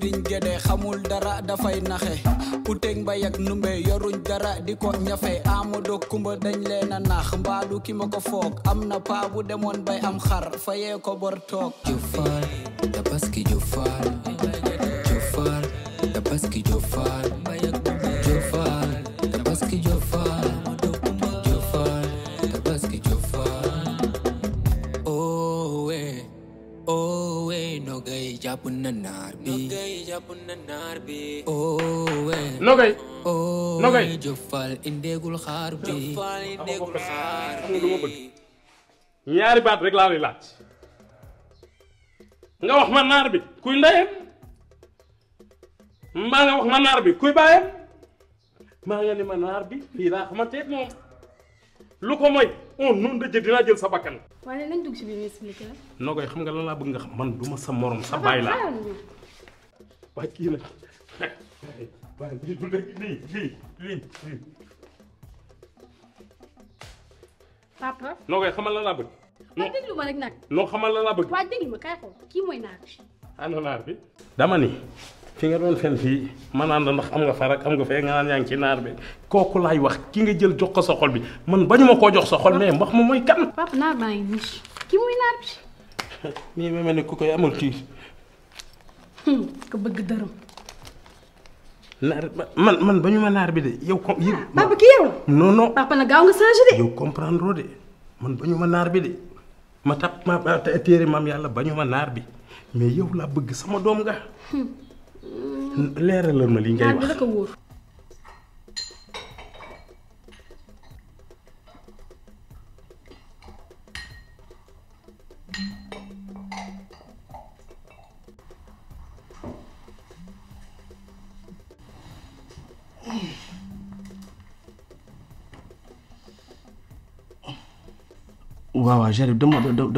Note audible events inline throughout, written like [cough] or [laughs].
sëriñ gédé xamul dara dafay naxe uteeg mbay ak numbe yoruñ dara di ñafe amado kumba dañ leen a mbaalu ki ma ko foog am bu demoon bay am xar fayee ko bor toog jofal tabaski jofal jofal tabaski jofal Hey. jofal indeegul xaar bi indeegul xaar bi ñaari baat rek laa lay laaj nga wax ma naar bi kuy ndeyam mbaa nga wax ma naar bi kuy bàyyam mbaa nga ne ma naar bi fii laa xamante moom lu ko on oh, noonu da jël dinaa jël sa bakkan waaye nañ dugg si biir expliqué la noo koy xam nga lan laa bëgg nga xam man duma sa morom sa bàyyi laa waaye kii nag waaye lii du dëgg win win. papa. loo koy xamal la laa bëgg. waaw déglu ma rek nag. loo xamal la laa bëgg. waaw déglu ma kay xool kii mooy naar bi. ana ah, naar bi. dama ni fi nga doon fen fii ma naan la ndax am nga farak am nga fee nga naan yaa ngi ci naar bi kooku laay wax ki nga jël jox ko sa xol bi man bañu koo jox sa xol mais wax ma mooy kan. papa naar baa ngi nii kii mooy naar bi. [laughs] nii ma mel ni ku koy amul kii. Hmm, ku bëgg dërëm. naar man man ba ñu naar bi de yow. Ah, ko yow papa yow comprendre de man ba ñu ma naar bi de ma tap ma téere maam yàlla ba ñu naar bi mais yow laa bëgg sama doom nga. Hmm. leeralal ma li ngay wax. Ouais, ouais, J'arrive.. dama dama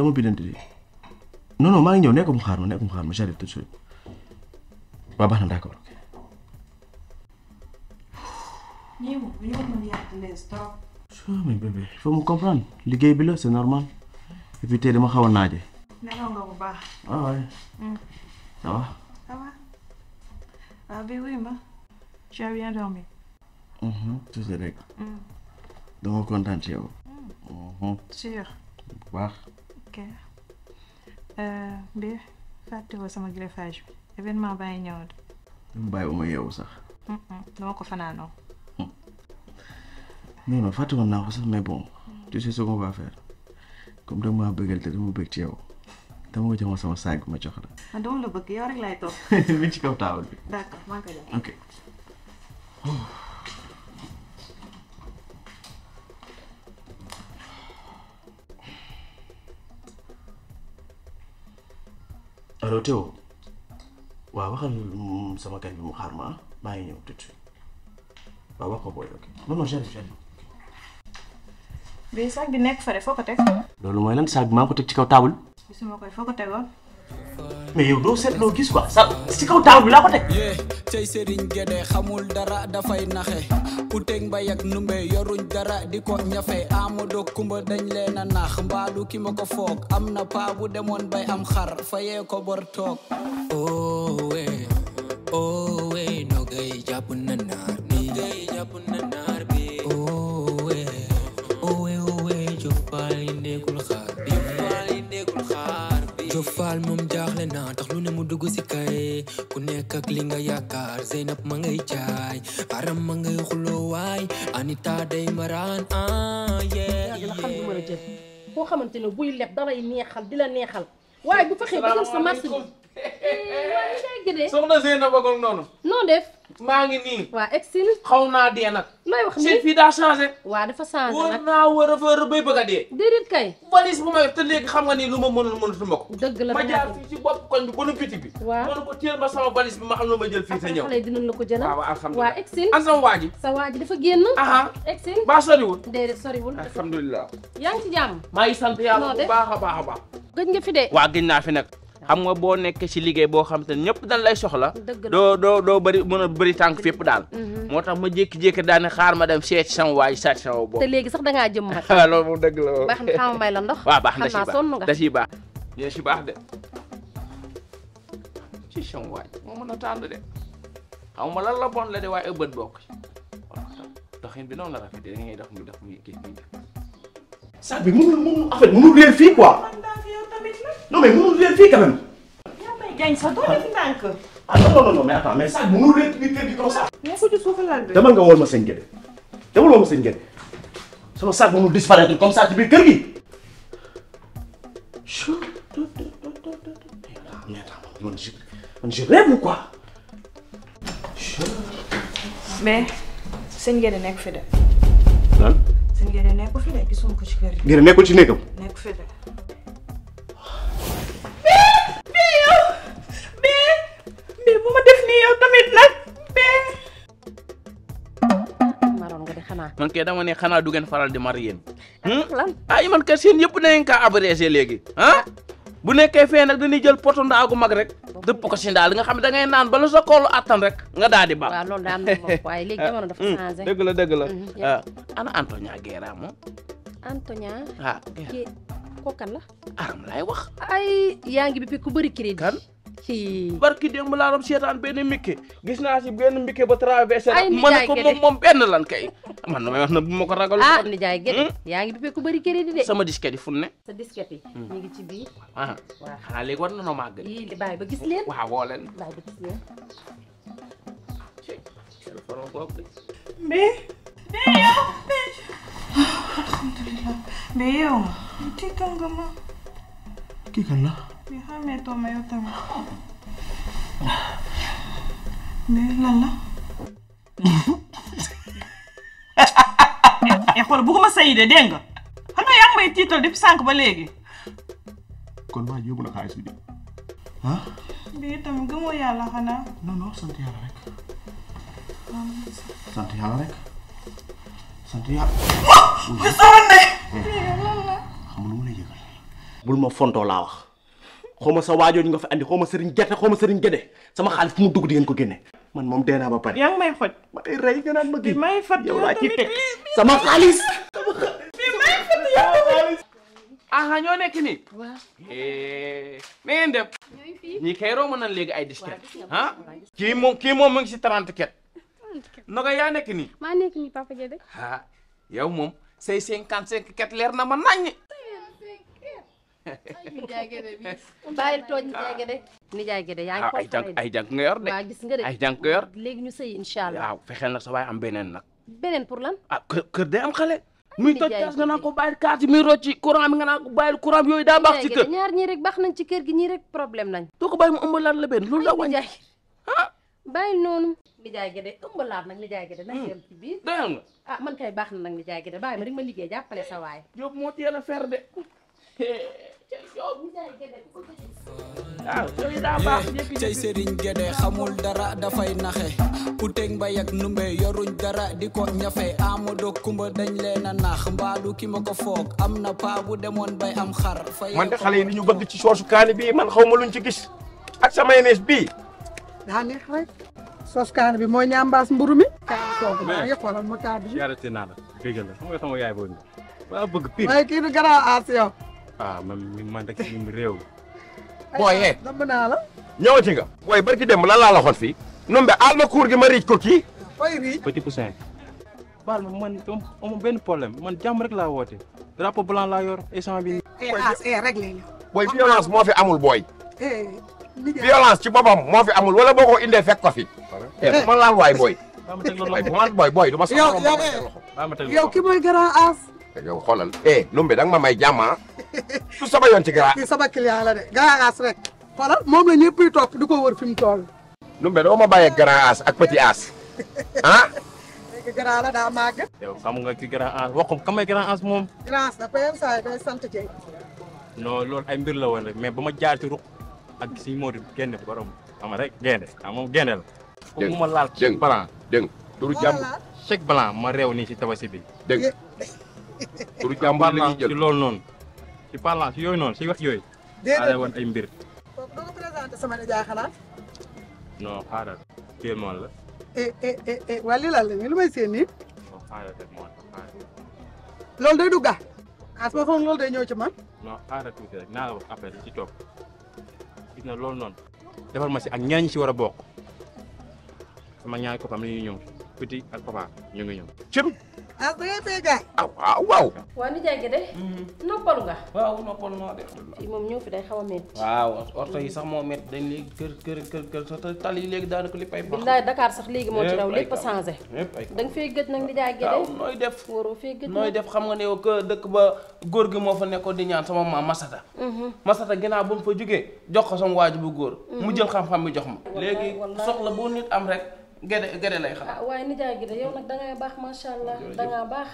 non non maa ngi ñëw nekkum xaar ma nekkum xaar ma tout de suite waaw d'accord. bébé il faut comprendre c'est normal et puis naaje. va. tu bien dormi. Mm-hmm. Mm. Mm. Mm-hmm. sûr. bu baax. ok euh, bi fàtte ko sama greffage bi événement baa ngi ñëw de. mu bàyyi ba ma yeewu sax. dama ko fanaanoo. Hmm. non non fàtte woon naa ko sax mais bon. Mm. tu sais ce qu'on va faire comme da maa bëggal te dama bëgg ci yow. dama ko jox ma saag ma jox la. man ah, dama la bëgg yow rek laay toog. [laughs] bi. d'accord allo Théo waaw waxal mm, sama gan bi mu xaar ma maa ngi ñëw tout de suite waaw wax ko booy ok non non j'arrive j'arrive bi saag bi nekk fa de foo ko teg. loolu mooy lan saag bi maa ko teg ci kaw taabul. gisuma koy foo ko tegoon. mais yow doo seet loo gis quoi sa si kaw taal bi laa ko teg. tey Serigne Guédé xamul dara dafay naxe uteg mbay ak numbe yoruñ dara di ko ñafe Amadou Kumba dañ leen a naax mbaalu ki ma ko foog am na paa bu demoon bay am xar fayee ko bor toog. Oh. dugg si kay ku nekk ak li nga yaakaar Zeynab ma ngay jaay Aram ma ngay xuloo waay Anita day maraan ah yeah yeah xam du mën a jël koo xamante ne buy leb dalay neexal di neexal waaye bu fexee ba xam sa marché bi na Zeyna bëggoon noonu. non def. maa ngi nii. waa exil. xaw naa dee nag. looy wax nii fii daa changé. waa dafa changé nag war naa war a fa bay a dee. déedéet kay. valise bu may te léegi xam nga ni lu ma mënul mënatuma ko. dëgg la ma jaar fii ci bopp koñ bi ba nu biti bi. waa mën ko téel ma sama valise bi ma xam ne ma jël fii te ñëw. xale dinañ la ko jëlal waaw alhamdulilah waa exil. an sama waa ji. sa waa ji dafa génn. exil baa soriwul. déedéet soriwul. alhamdulilah. yaa ngi ci jàmm. maa ngi sant yàlla bu baax a baax a baax. gëj nga fi de. waa gëj fi nag xam nga boo nekk si liggéey boo xam te ñëpp dañ lay soxla doo doo doo bëri mën a bari tànk fépp daal mm-hmm. moo tax ma jékki-jékki daane xaar ma dem seet sama waay seeti sama bopp te léegi sax dangaa ngaa jëm mat [laughs] waaw loolu moom dëgg la baax na xama [laughs] baax na xam naa sonn nga da ciy baax da ciy baax de ci sama waay moo mën a tànn de xam ma lan la bon la de waaye ëbbët bokk doxin bi noonu la rafetee da ngay dox muy dox muy kii Ça, veut nous en fait quoi. non mais mënul nous quand même. ah non non non mais attends mais ça, nous nous pas comme ça. mais demal nga wool ma sëñ demal ma disparaître comme ça tu kër mais attends je rêve ou quoi. mais Sengede Guédé nekk seen gerte nekkul fi de gisuma ci kër gi. ngeen ci néegam. nekkul fi de. mais yow bu ma def nii yow tamit nag mais. maroon nga de xanaa. man kay dama ne xanaa du ngeen faral di mar yéen. lan hmm? man kay seen yëpp na ngeen kaa abrégé léegi bu nekkee fee nag dañuy jël poto ndaagu mag rek dëpp ko si ndaal li nga xam ne da ngay naan bala sa koolu attan rek nga daal di baax. waaw loolu daa am na bopp waaye léegi jamono dafa mm, changé. dëgg la dëgg la waaw. Mm-hmm, ah. ana Antonia Guéra moom. Antonia. ah kii ah, wax. ay yaa ngi bi ku bëri crédit. barki dem laaram setan ben mbikke gis na ci ben mbikke ba traverser man ko mom mom ben lan kay man may wax na bu ma ragal ah ni jay hmm? yaa yaangi dupe ko bari di de sama disquette fu ne sa disquette yi hmm. ngi ci bi ah waaw xanaa war na no màgg yi di bay ba gis len wa wo len bay ba gis mais mais mais ah, xam ne tooma yow tamit mais lan la. eh de dégg xam nga yaa ngi may tiital depuis sànq ba léegi. kon maa yóbbu na xaalis bi de bii itam gëmoo yàlla xanaa. non sant yàlla rek. sant yàlla rek sant yàlla. wuu. ma fontoo laa wax. xoma sa ñu nga fa andi xoma serigne gerte xoma serigne gede sama xaalis mu dugg di ngeen ko genné man mom dee ba pare. yang may xoj. ma day ray nga naan ma gi may fat yow la ci tek sama xaalis. may fat yow xaalis. ha ñoo nekk ni wa eh ngeen ñi kay romb nan léegi ay disket. ha ki moom ki moom mu ngi ci trente ket. noga ya nekk ni ma nekk ni papa gede Ha, yow mom say 55 cinq ket leer na ma nañ nijaay Gédé bi bàyyil tooñ nijaay Gédé. nijaay Gédé yaa ngi ko ay jànk ah, ay jànk nga yor de. waaw gis nga de ay jànk nga yor. léegi ñu sëy incha allah waaw fexeel nag sa waay am beneen nag. beneen pour lan. ah kë kër day am xale. muy toj kaas nga naan ko bàyyil kaas yi muy rocci courant bi nga naan ko bàyyil courant bi yooyu daa baax ci kër. ñaar ñii rek baax nañ ci kër gi ñii rek problème nañ. doo ko bàyyi mu ëmb laat la benn loolu la wàññi. ah bàyyil noonu. nijaay Gédé ëmb laat nag nijaay Gédé nag hmm. dem ci biir. doyal nga ah man kay baax na nag nijaay Gédé bàyyi ma rek ma liggéey jàppale sa waay. Diop moo teel a fer de [laughs] waaw ah, yooyu daa baax ñëpp tey Serigne Guédé xamul dara dafay naxe uteeg mbay ak numbe yoruñ dara di ko ñafe Amadou Kumba dañ leen a naax mbaalu ki ma ko foog am na paa bu demoon bay am xar fay man de xale yi li ñu ci soosu kaani bii man xaw ma ci gis ak sa mayonnaise bii daa neex rek bi mooy ñaambaas mburu mi soosu kii du garaaw aas ah man man rek ci Boy booy yee dama naa la. ñëwati nga. booy barki dem lan laa la xool fii. numbe aal ma kuur gi ma riij ko kii. fay Eh, petit poussin. baal ma man amul benn problème man jàmm rek laa woote drapeau blanc laa yor échant bi. eh réglé booy violence moo fi amul booy. violence ci boppam moo fi amul wala boo ko indee fekk ko fi. eh bu ma laal waay booy. waaye bu ma booy booy du ma soxla. yow yow yow ki mooy grand as. yow xoolal eh numbe danga ma may jàmm ah. [laughs] du sama yoon ci gara kii sama client rek moom la ñëpp topp di ko wër fi mu toll numbe doo ma bàyyee grand as ak petit as [laughs] ah léegi grand la daa màgg yow xam nga ci grand moom grand lool ay mbir la woon rek mais ba ma jaar ci ruq ak siñ moo di génne borom ama rek génne ah moom la fo mu ma laal chèque blanc ma réew nii si tabaski bi dégg [laughs] turu jàmb la ñuy jël ci loolu noonu si parlance yooyu noonu si wax yooyu. déedéet ay mbir. kooku doo ko présenté la. Eh, eh, eh, waa la lu may seen nii. non loolu day dugga ah su ma foog loolu day ñëw ci man. non xaaral tuuti rek naa la wax ci toog gis na loolu noonu. defal ma si ak ñaar ñi ci war a bokk sama ñaari copains mi ñuy ñëw. Petit ak Papa ñu ngi ñëw. cër. ah waaw waaw. waa Ndiaye de. noppalu nga. waaw noppalu nga de. fii moom ñëw fi day xaw a métti. waaw orto yi sax moo métti dañ léegi kër kër kër kër sax tal léegi daanaka li pay. billaay Dakar sax léegi moo ci raw lépp changé. da nga fay gëj nag Ndiaye gi de. waaw nooy def. nooy def xam nga ne yow que dëkk ba góor gi moo fa nekkoon di ñaan sama maam Masata. Mm-hmm. Masata ginnaaw bu mu fa jógee jox ko sama waaju bu góor. Mm-hmm. mu jël xam-xam bi jox ma. léegi soxla bu nit am rek gëne gëne lay ya, xalaat ah waaye nijaay gi de yow nag da allah da ngaa baax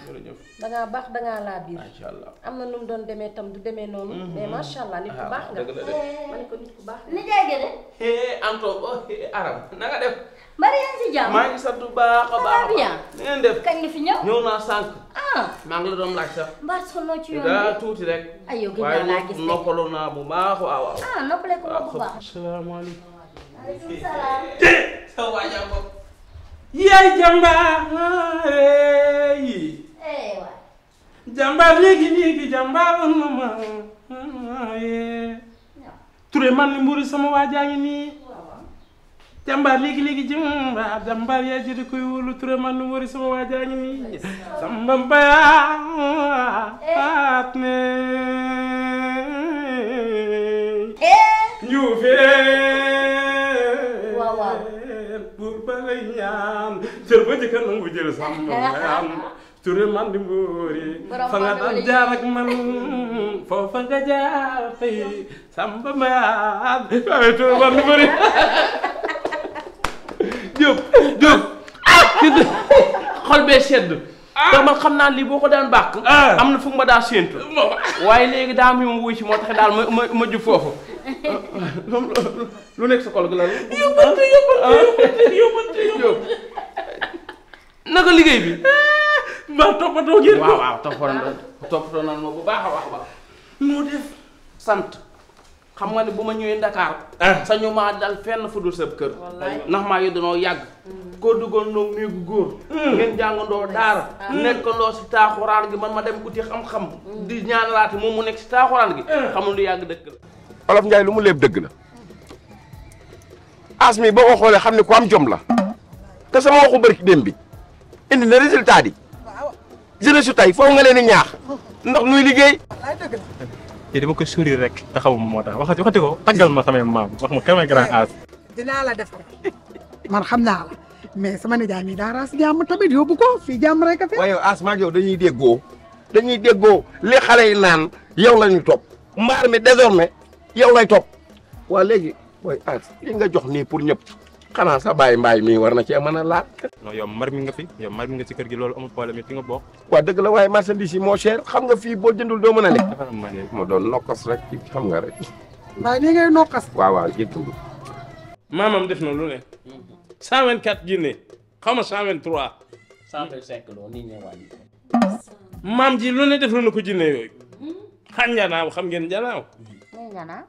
da ngaa baax da ngaa laa biir macha allah doon tam du mhm. eh, mais allah nit ku baax nga ma ko nit ku baax nijaay gi anto oh aram na nga def bari si jam. maa ngi sant bu baax a bien ni ngeen def kañ fi ah maa ngi la doon laaj sax mbaa sonnoo ci yoon daa tuuti rek ay gi naa gis bu baax waaw ah noppale ko bu baax asalaamaaleykum aleykum salaam sa yaay jàmbaar yi jàmbaar léegi léegi jàmbaar mama Touré man li mburu sama waa jaa ngi nii jàmbaar léegi léegi jàmbaar jàmbaar yaa jëri koy wóolu Touré man li mburu sama waa jaa ngi nii samba mbayaat eh. ne ñu fee yam cër ba jëkka nangu jël sàmm yam ture man di mbóori fa nga man foofa nga jaar tey sàmba mayam waaye ture man di mbóori Diop Diop bee sedd ah. ndax man xam naa lii boo ko daan bàq ah. am na fu ma daa séentu waaye léegi daa muy ma wuy ci moo tax daal ma ma foofu lu nekk sa kol gi yo lu yo yóbbante yo yóbbante yo liggéey yo mbaa toppatoo ngeen waaw wow toppatoo toppatoo nan ma bu baax a wax ba noo def sant kamu ada ne bu eh. nah, ma ñëwee Dakar sañu maa dal fenn fu dul sab kër ndax maa yi danoo yàgg hmm. koo duggoon ndoog néegu góor hmm. ngeen jàngandoo daara ah. nekkandoo si taaxuraan gi man ma dem uti xam-xam hmm. di ñaanalaate moom mu nekk si taaxuraan gi xamul eh. lu yàgg dëkk la Olof Njaay lu mu léeb dëgg la as mi boo ko xoolee xam ne ku am jom la te sama waxu bërki dem bi indi na résultat yi foofu nga leen di ñaax ndax nuy liggéey. te dama koy sourire rek te xamuma moo tax waxati waxati la def man xam naa mais sama nijaay mi daa raas jàmm tamit yóbbu ko fii jàmm rek a fi. waaye yow as ma ak yow dañuy déggoo dañuy déggoo li xale yi naan yow la ñu topp mbaar mi désormais yow lay topp waa léegi booy as li nga jox nii pour ñëpp xanaa sa baay mbaay mii war na cee mën a laal. non yow mar mi nga fi yow mar mi nga ci kër gi loolu amul problème yi fi nga bokk. waa dëgg la waaye marchandise yi moo cher xam nga fii boo jëndul doo mën a lekk. ma doon nokkas rek xam nga rek. waaye ni ngay nokkas. waaw waaw jéggiwul. maamam def na lu ne. 124 jinne xaw ma 123. 125 loolu nii ñu wàññi. maam ji lu ne def na ko jinne yooyu. Hmm? xam njanaaw xam ngeen njana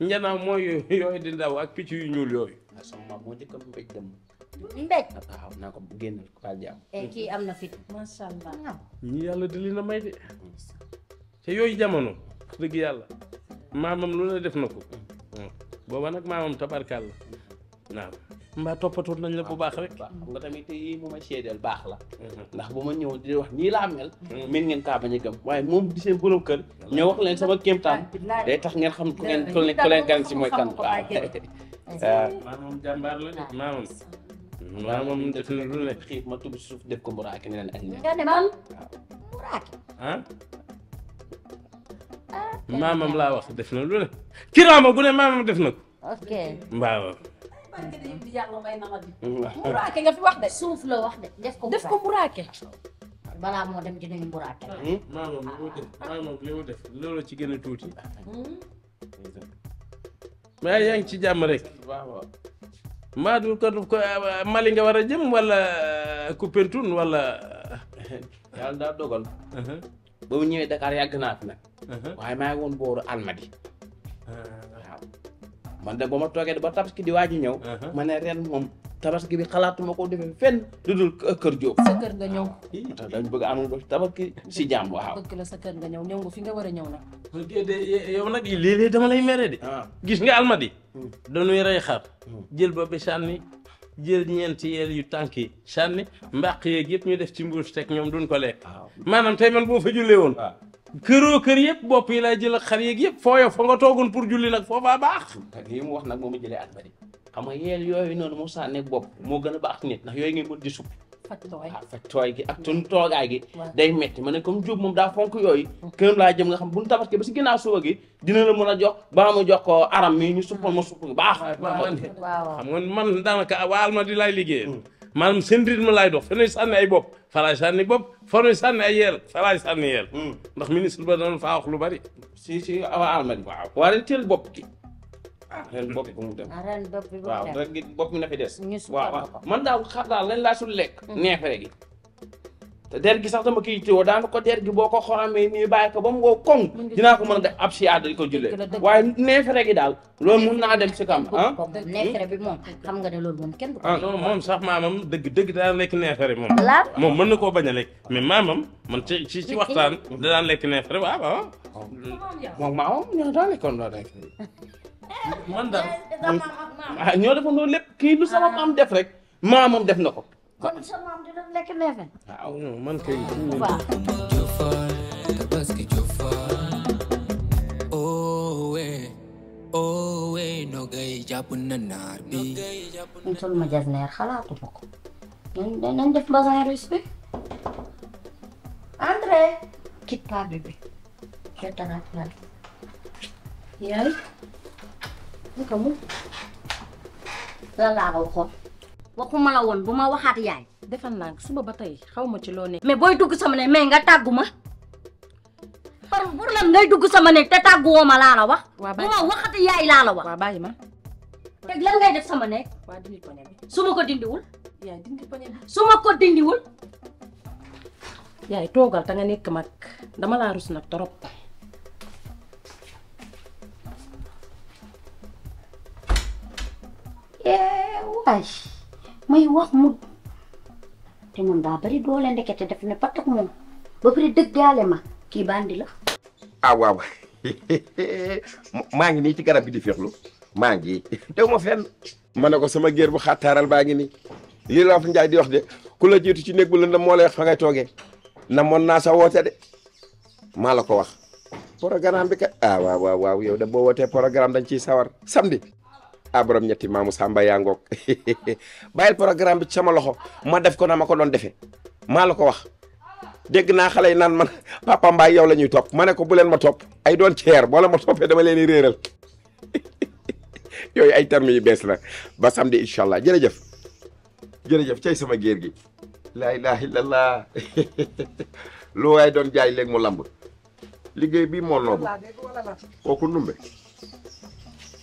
njana mooy [laughs] yooyu di ndaw ak picc yu ñuul yooyu moo njëkk a mbéj dem mbéj ah, ah, naa ko génn baal jàmm eh, am na fit masha allah ñi yàlla di li na may de te yooyu jamono dëgg yàlla maamam lu ne def na ko mm. Mm. booba nag maamam tabarkàlla mm-hmm. naam mbaa toppatoo nañ la bu baax rek. xam nga tamit yii mu ma la baax la. Mhm. ndax bu ma ñëw di wax nii laa mel. mën mhm. ngeen kaa bañ a gëm waaye moom di seen borom kër. ñoo wax leen sama kéemtaan. day tax ngeen xam ku ngeen ku leen gan si mooy kan. [laughs] waaw maam moom jàmbaar la de maam. maam moom def na lu ne xiif ma tudd suuf def ko buraaki ne leen añ leen. nga ne man buraaki. Ah? ah. maamam laa wax def na lu ne. kiraama bu ne maamam def na ko. ok barke de yëpp ko buraake hmm? maa moom ci gën a tuuti. Hmm? yaa ngi ci jàmm rek. waaw waaw. maa du ko Mali nga war a jëm wala Koupentoune wala. yàlla daa dogal. Uh-huh. ba mu ñëwee Dakar yàgg naa fi nag. Uh-huh. waaye maa ngi woon booru Almadi. Uh-huh. man de ba ma toogee de ba ki di waaju ñëw. Uh-huh. ma ne ren moom ki bi xalaatuma ko defee fen lu dul kër Diop. sa kër nga ñëw. tax bëgg a amal tabaski jàmm waaw. bëgg sa kër nga ñëw ñëw nga fi nga war a ñëw nag. yow nag léeg-léeg dama lay mere de. Ah. gis nga almadi. Hmm. dañuy rey xar. Hmm. jël ba bi sànni jël ñeenti yeel yu tànk yi sànni mbaq yeeg yëpp ñu def ci mbuus teg ñoom duñ ko lekk. maanaam tey man boo fa jullee woon. Ah. këroo kër yëpp bopp yi lay jël ak xar yeeg yëpp fooyo fa nga toogoon pour julli nag foofaa baax. parce que yi mu wax nag moo ma jëlee at bari xam nga yeel yooyu noonu mu sànneeg bopp moo gën a baax nit ndax yooyu ngay mën di suppi. faj tooy ah faj tooy gi ak tun mm. toogaay gi. day metti ne comme Diop moom daa fonk yooyu. Mm. këram laa jëm nga xam bu ñu tabaskee ba si a suba gi dina la mën a jox baa mu jox ko aram mi ñu suppal ma supp bu baax. Mm. waaw xam nga man daanaka waa alma di lay liggéeyal. maanaam seen rythme laay dox fa ñuy sànni ay bopp falaay sànni bopp fa ñuy sànni ay yeel falaay sànni yeel hmm. ndax ministre ba doon faa wax lu bari si si awa almadi waaw waa ren teel bopp ki ren bopp bu mu dem ren bopp bi bu mu dem ah, waaw rek bopp mi na fi des waaw waaw man daal xam daal lañ laa sul lekk hmm. neefere gi te der gi sax dama koy yittewoo daan ko der gi boo ko xoramee nii bàyyi ko ba mu wow koŋ ko mën a def ab si aada di ko jullee waaye neefere gi daal lool mun naa dem si kam ah neefere moom xam nga ne loolu moom kenn du ko ah non sax maamam dëgg dëgg daan lekk neefere moom laa moom mën na koo bañ a lekk mais maamam man ci waxtaan da daan lekk neefere waaw waaw moom maamam ñoo daan lekkoon loolu rek man ah, ñoo defoon loolu lépp kii lu sama def rek maamam def na ko kon sa maam di doon lekk neefe. waaw man kay. waaw. Jofal tabaski jofal. oowee oowee nogay jàpp na naar bi. ñu toll ma jas neer xalaatu ko. nañ nañ def basin russe bi. André. quitte pas bébé. je te rappelle. mu. lan laa ko xool. waxuma la won buma waxat yaay. defal naa suba batay xawma ci lo nek mais boy dugg sama ne mais nga taguma par pour lam ngay dugg sama ne te tàgguwoo ma laa la wax. buma waxat yaay la la wax. wa bayima tek lan ngay def sama nekk. wa dindi poñe bi su ko dindiwul. yaay dindi ya, poñe bi su ko dindiwul. yaay togal ta nga nek mak dama la rus nak torop. Eh, waay. may wax mu te moom daa bari doole ndekete def ne patak moom ba pare dëggaale ma kii bandi la ah [laughs] maa ngi nii ci garab bi di féexlu maa ngi tew ma fenn ma ne ko sama géer bu xattaaral baa ngi nii lii la fa njaay di wax de ku la jiitu ci néeg bu lëndëm moo lay wax fa ngay toogee na moon naa sa woote de maa la ko wax programme bi kat ah waaw yow de boo wootee programme dañ ciy sawar samedi ah borom ñetti maamu Samba yaa ngoog [laughs] programme bi ci sama loxo ma def ko na mako ko defé ma la ko wax dégg na xalé nan man [laughs] papa Mbaye yow lañuy top mané ko bu len ma top ay doon cher bo la ma topé dama leni réral [laughs] yoy ay terme yu bees la ba samedi jere jef jere jef cey sama géer gi la ilaha illallah lu way doon jaay leg mu lamb liggey bi moo ko ko numbe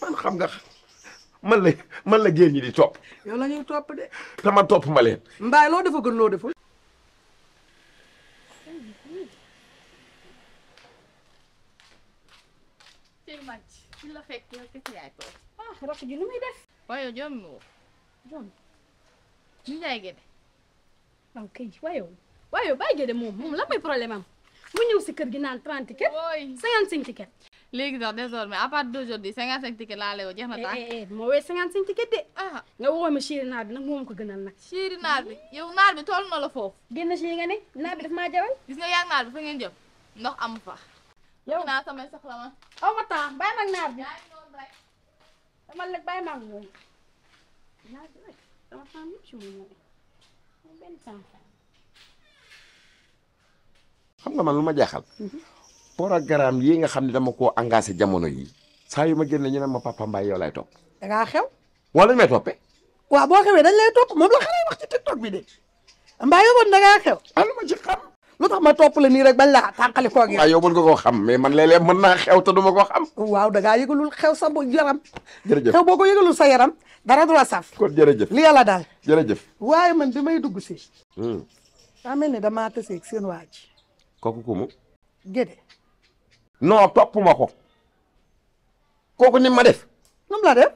man xam nga man la man la géej ñi di topp. yow la ñuy topp de. te ma topp ma leen. mbaay loo defa gën loo deful. Ah, rakk ji lu muy def. waaye jom mi woo. jom. ñu jaay gede. waaw kay waaye wu. waaye wu bàyyi gede moom moom la mooy problème am mu ñëw si kër gi naan 30 ticket. 55 ticket. léegi sax désormais à partir d'aujourd'hui 55 ticket laa lay woo jeex na eh, tax eh, eh, moo wee 55 ticket de ah nga woo ma chéri naar bi nag moom ko gën nag chéri naar bi yow naar bi tool na la foofu génn ci li nga ne naar bi daf gis nga yaag naar bi fa ngeen amu fa yow naa samay soxla ma aw ma temps bàyyi mag naar bi dama la bàyyi mag moom bi rek dama temps yëpp ci ma jaaxal programme yi nga xam ne dama koo engagé jamono yi saa yu ma génne ñu ne ma papa Mbaye yow lay topp. da ngaa xew. wala ñu may toppee. waaw boo xewee dañ lay topp moom la xale wax ci tiktok bi xew. allo ma ci xam. lu tax ma topp la nii rek bañ la tànqali koo gi. waaw yow mën koo xam mais man léeg-léeg mën naa xew te du ma koo xam. waaw da ngaa yëgalul xew sa yaram. jërëjëf xew boo ko yëgalul sa yaram dara du la saf. kon jërëjëf li yàlla daal. jërëjëf. waaye man bi may dugg si. Hmm. daa mel ne damaa tëseeg seen waa ji. kooku kumu. Gédé. non topp ma ko kooku ni ma def. nam laa def.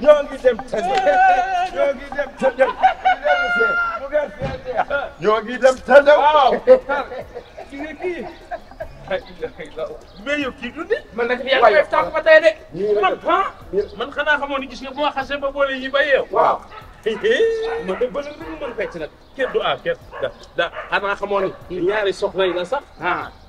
ñoo ngi dem tënk ñoo ngi dem tënk ñoo ngi dem tënk. waaw. mais yow kii du yaa ngi koy tànk ba tey de. man ah man xanaa xamoon ni gis nga bu ma xasee boole yi ba yeew. waaw. [laughs] man de bële na mu mën fecc nag kenn du ah kenn da da xanaa ni ñaari soxna yi la sax.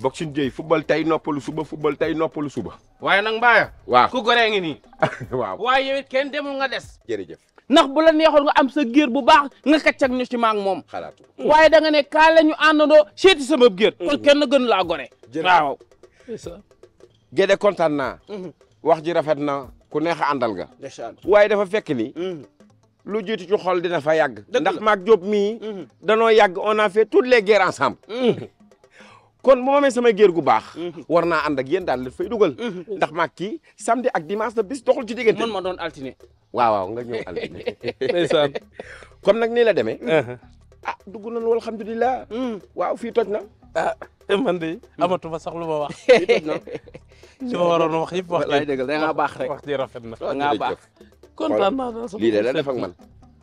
boxing day football tey noppalu suba football tey noppalu suba. waaye nag mbaaya. waaw ku goree ngi nii. [laughs] waaw waaye yow it kenn demul nga des. jërëjëf ndax bu la neexoon nga am sa géer bu baax nga kàcceeg ñu ci maag moom. xalaatu waaye da nga ne kaa la ñu àndandoo seeti sama géer. Mm-hmm. kon kenn gën laa gore. waaw. Gédé kontaan naa. Mm-hmm. wax ji rafet na ku neex a ga nga. waaye dafa fekk ni. Mm-hmm. lu jiit ci xol dina fa yàgg. ndax maag Diop mii. danoo yàgg on a fait toutes les guerres ensemble. kon bu ma sama guer gu bax mm-hmm. warna and ak yeen dal le fay dugal. Mm-hmm. ndax maa kii samedi ak dimanche la bis doxul ci diggante. mon ma don altiné waaw waaw nga ñëw altine. [laughs] ndeysaan. comme nak ni la démé uh-huh. ah dugg wal alhamdullilah mm. waaw fi toj na. ah [laughs] man de amatu ma sax lu ma wax. ci [laughs] toj na li ma wax yëpp wax. lay dëgg da nga bax rek wax di rafet na. nga bax baax kontaan naa. li de la def ak man.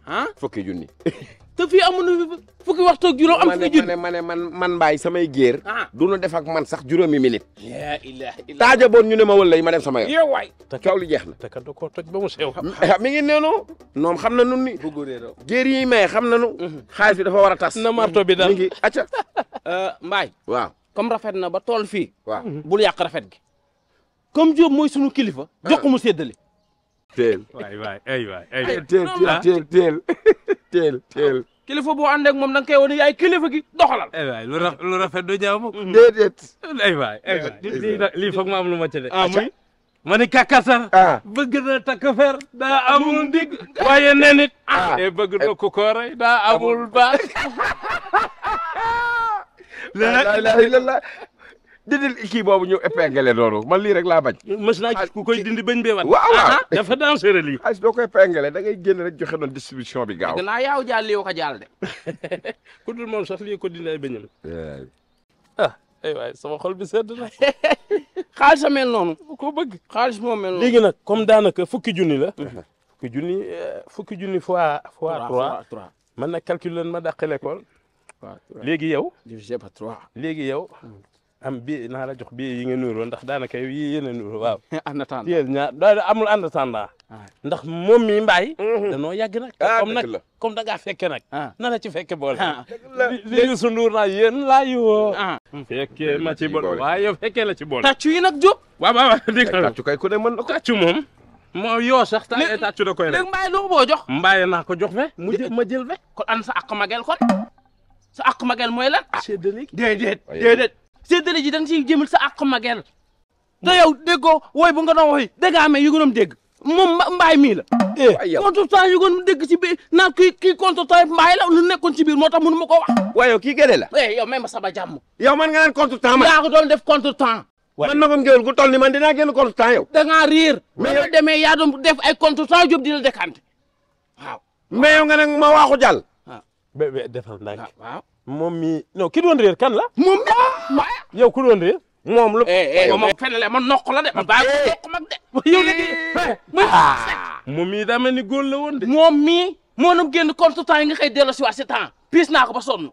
ah fukki junni. te fii amuñu fukki waxtu ak juróom am fukki junni ma ne man man mbaay samay géer ah. du nu def ak man sax juróom minute yaa ilaah taaja boon ñu ne ma wala yi ma dem sama yoon yow waay te kaw li jeex na te kat da koo toj ba mu sew eh, mi ngi neenu noom xam na nun ni géer yi may xam na nu mhm. xaalis bi dafa war a tas na marto bi daal mi ngi acca [laughs] euh, mbaay waaw comme rafet na ba tool fii waaw bul yàq rafet gi comme Diop mooy sunu kilifa ah. jox mu séddale teel waay waay ay waay ay teel teel ah. teel teel teel kilifa boo ànd ak moom da nga koy wane yaay kilifa gi ay waay lu rafet du ñaaw ma am lu ma ci de ah muy ma ni ah. daa amul ndig waaye ne nit ah, ah. Eh, eh. ku ko daa amul baas [laughs] la ilaha dindil ki boobu ñu épinglé noonu man lii rek laa bañ. mës naa ku koy dindi bañ bee wat. waaw dafa dangereux lii. as doo koy épinglé da ngay génn rek joxe noonu distribution bi gaaw. dinaa yaaw jaal lii ko jaal de. ku dul moom sax lii ko dindi ay bañam. ah ay waay sama xol bi sedd na. xaalis mel noonu. ko bëgg xaalis moo mel noonu. léegi nag comme daanaka fukki junni la. fukki junni fukki junni fois. fois trois man nag calcul leen ma dàq l'école. léegi yow. divisé par trois léegi yow. am bi naa la jox bii yi nga nuuroo ndax daanaka yi yéen a nuuroo waaw. ànd [laughs] tànn yéen ñaar daanaka amul ànd tànn ah. ndax moom mi mbaay. Mhm. danoo yàgg nag. Ah, comme nag comme da ngaa fekke nag. Ah. na la ci fekke boole. li Youssou Ndour naa yéen laa yiwoo. fekke ma ci boole waaw yow fekke la ci boole. tàccu yi nag Diop. waaw waaw dégg moom. moo yoo sax ta tàccu da koy rek léegi mbaay jox. mbaay naa ko jox fe mu jël ma jël fe kon an sa àq magel kon sa àq magel mooy lan. déedéet déedéet séddale ji dañ siy jëmal sa àq magel te yow déggoo wooy bu nga doon wooy dégg nga amee yu nga doon dégg moom baay mii la. Eh. ay yow contre dégg si biir naan kii kii contre temps mbaay nekkoon ci biir moo tax mënu ma ko wax. waaye yow kii la. eh yow sama jàmm. yow man nga naan contre man. yaa ko doon def contre temps. man na ko gu toll ni man dinaa génn contre temps yow. da ngaa riir. mais demee yaa doon def ay contre temps Diop dina décanté waaw. mais yow nga ne ma waaxu jàll. waaw ah. bé bé defal ndànk ah, waaw. moom mii non ki doon réer kan la. moom mi yow ku doon moom lu. Eh, eh, moom eh. fenn la ma noq la de. ma bàyyi ko noq mag de. yow de ah. moom mii daa mel ni góor la woon de. moom mii. moo nam génn compte temps yi nga xëy delloo si waat si temps. piis naa ko ba sonn.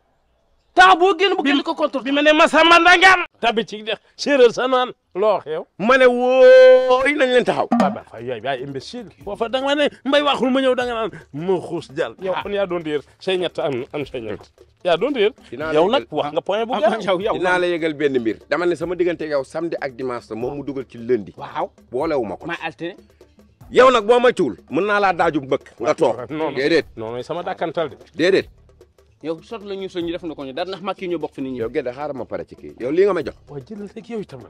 temps bo genn bu genn ko contre bi ma ne Massa Manda nga am tabi ci séeréer sa naan loo xew mané wo yi nañ len taxaw baba fa yooyu yaay imbécile foofa da nga ne mbay waxul ma ñew da nga naan ma xuus jàll yow kon ya don dir say ñett am am say ñett ya don dir yow nak wax nga point bu gën yow yow dina la yegal ben mbir dama ne sama digënté yow samedi ak dimanche mo mu duggal ci lundi waaw bo lew mako ma altine yow nak bo ma ciul mën na la daaju mbëkk nga toog déedéet non sama dakantal de déedéet yow sot la ñu soñu def na ko ñu dara ndax màkk yi ñoo bokk fi nit ñi yow Guède xaaral ma pare ci kii yow lii yow itam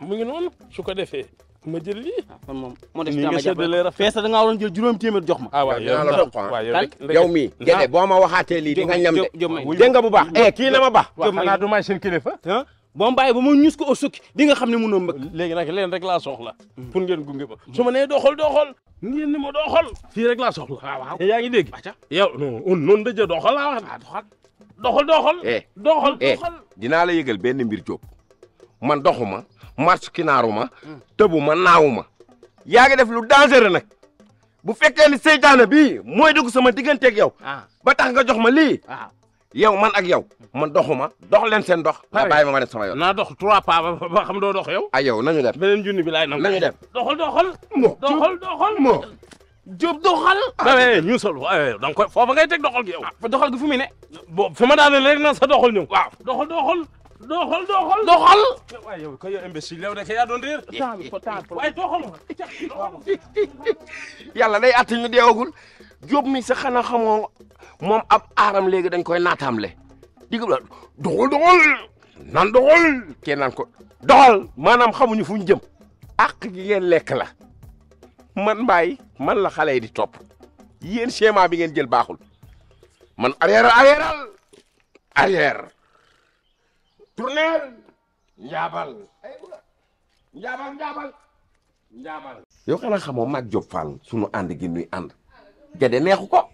mu ngi noonu su ko defee ma jël lii ah, kon moom moo def nga séddalee rafet fees da ngaa waroon jël juróom téeméer jox ma ah waaw yow la jox ah yow boo ma waxaatee lii di nga ñam de dégg nga bu baax eh kii la ma baax xanaa du may seen kilifa boo bàyyi ba ma ñus ko au sukk di nga xam ne mënoo mbëkk léegi nag leen rek laa soxla hmm. pour ngeen gunge ba hmm. su ma nee doxal doxal ngeen ni ma doxal fii rek laa soxla waaw yaa ngi dégg yow non noonu dëjë doxal laa wax doxal doxal doxal doxal dinaa la yëgal benn mbir jóob man doxuma marche kinaaru ma hmm. tëbu ma naawu ma yaa ngi def lu dangereux nag bu fekkee ni seytaane bii mooy dugg sama digganteeg yow ah. ba tax nga jox ma lii ah. yow man ak yow man doxuma dox leen seen dox. nga bàyyi ma ma def sama yoon dox trois ba xam doo dox yow. ay ah, yow nañu def beneen junni bi laay nangu. def doxal doxal. moo doxal doxal moo. Diop doxal. waaw ah. ñu sol waaye eh, da nga koy foofa ngay teg doxal gi yow. Ah, doxal gi fu muy ne. boo fi ma daanee léegi nag sa doxal ñëw. waaw doxal doxal. doxal doxal doxal. waaye yow kay yow imbécile yow de kay yaa doon réer. temps yàlla day àtt ñu Diop mi sa xanaa xamoo moom ab aaram léegi dañ koy naataamle digg la doxul doxul nan doxul kee naan ko doxal maanaam xamuñu fu ñu jëm àq gi ngeen lekk la man mbaay man la xale yi di topp yéen schéma bi ngeen jël baaxul man arrière arrière arrière tournel njaabal njaabal njaabal njaabal xanaa xamoo maag Diop Fall sunu ànd gi nuy ànd gede neexu ko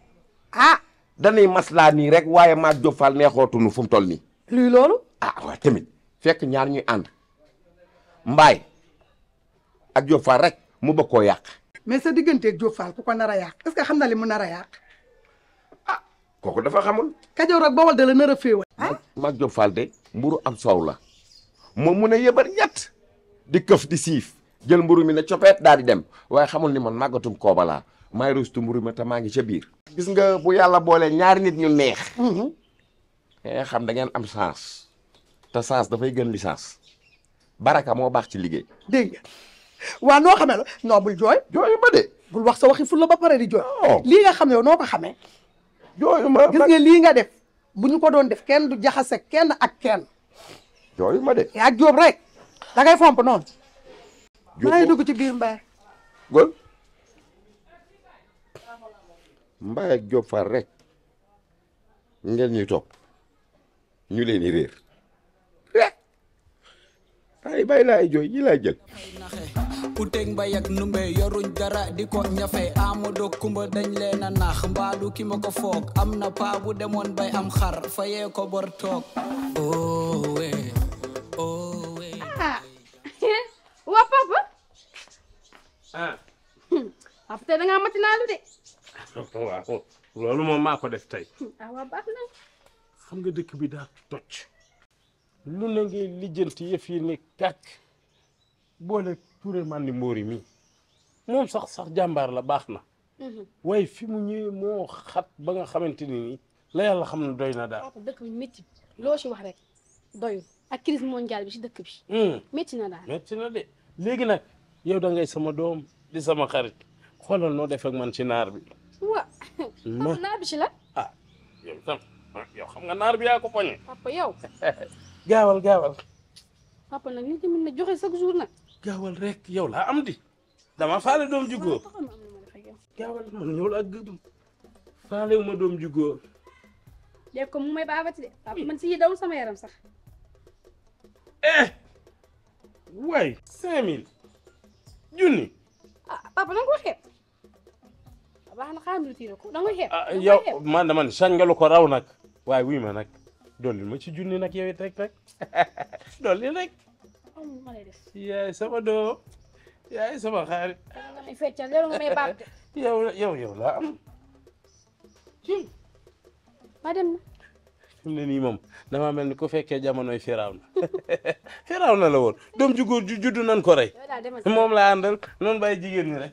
ah danay maslaa nii rek waaye maag Diop Fall neexootuñu fu mu toll nii luy loolu ah waaw tamit fekk ñaar ñuy ànd mbaay ak Diop Fall rek mu bëgg koo yàq mais sa digganteeg Diop Fall ku ko nar a yàq est-ce xam na li mu nar a yàq ah kooku dafa xamul Kajoor ak Bawol da la nar a féewal ah maag Diop de mburu am soow la moom mu a yëbar ñett di këf di siif jël mburu mi ne copeet daal di dem waaye xamul ni man màggatum koobalaa maay ruus tumburu ma te maa ngi ca biir. gis nga bu yàlla boole ñaari nit ñu neex. nga mhm. eh, xam da am chance. te chance dafay gën licence. baraka moo baax ci liggéey. dégg nga waaw noo xamee la non bul jooy. jooyu ma de. wax sa waxi ba pare di jooy. Oh. nga xam ne noo ko xamee. jooyu ma gis nga lii nga def. bu ñu ko doon def kenn du jaxase kenn ak kenn. jooyu ma de. yaa jóob rek. da ngay fomp noonu. jóob maa ngi ci biir mbaar. Mbaye ak Diop Fall rek ngeen ñuy topp ñu leen di réer rek ay bàyyi laa ay jooy laa jël Pouteng Mbaye ak Numbe yoruñ dara di ko ñafe Amadou Kumba dañ leen a nax mbaalu ki ko foog am na paa bu demoon bay am xar fayee ko bor toog owe owe ah. [laughs] waa papa ah hmm. ab tey dangaa matinaalu de waaw loolu moom maa ko def tey. ah baax na. xam nga dëkk bi daa toj. lu na ngay lijjanti yëf yi ne boole boole Touré Mandi Mbori mi moom sax sax jàmbaar la baax na. Mhm. waaye fi mu ñëwee moo xat ba nga xamante ni nii la yàlla xam na doy na daal. dëkk bi loo ci wax rek doyul ak crise mondiale bi ci dëkk bi. Hmm. métti na daal métti na de léegi nag yow da ngay sama doom di sama xarit xoolal noo def ak man si naar bi. wa xam naa bi si la. Ah, yow tam ah, yow xam nga naar bi yaa ko poñe. papa yow. [laughs] gaawal gaawal. papa nag li ci mën na joxe chaque jour nag. gaawal rek yow laa am di. dama faale doom ju góor. gaawal man yow laa gëm. faale wu ma doom ju góor. def ko mu may baabati de. papa man si yi dawul sama yaram sax. eh. waay. cinq junni. Ah, papa na nga ko baax na xaaral ma tiire ko ah, man dama ko raw nag waaye wi ma nag dolli ma ci junni nag yow it rek rek [laughs] dolli rek. yaay sama doo yaay sama xarit. [laughs] yow yow yow laa am. ma dem na. fi ne nii moom damaa mel ni ku fekkee jamonoy firaw na [laughs] firaw na la woon doom ju góor ju juddu nan ko rey moom laa àndal noonu bàyyi jigéen ñi rek.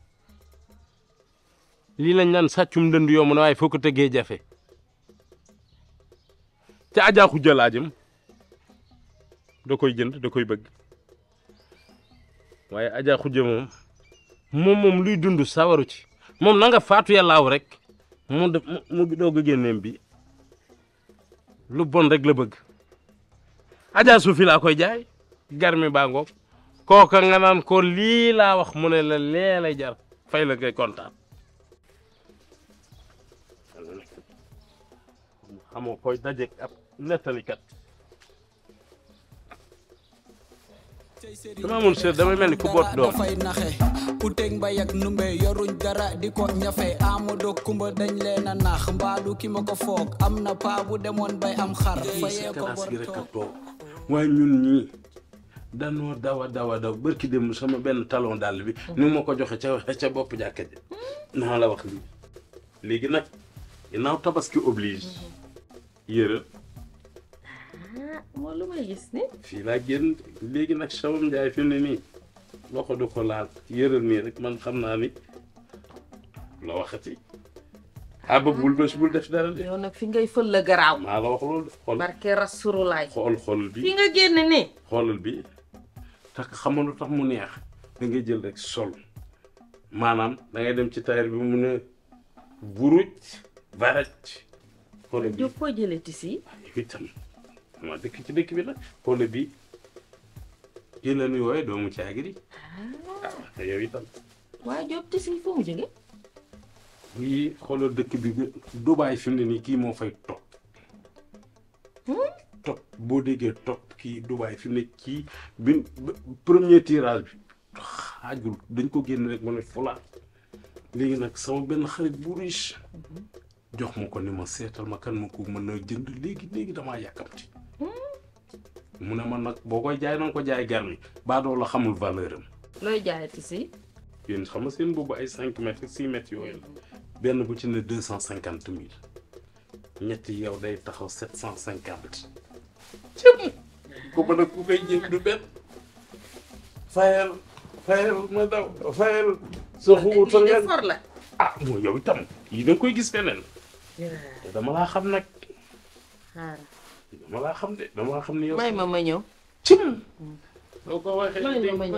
lii lañ naan sàccum ndënd yomb na waaye foo ko tëggee jafe ca ajaaxu jëlaa jëm da koy jënd da koy bëgg waaye ajaaxu jë moom moom moom luy dund sawaru ci moom nanga nga faatu yàllaaw rek mu mu doog a génneem bi lu bon rek la bëgg ajaa suufi laa koy jaay garmi baa ngoog kooka nga naan ko lii laa wax mu ne la lee lay jar fay la ngay kontaan xamoo koy dajeeg ab nettalikat dama mun seet damay mel ni ku boot doom dafay naxe uteeg mbay ak numbe yoruñ dara di ko ñafe amado kumba dañ leen a nax mbaadu ki ma ko foog am na paa bu demoon bay am xar fayee ko bor rek a toog waaye ñun ñii danoo dawa dawa daw bërki dem sama benn talon dàll bi ni ma ko joxe ca ca bopp jàkka ji naa la wax lii léegi nag ginnaaw tabaski oblige yéeral. ah lu may gis ni fii laa génn léegi nag Chawam Ndiaye fi mu ne nii loxo du ko laal yéeral nii rek man xam naa ni la waxati. ah ba bul bés bul def dara de. yow nag fi ngay fël la garaaw. maa la wax loolu de xool. barke rasurulaay. xool xool bi nga génn nii. xoolal bi tax xamal lu tax mu neex da ngay jël rek sol maanaam da dem ci tailleur bi mu ne buruj baraj. xoolal bi foo jëlee tissu yi. ma dëkk ci dëkk bi la xoolal bi kii la ñuy doomu caagiri. ah te ah, yow itam. waaye Diop tissu foo mu jógee. lii xoolal dëkk bi Dubaay fi ne nii kii moo fay topp. Hmm? topp boo déggee topp kii Dubaay fi mu ne kii bi premier tirage bi xaajul dañ ko génn rek mu ne fula léegi nag sama benn xarit bu riche. Mhm. jox ma ko ni ma seetal ma kan ma ko mën a jënd léegi léegi damaa yàkkamti mu ne ma nag boo koy jaay nanga ko jaay garmi baadoo la xamul valeur am looy jaayati si yéen xam nga seen boobu ay cinq mètres six mètres yooyu la benn bu ci ne deux cent cinquante mille ñetti yow day taxaw sept cent cinquante cëm ko mën a ku koy jënd du benn fayal fayal ma daw fayal sa xuutal ah mooy yow itam yi da nga koy gis feneen te dama laa xam nag. dama laa xam de dama xam ne yow. may ma ma ñëw. cim. Hmm. soo ko waxee may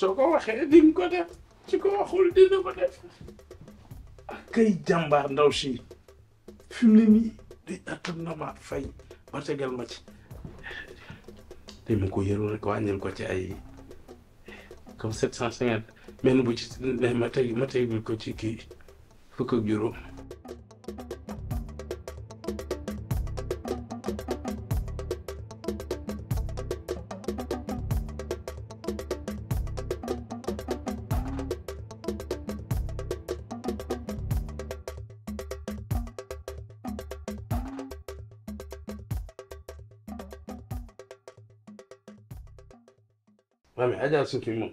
ko waxee di ci ko waxul dina ko def. ak kay jàmbaar ndaw si fi mu ne nii di atum na ma fay ba tegal ma ci. te mu ko yëru rek wàññil ko ci ay comme cent cinquante bu ci ma teg ma tegul ko ci kii fukk juróom. هذا سكيمو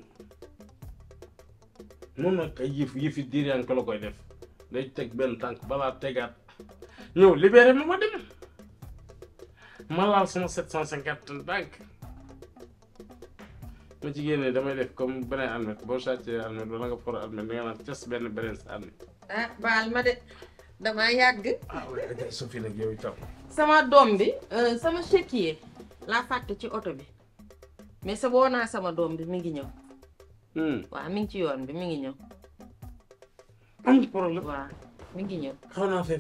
مو ما كيف يفيد ديري انكلو كويدف day teg benn tànk balaa tegaat ñëw libéré ma ma demee ma laal sama 750 tànk ma ci damay def comme beneen almet boo sàccee almet wala nga for almet da nga ces benn beneen sa almet. Ah, baal ma de damaa yàgg. ah oui nag yow itam. sama doom bi euh, sama chéquier laa fàtte ci oto bi mais sa naa sama doom bi mi ngi ñëw. Hmm. waaw mi ngi ci yoon bi mi ngi ñëw. amul problème waaw mi ngi ñëw. Hmm.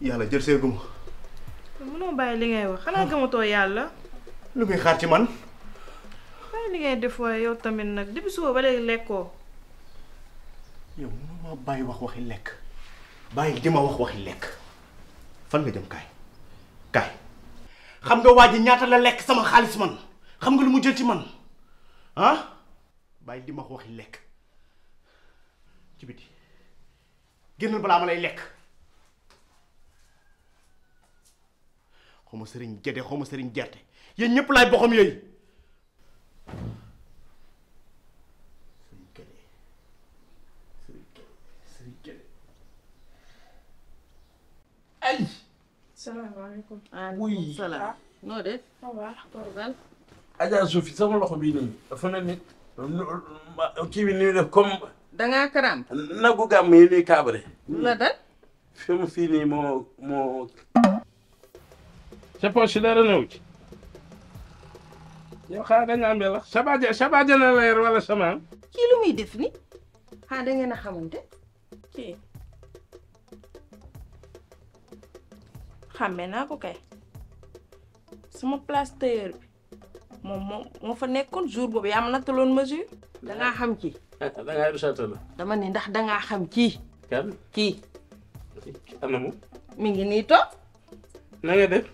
yàlla jël see guma. mënoo bàyyi li ngay wax xanaa gëmatoo yàlla. lu muy xaar ci man. bàyyi li ngay def waaye yow tamit nag depuis suba ba léegi lekkoo. yow mënuma bàyyi wax waxi lekk bàyyi di ma wax waxi lekk fan nga jëm kaay. kay xam nga waa ji ñaata la lekk sama xaalis man xam nga lu mu jël ci man ah bàyyi di ma ko lekk ci biti génnal balaa ma lay lekk xaw ma sëriñ gede xaw ma sëriñ gerte yéen ñépp lay boxam yooyu salaamaaleykum. waaleykum salaam. noo def. waaw. Adja Sofi loxo bii nii dafa ne ni kii bi ni mu def comme. da ngaa karam. nagu fi mu fii moo moo. sa si dara newu ci. yow xanaa dañu am la sabaaja sabaaja na leer wala sama. kii lu muy def ni xanaa a xamante. xamena ko kay sama place tailleur bi moom moom moo fa nekkon jour bobu yam na talon mesure. da nga xam kii. da eh, nga rusata la. dama ni ndax da nga xam kii. kan ki ana mu. mi ngi ni to la nga def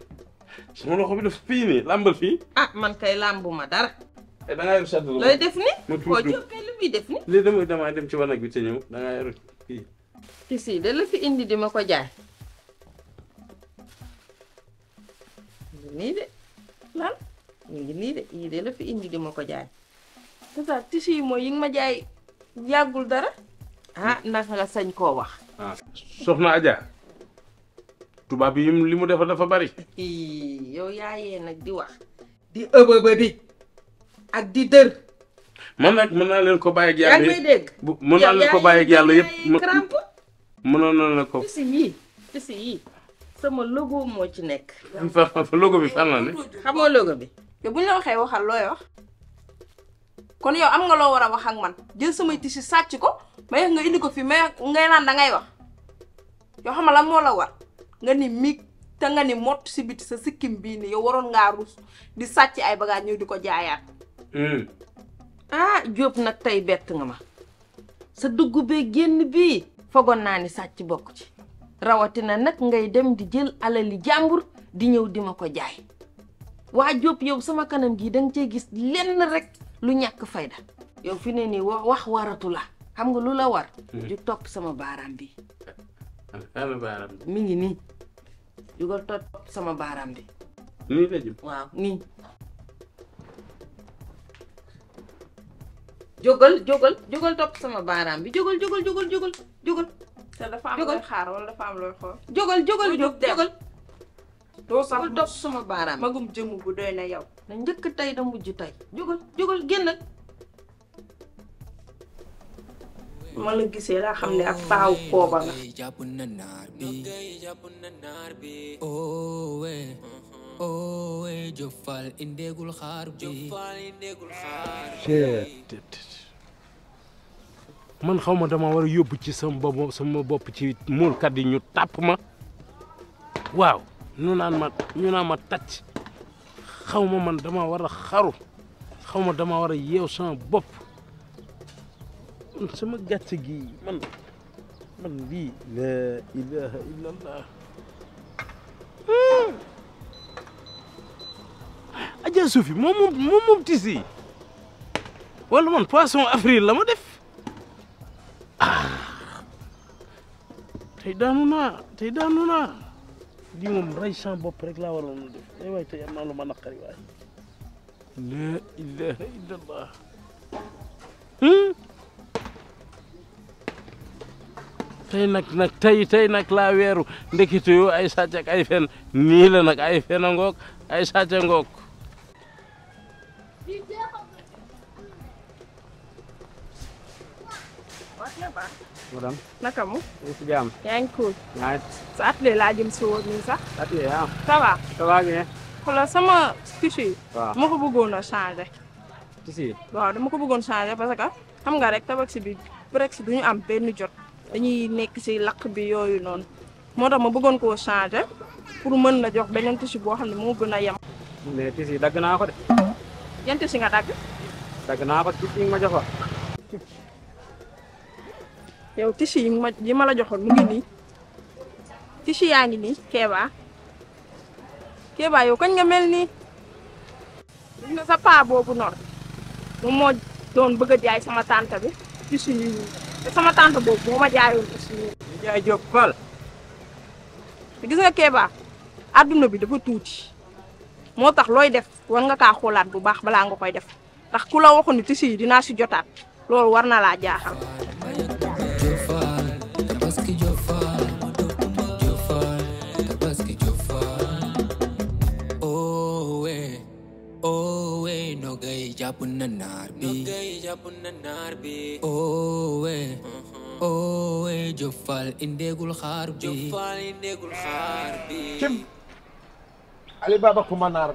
sama loxo bi do fi ni lambal fi ah man kay làmbuma dara. Eh, da nga rusata la looy def ni ko tuuti kay lu muy def ni lii Dengar dama dem ci wanag bi te ñew da ngaa yor kii. si de la fi indi di ko jaay. ni de lan ni ngi ni de yi de la fi indi di mako ko jaay tata tissu yi mooy yi nga ma jaay yagul dara ha ah, naka nga sañ ko wax ah, soxna Adja tuba bi yim limu defal dafa bari yow yaaye nak di wax di bi, ak di deur man nak man na len ko baye ak yalla man na len ko baye ak yalla yep man na len ko tisi yi tisi yi sama logo moo ci nekk. logo bi fan la ne. xamoo logo bi. yow bu ñu la waxee waxal looy wax kon yow am nga loo war a wax ak man jël samay tissu sàcc ko may nga indi ko fi may ngay da ngay wax yoo xam la moo la nga ni miig te nga ni mott si biti sa sikkim bii nii yow waroon ngaa ruus di sàcc ay bagages ñëw di ko jaayaat. Hmm. ah Diop nag tey bett nga ma sa dugg bee génn bii fogoon naa ni sàcc bokk ci. rawatina nak ngay dem di jël li jambour di ñew di mako jaay waa yow sama kanam gi dang nga gis lenn rek lu ñak fayda yow fi ne ni wax waratu la xam nga lu la war. Mhm. di top sama baram bi. mi ngi nii. jugal top sama baram bi. ni la jëm waaw ni jógal jógal jógal top sama baram bi jógal jógal jógal jógal te dafa am looy xaar wala dafa am looy xool. jógal jógal jógal doo sax doo sama baaraam. magum jëmm bu doy na yow. na njëkk tey da mujj tey. jógal jógal génnal. ma la gisee laa xam ne ak faaw kooba nga. jàpp na naar bi xaar indeegul xaar bi. man xaw ma dama war a yóbbu ci sama bopp sama bopp ci muulkat yi ñu tàpp ma waaw ñu naan ma ñu naan ma ma man dama war a xaru xaw ma dama war a yeew sama bopp sama gàcce gi man man lii la ilaha illallah hmm. Adja Soufi moom moom moom moom tisi man poisson avril la ma def tey daanu naa tey daanu naa lii moom rey sans bopp rek laa waroon def ay waay tey am naa lu ma naqari waay la ilaha illallah hmm? tey nag nag tey tey nag laa weeru ndekitu yu ay sàcc ak ay fen nii la nag ay fen a ngoog ay sàcc a madame naka mu. si jàmm. yaa ngi cool. yaa laa jëm si woon nii sax. atelier ah. ça va. ça va bien. xoolal sama tissu ma ko bëggoon a changé. tissu yi. waaw dama ko bëggoon changé parce que xam nga rek tabax bi presque du ñu am benn jot. dañuy nekk si lakk bi yooyu noonu. moo tax ma bëggoon ko changé pour mën na jox beneen tissu boo xam ne moo gën a yem. mais tissu yi dagg naa ko de. yan nga dagg. dagg naa ko tissu yi ma jox ko. yow tissu yi ma yi ma la joxoon mu ngi nii tissu yaa ngi nii keebaa Kéba yow kañ nga mel nii gis nga sa paa boobu nor moom moo doon bëgg a jaay sama tante bi tissu yi te sama tante boobu moo ma jaayoon tissu yi. jaay Diop bi dafa tuuti moo tax looy def war nga kaa xoolaat baax balaa nga koy def ndax ku la waxoon yi dinaa si jotaat loolu war na laa jaaxal. nogay jàpp na naar bi nogay jàpp na naar bi uh-huh. jofal indegul xaar bi kim ali baba kuma naar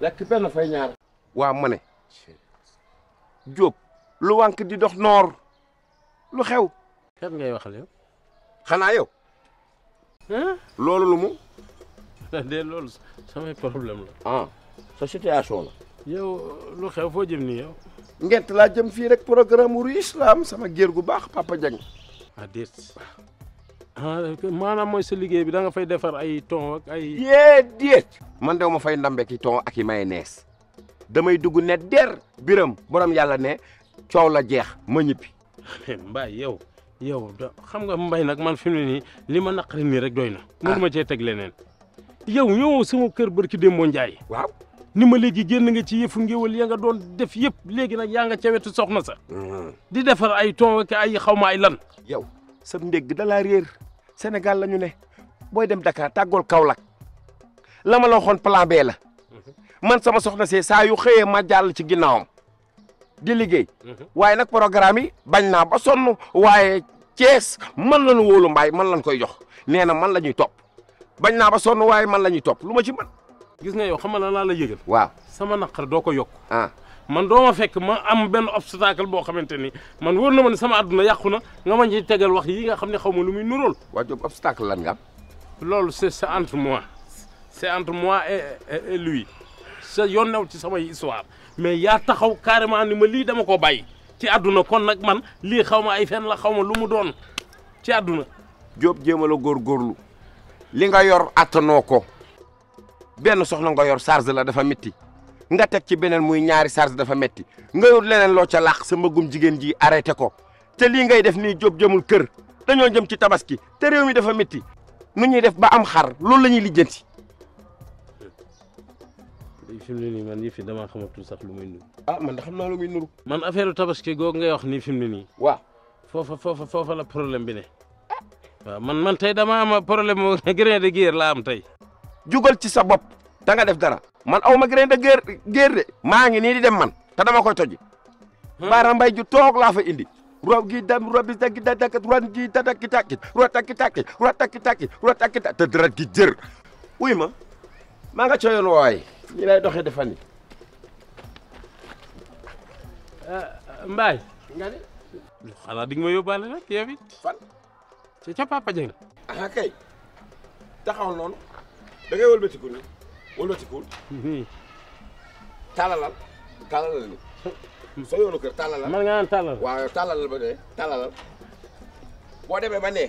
lekk benn ñaar waa ma ne lu wànq di dox noor lu xew kan ngay waxal yow xanaa loolu lu mu [laughs] de loolu samay problème la ah. sa situation la. yow lu xew fo jëm ni yow. ngent la jëm fi rek programme ru islam sama guer gu bax papa jang ah déet ah maanaam mooy sa liggéey bi da nga fay defar ay ton ak ay. ye déet. man de fay ndambe ki ton ak i mayonnaise damay dugg ne der biram borom yalla ne ciow la jeex ma ñibbi. [laughs] mbay yow yow xam nga mbay nak man fimni ni lima nii ni rek doyna na. Ah. mënu ma ci tegg leneen. yow ñoo sama kër barki dembo ndjay waaw. ni ma léegi génn nga ci yëfu ngéwal ya nga doon def yëpp léegi nag yaa nga ca wetu soxna sa mm-hmm. di defar ay ton ak ay xawma ay lan yow sa ndégg da laa réer Sénégal la ñu ne booy dem dakaar tàggool Kaolack la ma la waxoon plan la mm-hmm. man sama soxna see saa yu xëyee ma jàll ci ginnaawam di liggéey mm-hmm. waaye nag programme yi bañ naa ba sonn waaye Cees man lañu wóolu mbaay man lañ koy jox nee na man la ñuy topp bañ naa ba sonn waaye man la ñuy topp lu ma ci man gis nga yow xam nga laa la yëgal. waaw sama naqar doo ko yokk. ah man doo ma fekk ma am benn obstacle boo xamante ni man wóor na ma ne sama adduna yàqu na nga ma ciy tegal wax yi nga xam ne xaw ma lu muy nurool waa job obstacle lan nga am. loolu c' est entre moi c' est entre moi et lui sa yoon new ci samay histoire mais yaa taxaw carrément ni ma lii dama ko bàyyi ci adduna kon nag man lii xaw ma ay fen la xaw ma lu mu doon ci àdduna. Diop jéem a la góorgóorlu li nga yor attanoo ko. benn soxna nga yor charge la dafa métti nga teg ci beneen muy ñaari charge dafa métti nga yor leneen loo ca laax sa mbëggum jigéen ji arrêté ko te lii ngay def nii jóob jëmul kër dañoo jëm ci tabaski te réew mi dafa metti nu ñuy def ba am xar loolu la ñuy lijjanti. fi mu ne nii man yëf yi damaa xamatul sax lu muy nuru. ah man da xam naa lu muy nuru. man affaire tabaski googu ngay wax nii fi mu ne nii. waaw foofa foofa foofa la problème bi ne. man man tey damaa am problème mu [laughs] grain de guerre laa am tey. jugal ci sa bop da nga def dara man awma ma grain de guerre guerre de ngi ni di dem man ta dama koy toji hmm? baara mbay ju tok la fa indi rob gi dam ro bis da dadak ron gi da ki takki ro takki takki ro takki takki ro takki ki te dara gi jeur uy ma ma nga coyoon way ni lay doxé defani eh, mbay nga ni xanaa ding ma yóbbaale nak yow fan ci cha papa jeng ah kay taxaw noonu da ngay wëlbatiku ni wëlbatikuwul. Mhm. tàllalal tàllalal ni mhm. soo yoonu kër tàllalal. man nga naan tàllal waaw tàllalal ba dee tàllalal boo demee ba nee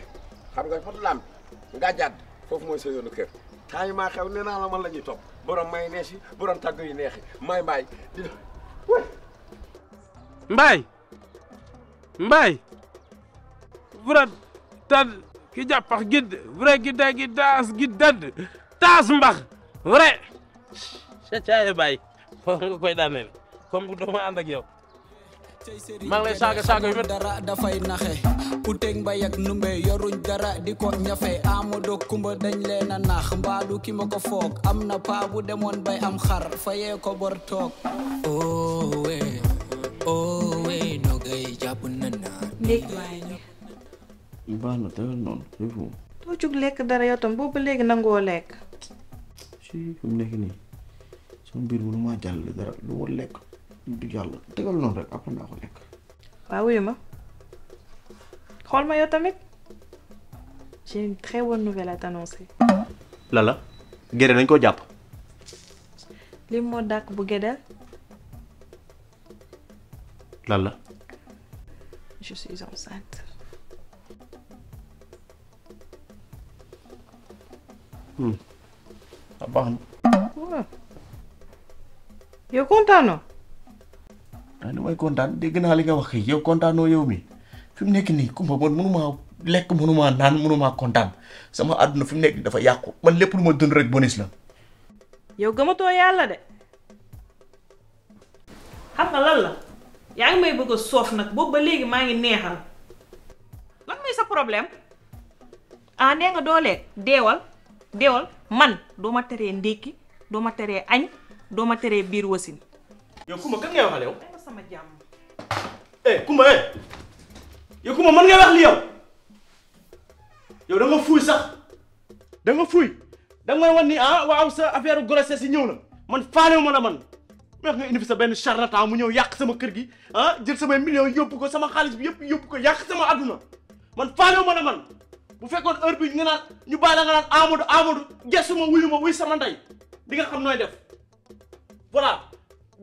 xam nga potu laam nga jàdd foofu mooy soo yoonu kër. temps yi maa xew nee naa la man la ñuy topp borom may neex yi borom tàgg yu neex yi may mbaay di mbaay mbaay vrai tad ki jàppax gidd vrai gidda giddaas giddad taas mbax vrai ca caaye bàyyi foofu nga koy daaneel comme dama ànd ak yow maa ngi lay saaga saaga yu mel dara dafay naxe uteeg mbay ak numbe yoruñ dara di ko ñafe amado kumba dañ leen a nax mbaadu ki ma ko foog am na paa bu demoon bay am xar fayee ko bor toog owe owe nogay jàpp na naa ndéeg baax na tegal noonu doo jug lekk dara yow boobu léegi nangoo lekk. si fi mu nekk nii sama biir mënu maa jàll dara lu war lekk du jàll tegal noonu rek après naa ko lekk. waaw wuyu xool ma yow tamit j'ai une très bonne nouvelle à t'annoncer. lala géré nañ koo jàpp. li moo dàq bu gédel. lala. yow kontaanoo. ah kontaan dégg naa li nga wax yow kontaanoo yow mi fi mu nekk nii kumba man mënumaa lekk mënumaa naan mënumaa kontaan sama àdduna fi mu nekk dafa yàqu man lépp lu ma dund rek bonus la. yow gëmatoo yàlla de. xam nga lan la yaa ngi may bëgg soof nag boobu ba léegi maa ngi neexal lan mooy sa problème ah nee nga doolee deewal. deol man do ma téré ndéki do ma téré agn do ma téré bir wosin yow kuma kan ngay waxal yow. sama jam eh kuma eh yow kuma man ngay wax li yow yow da nga fuuy sax da nga fuuy da nga wone ni ah waaw sa affaire grossesse ci ñëw na man faalé mo na man. wax nga indi fi sa ben charlatan mu ñew yak sama kër gi ah jël sama million yop ko sama xaalis bi yop yop ko yak sama aduna man faalé mo na man. bu fekkoon heure bi nga naan ñu bàyyi la nga naan Amadou Amadou gesu ma wuyu ma wuy sama ndey di nga xam nooy def voilà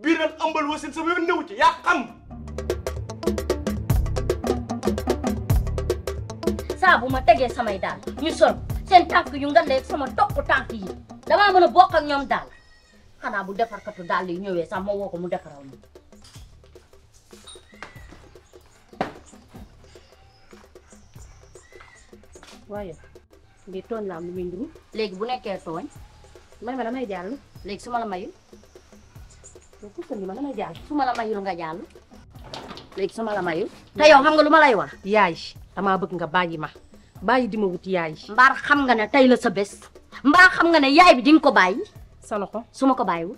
biir nag ëmbal wasin sama yoon néew ci yaa xam. saa bu ma tegee samay daal ñu sol seen tànk yu nga leeg sama topp tànk yi damaa mën a bokk ak ñoom daal xanaa bu defarkatu daal yi ñëwee sax ma woo ko mu defaral ma. waaye lii tooñ la am léegi bu nekkee tooñ may ma damay jàll léegi su la mayul kusal li ma damay jàll ma la mayul nga jàll léegi su la mayul te yow xam nga lu ma lay wax yaay damaa bëgg nga bàyyi ma bàyyi di ma wut yaay mbaar xam nga ne tey la sa bés mbaar xam nga ne yaay bi di ko bàyyi sa loxo su ma ko bàyyiwul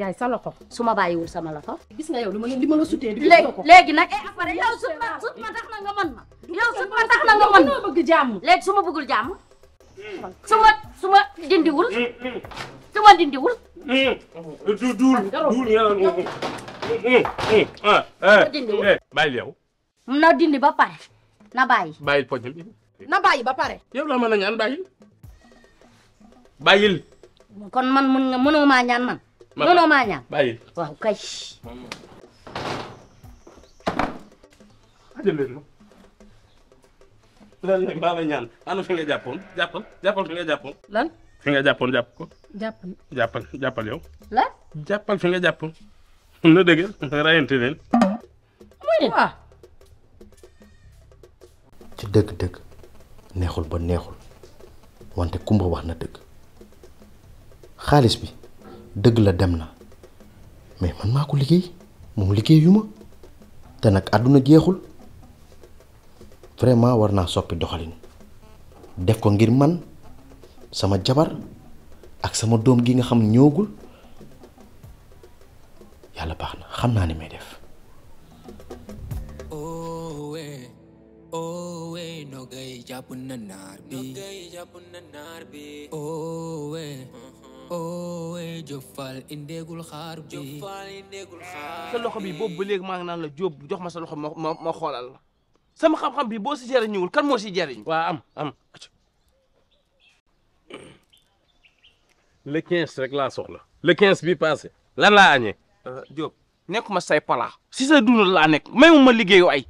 yaay sa loxo su ma bàyyiwul sama loxo. gis nga yow ma li ma la sutee. ko léegi nag eh après yow sut ma sut ma tax na nga mën ma. yow sut ma tax na nga mën ma bëgg jàmm. léegi su ma bëggul jàmm. Hmm. su ma su ma dindiwul. Hmm, hmm. su ma dindiwul. du duul ah, duul ah, eh. Eh, yow. na dindi ba pare na bàyyi. bàyyil poñ bi. na bàyyi ba pare. yow la ma a ñaan bàyyil. bàyyil. kon man mën nga mënoo maa ñaan man. nono mañam waaw kay ajëleen ma lan nag baa may ñaan ana fi nga Japon. Japon. Japon, fi nga Japon. lan fi nga Japon, Japon. ko Japon, Japon, jàppal yow lan jàppal fi nga jàppoon na dëgg rayante leen waaw ci dëgg-dëgg neexul ba neexul wante kumba wax na dëgg xaalis bi deug la dem na mais man mako liggey mom moom liggéeyuma te nak aduna jeexul vraiment warna soppi doxalin def ko ngir man sama jabar ak sama dom gi nga xam ñogul yalla baxna na xam naa ni may def nogay jàpp na naar bi nogay jàpp na way. bi xaar sa loxo bi boobu ba léegi maa ngi nan la job jox ma sa loxo ma ma ma la sama xam-xam bi bo si ñuul kan mo si jëriñ. wa am am. le 15 rek la soxla. le 15 bi passé. lan laa añee. Euh, Diop nekkuma say palaa. si sa dund la nek mayuma mu ma liggéeyu ay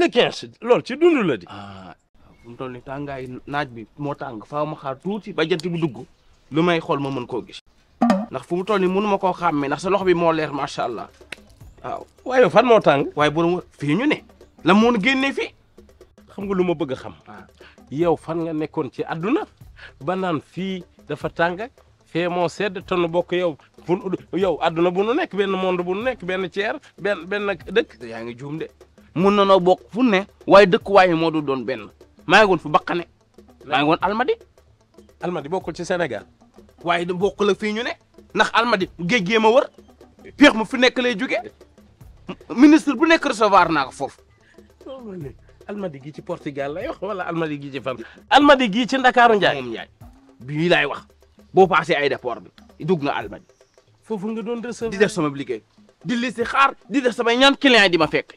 le 15 loolu ci dund la di. ah ni tangay naaj bi mo tang faaw ma xaar tuuti ba jant bi dugg lu may xool ma mën ko gis ndax fu mu toll ni mënuma ko xamé ndax sa lox bi mo leer sha allah waaw way fan mo tang way borom fi ñu ne la ne genné fi xam nga lu ma bëgg xam ah. yow fan nga nekkon ci aduna ba nan fi dafa tang fee mo sedd ton nu bokk yow bu yow aduna bu nu nekk ben monde bu nu nekk ben ceer ben ben dëkk ya nga joom de mun na bokk fu ne way way mo do don ben maa ngi woon fu baqane. maa ngi woon almadi. almadi bokkul ci Sénégal. waaye du bokk la fii ñu ne. ndax almadi géej gee ma wër. peex mu fi nekk lay jóge ministre bu nekk recevoir naa ko foofu. almadi gi ci Portugal lay wax wala almadi gi ci fan. almadi gi ci Ndakaaru Ndiaye moom bii laay wax boo paasee aéroport bi dugg nga almadi. foofu nga doon recevoir di def sama liggéey. di liste di def samay ñaan client yi di ma fekk.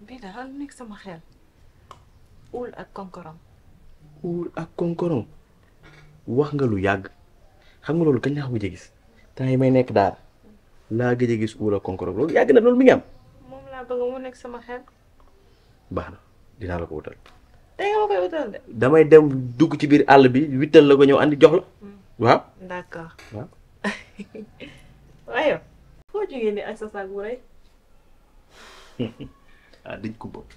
bii daal nekk sama xel. uul ak konkorom. uul ak konkorom wax nga lu yàgg xam nga loolu kañ laa ko gëj a gis temps yi may nekk daal laa gëj a gis uul ak konkorom loolu yàgg na loolu mi ngi am. moom laa bëgg mu nekk sama xel. baax na dinaa la ko wutal. tey nga ma koy wutal de. damay dem dugg ci biir àll bi wittal la ko ñëw andi jox la. Hmm. waaw d'accord. waaw. [laughs] foo jógee nii ak sa bu rëy. [laughs] ah dañ ko bokk.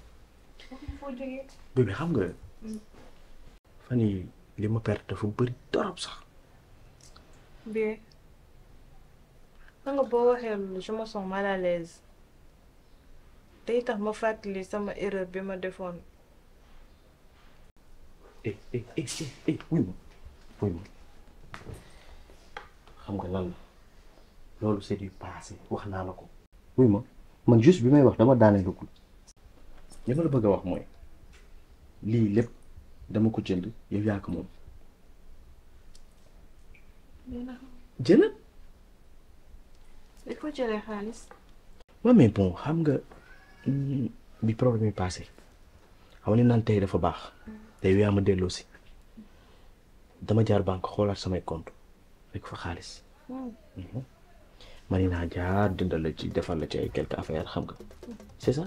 bébé xam nga. Mm. fan yii li ma perte dafa bëri torop sax. bien. xam nga boo waxee loolu je me sens mal à l'aise day tax ma fàttali sama erreur bi ma defoon. Eh, eh eh eh eh wuy ma wuy ma xam nga lan la loolu c'est du passé wax naa la ko. wuy ma man juste bi may wax dama daaneel a li ma la bëgg a wax mooy lii lépp dama ko jënd yow yaa moom. jënd. il faut jëlee xaalis. waaw mais bon xam nga bi problème yi passé xam ne naan tey dafa baax. tey yow yaa ma delloo dama jaar bànk xoolaat samay compte rek fa xaalis. ma hmm. mhm. ne naa jaar dindal la ci defal la ci ay quelques affaires xam nga c'est ça.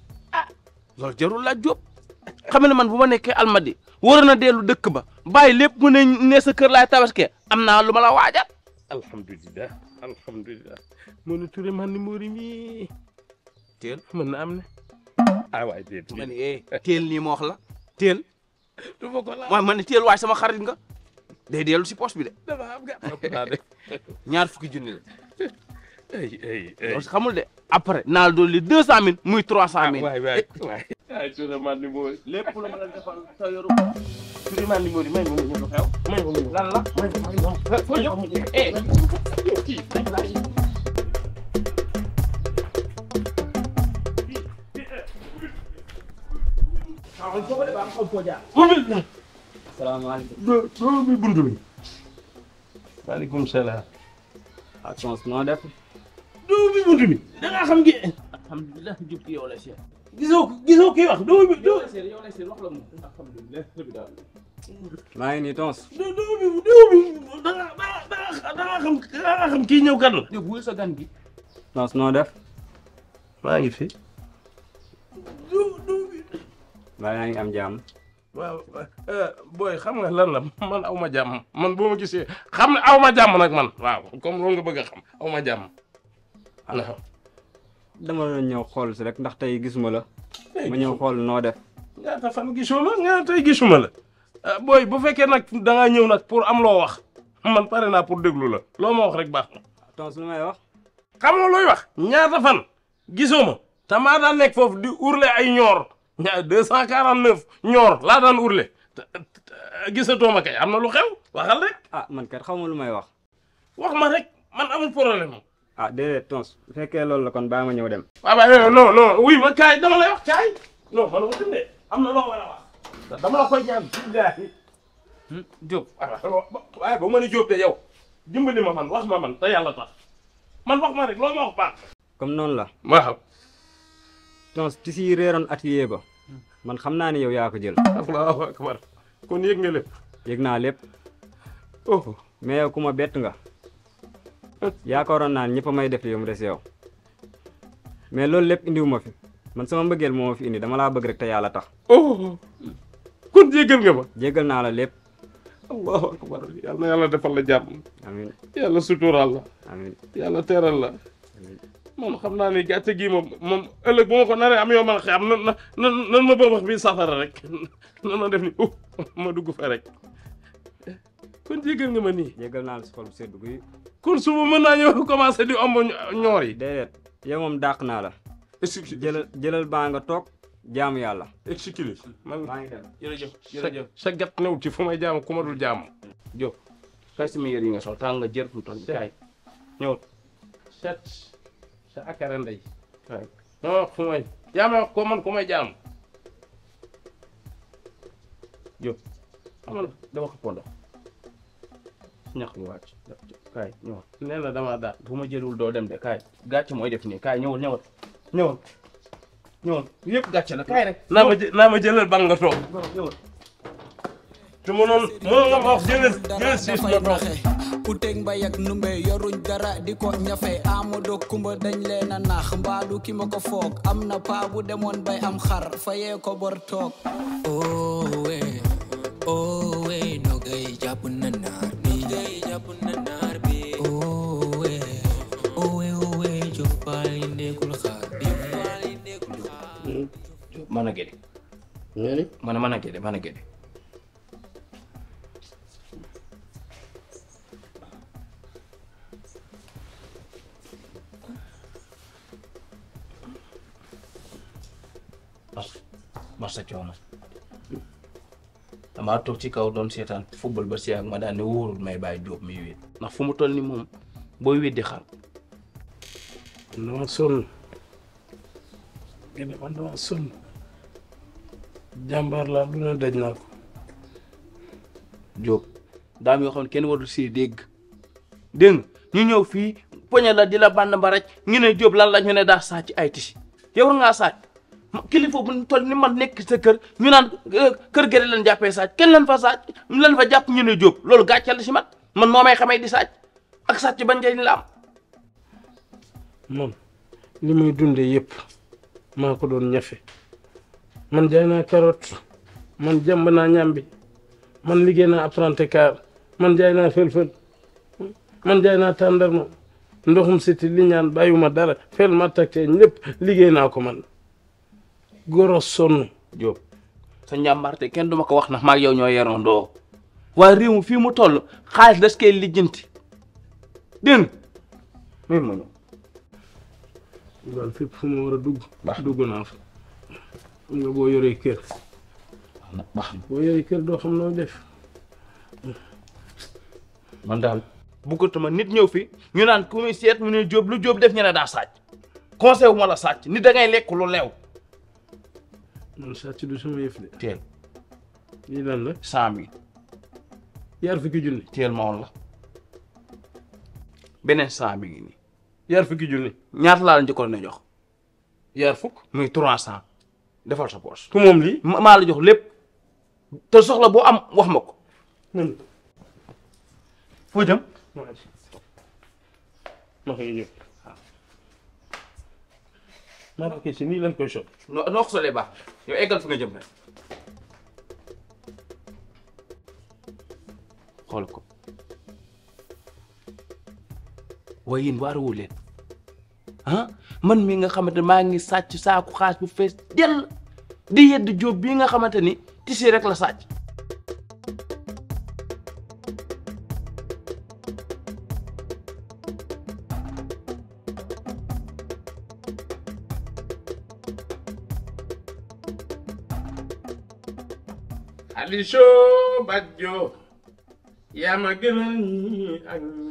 loolu jarul laaj Diop xam ne man bu ma nekkee almadi waroon na dellu dëkk ba bàyyi lépp mu ne ne sa kër laay tabaskee am naa lu ma la waajal. alhamdulilah alhamdulilah Mawne Touré man ni Mori mii teel mën na am ne. ah waay eh, teel man eh wax la teel. du ma ko laaj waaye teel waay sama xarit nga. day dellu si poche bi de. [laughs] ñaar fukki junni la. loolu xamul de après naal doon li deux cent mille muy trois cent mille. Ah, waay waay waay. [laughs] ay Souleymane Ndimbo lépp lu ma la defal sa yoru ko. Souleymane Ndimbo di may ma ñu ko xew. may ma ñu lan la may ma eh, ñu ko foo jox mu jeex eh kii salaamaaleykum. doo doo muy buntu bi. maaleykum salaam. ak chance noo def. doo bi buntu bi da ngaa xam ngi alhamdulilah jub yow la Cheikh gisoo gisoo kii wax doo bi doo yow la Cheikh wax la moom alhamdulilah bi daal maa ngi nii tons doo doo bi doo bi da nga da nga xam da nga xam kii ñëw kan la dégg wul sa gan gi tons noo def maa ngi fi doo doo bi maa yaa ngi am jàmm waaw eh, booy xam nga lan la man aw ma jàmm man boo ma gisee xam ne aw ma jàmm nag man waaw comme loolu nga bëgg a xam aw ma jàmm ala dama ñëw xool si rek ndax tey gisuma la ma ñëw xool noo def ñaata gisuma gisuma la ah, boy bu fekkee nag da ngaa ñëw nag pour am loo wax man pare naa pour déglu la loo ma wax rek baax na tons may wax xamoo looy wax ñaata fan gisoo ma te maa di urle ay ñoor ñaa deux cent quarante neuf ñoor urle gisatoo ma kay am na lu xew waxal rek ah man kat xaw ma lu may wax wax ma rek man amul problème ah déedéet tons fekkee loolu la kon baa ma ñëw dem. waaw waaw non non wuy ma kaay dama lay wax kaay man ma tëndee am na loo war a wax dama la koy ñaan billahi. Hmm, ah, ma man wax ma man te yàlla tax man wax ma rek loo ma wax baax. comme noonu la. waaw. tons ci si réeroon atelier ba man xam naa ne yow yaa ko jël. allahu akbar nga lépp. yëg naa lépp. oh mais yow ku ma yaakaaroon naa ñëpp may def li mu des yow mais loolu lépp indiwu ma fi man sama mbëggeel moo ma fi indi dama laa bëgg rek te yàlla tax. Oh. kon jéggal nga ma. jéggal naa la lépp. allahu akbar yàlla defal la jàmm. amiin yàlla suturaal la. amiin yàlla teeral la. man xam naa ne gàcce gii moom moom ëllëg bu ko naree am yow man xam nan nan nan ma bëgg wax bii safara rek [laughs] nan ma def ni uh ma dugg fa rek. kon jégal nga ma ni jégal naa la si ko bu sedd guy. kon suba mën naa ñëw commencé di omb ñoor yi. déedéet yow moom dàq naa la. jëlal jëlal baa nga toog jaamu yàlla. exécuté man maa ngi dem jërëjëf jërëjëf sa gat newul ci fu may jaamu ku ma dul jaamu. Diop kay sama yére yi nga sol tànn nga jër fu mu toll kaay ñëw set sa akara yaa ko man ku may jaamu ñax mi wàcc kaay ñëwal nee bu ma jëlul doo dem de kaay gàcce mooy def nii kaay ñëwal ñëwal ñëwal ñëwal yëpp gàcce la kaay rek. naa ma jë naa ma jëlal ban nga toog. ñëwal te mënoon mënoon nga ma jëlal dara di ko ñafe Amadou Kumba dañ leen a naax mbaalu ki ma ko foog am na paa bu demoon bay am xar fayee ko bor toog. Oh, eh. mana gede nani mana mana gede mana gede masa coono damaa toog ci kaw doon seetaan football ba si ak ma daan wóorul may bàyyi jóob mi wéet ndax fu mu toll ni moom booy wéet di xar dama sonn gën man dama sonn jàmbaar laa lu ne daj naa ko. Diop daam yoo xam ne kenn warul si dégg dégg ñu ñëw fii poñe la di la bànd ba rek ñu ne Diop lan la ñu ne daa sàcc ay tisi yow war ngaa sàcc kilifa bu ñu ni man nekk sa kër ñu naan eh, kër gële leen jàppee sàcc kenn leen fa sàcc leen fa jàpp ñu ne Diop loolu gàcce la si man man moo may xamee di sàcc ak sàcc ban njëriñ la am. man muy dundee yëpp maa ko doon ñafe. man jaay naa carotte man jàmb naa ñambi man liggéey naa apprenti car man jaay naa fël-fël man jaay naa tàndarma ndoxum siti li ñaan bàyyiwuma dara fel ma taktee lépp liggéey naa ko man goro sonn Diop sa njàmbaarte kenn duma ko wax na maag yow ñoo yeroon ndoo waaye réew mi fii mu toll xaalis das koy lijjanti dén ma ñëw wal fépp fu ma war a dugg naa fa nga boo yoree kër boo yoree kër doo xam noo def man daal bëggatuma nit ñëw fi ñu naan ku muy seet mu ne jóob lu jóob def ñu ne daa sàcc conseil wu ma la sàcc nit da ngay lekk lu leew man sàcc du sama la cent mille yar fukki junni teel ma woon beneen cent yar fukki junni ñaata laa la ne jox yar fukk muy trois cent defal sa poche. ku moom lii. maa la jox lépp te soxla boo am wax ma ko. foo jëm. ma koy ñëw waaw. maa ngi koy si nii lan koy sol. noo noo ko solee baax yow eggal fi nga jëm nag. xool ko. waaye yéen waaru ah man mi nga xamanteni ma ngi sa saaku xaas bu fess del di yedd job bi nga xamanteni tisi rek la satch Alisho Badjo ya ma ni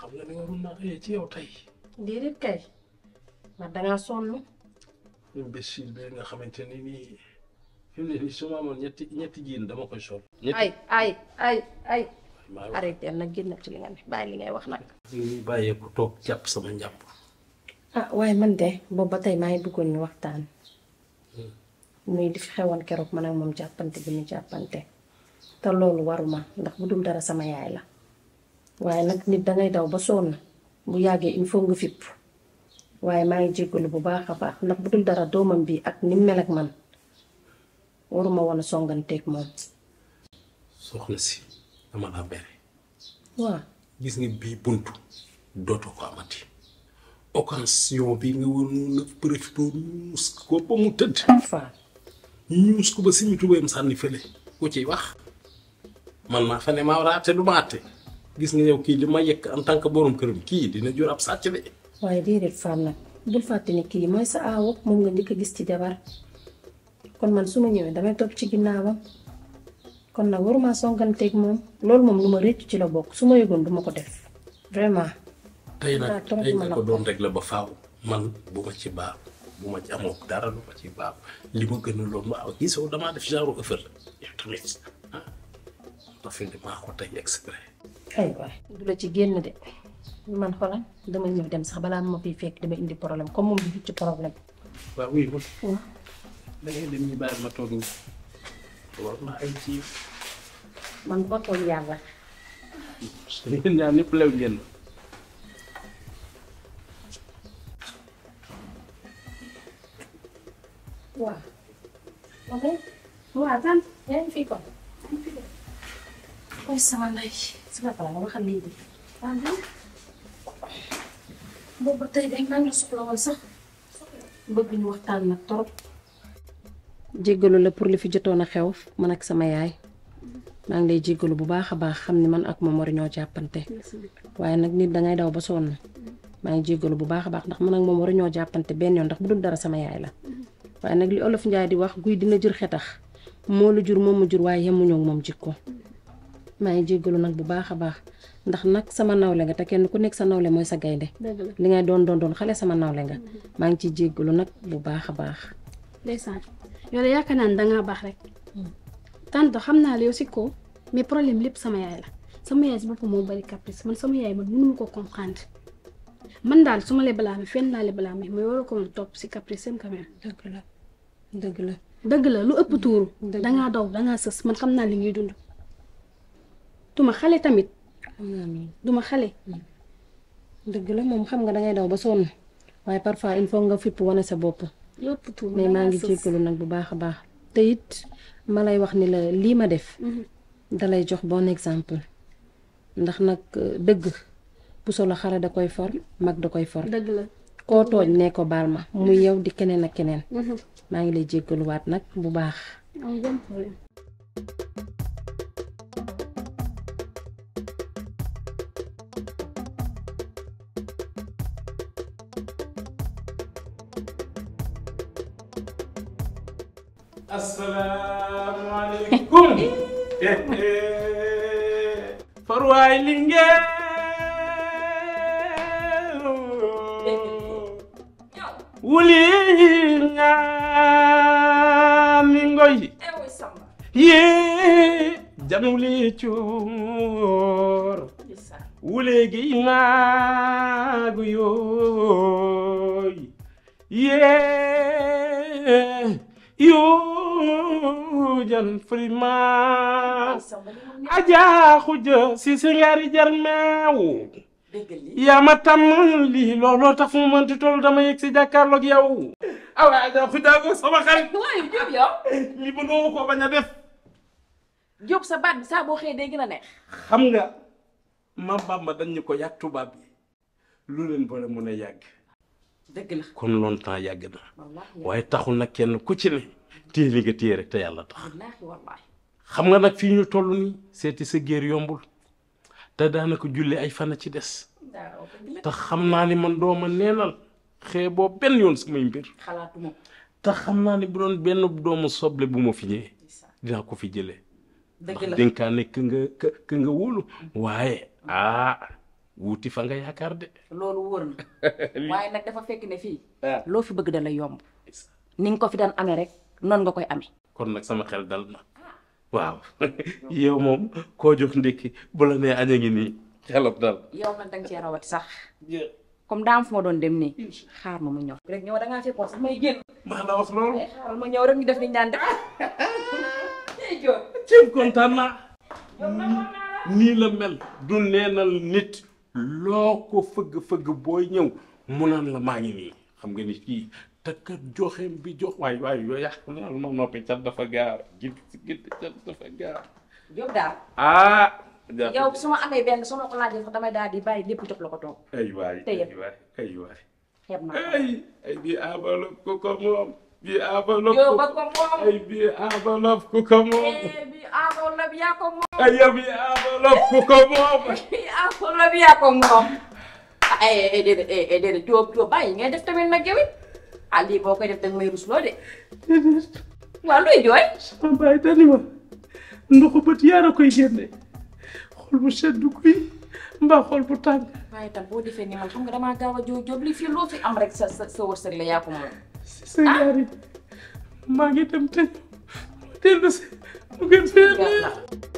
xam oh, nga ni waroon naa xëyee ci yow tey. déedéet kay man da ngaa sonn. imbécile bi nga xamante ni nii fi mu ne nii su ma amoon ñetti ñetti jiin dama koy sol. ay ay ay ay. arrêté nag génn ci li nga ne bàyyi li ngay wax nag. ñu bàyyee ku toog jàpp sama njàpp. ah waaye man de boobu ba tey maa ngi bëggoon ñu waxtaan. muy di fi xewoon keroog man ak moom jàppante bi ñu jàppante. te loolu waruma ndax bu dara sama yaay la. waaye nag nit dangay daw ba sonn bu yàggee il faut nga fipp waaye maa ngi jéggalu bu baax a baax ndax bu dul dara doomam bi ak ni mel ak man waruma woon a songanteeg moom. soxna si bi mu tëdd. faal ñuus sànni fële ku ciy wax. man maa fa ne maa war a àtte du ma àtte gis nga yow kii li ma yekk en tant que borom bi kii dina jur ab sàcc de. waaye déedéet Fane nag bul fàtte ni kii mooy sa aawo moom nga njëkk a gis ci jabar kon man su ma ñëwee damay topp ci ginnaawam kon nag waruma songanteeg moom loolu moom lu ma rëcc ci la bokk su ma yëgoon du ma ko def vraiment. tey nag tey nga ko doon rek la ba faaw man bu ma ci baax bu ma ci amoo dara lu ma ci baax li ma gën a loolu ma aw gisoo dama def genre ëffër tamit afin bi maa ko tey exprès. ay waay du la ci génn de man xoolal dama ñëw dem sax balaa ma fiy fekk dama indi problème comme moom du ci problème. waaw oui man. da ngay dem ñu bàyyi ma toog nii. war naa ay ci. man ba toog yàlla. yéen ñaar ñëpp lew ngeen Wah. Oke. Okay. Wah, kan? Ya, ini Viko. Oy pour li fi jotoon xew man ak sama yaay maa lay jéggalu bu baax baax man ak moom war ñoo jàppante waaye nag nit dangay daw ba sonn maa ngi bu baax baax ndax man ak moom ndax dara sama yaay la waaye nag li olof njaay di wax guy dina jur xetax moo la jur moom ma jur waaye yemuñoo jikko may ngi jéggalu nag bu baax baax ndax nak sama nawle nga ta kenn ku nek sa nawle moy sa gaynde li ngay don don don xale sama nawle nga mm-hmm. ma ngi ci jéggalu nak bu baax baax baax rek mm. tanto xamna li la yow si ko mais problème lepp sama yaay la sama yaay si boppam mo bari caprice man sama yaay man mënuma ko comprendre man dal suma le blame fen na le blame moy waro ko mën quand même deug la deug la deug la lu ëpp da nga daw nga sës man xamna li ngay dund duma xale tamit duma xale dëgg la moom xam nga dangay daw ba sonn waaye parfois il faut nga fipp wane sa bopp mais maa ngi jéggalu nag bu baax a baax te it ma lay wax ni la lii ma def mhm. dalay jox bon exemple ndax nag dëgg bu solo xale da koy for mag da koy for dëgg la koo tooñ nee ko baal ma muy mhm. yow di keneen ak keneen mhm. maa ngi lay jéggaluwaat nag bu baax asalaamualeykum. for waay Linguère. wuli nga mi ngoy. yee jamuli cuur. wuleegi naagu yooy yee yoo. jël frima ah, aja xuja si si ngaari jar mew ya ma tam li lolo tax fu mu mënti tol dama yegg si jàkkaarloog yow awa ajaa fu eh, dago sama xarit way jop yo li bu noo ko baña def jop sa bad sa bo boo xëyee day gën xam nga ma Bamba dañ ñu ko ya, bi lu leen boole mu ne yag deug la kon longtemps yàgg na ya. waye taxul nak kenn ku ci ne téye li nga téye rek te yàlla tax xam nga nag fii ñu toll nii seeti sa géer yombul te daanaka julli ay fan a ci des te xam naa ni man dooma neenal xee boo benn yoon samay mbir te xam naa ni bu doon benn doomu soble bu ma fi ñëwee dinaa ko fi jële dëgg la dénkaane ka nga ka nga wóolu waaye ah wuuti fa nga yaakaar de loolu wóor na [laughs] waaye ah. loo fi bëgg da yomb nga ko fi daan amee rek non nga koy amé kon nak sama xel dal na waaw [laughs] yow mom ko jox ndiki bu la né aña ngi ni xelop dal. yow man dang ci rawat sax. comme dam am fu doon dem ni xaar ma mu ñow rek ñow da nga fekkoon pos may gën ma la wax lool eh, xaar ma ñow rek ñu def li ñu daan def. [laughs] ceeb kontaan naa. la mel. du neenal nit. loko feug feug boy ñew mu nan la maa ngi xam nga ni ki te kër joxeem bi jox way waay yoo yàq na no pe cat dafa gar gidd gidd cat dafa gar yow daal. ah. yow suma amé ben suma su ma ko laajee sax damay daal di bàyyi lépp jox la ko toog. ay waay ay waay ay ko xeeb naa ay ay bii enveloppe ko ko mom ay enveloppe yow ba ko mom ay bii enveloppe ko ko mom ay enveloppe yaa ko mom ay yow ay enveloppe ku ko moom. ay enveloppe yaa ko moom. ah déedéet déedéet ay Diop bàyyi ngay def tamit ay yow it. ah lii boo koy def danga may rusloo de. waaw luy jooy. sama baay dani ma ndoxu bët yaara koy génne xol bu sedd kuy mbaa xol bu tàng. waaye tam boo defee ni man xam nga damaa gaaw a jooy joob li fii loo fi am rek sa sa sa wërsëg la yaa ko moom. si sa ah! yaari maa ngi dem te mu dellu si mu gën fee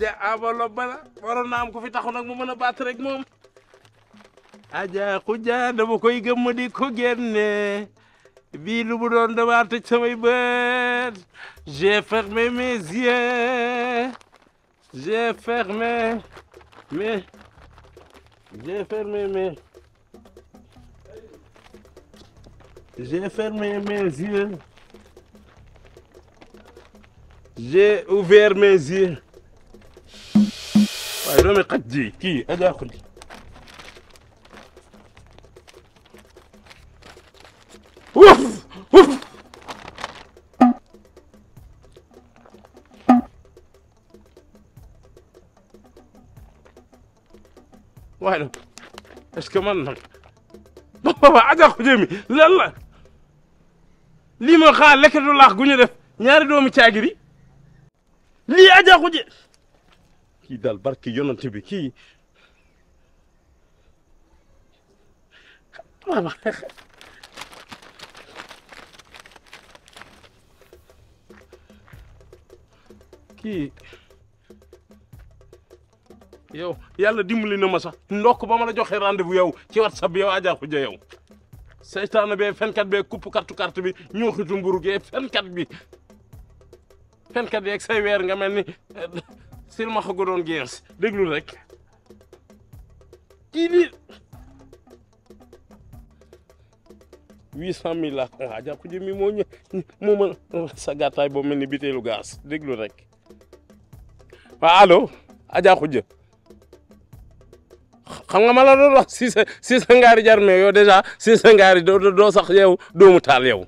ja enveloppe ba la naam ku fi taxu nag mu mën a baat rek moom aja xuja dama koy gëmm di ko génne bii lu mu doon dama tëj samay bët j'ai fermé mes yeux j'ai fermé mes j'ai fermé mes j'ai fermé mes yeux j'ai ouvert ايرامي قدي كي هذا اخرج اوف اوف وينه ايش كمان بابا عاد اخدمي لا لا لي ما قال لك الله قلنا ñaari doomi caagiri lii aja ko je kii daal barki yonent bi kii voilà le yow yàlla no kuba mana sax ndokk ba ma la joxe rendez-vous yow ci whatsapp yow Adja Khoudia yow seytaane kartu carte bi ñoo xitu mburu gee fenkat bi fenkat yeeg say weer nga mel ni silma xa ko doon geers déglul rek kii di huit cent mille laa ko waajal ko jëmmi moo ñë moo mën sa gàttaay boo mel ni biteelu gaz déglu rek waaw allo Adja Khoudia xam nga ma la doon wax si sa si sa ngaari jar mais yow déjà si ngaari doo doo sax yow doomu taal yow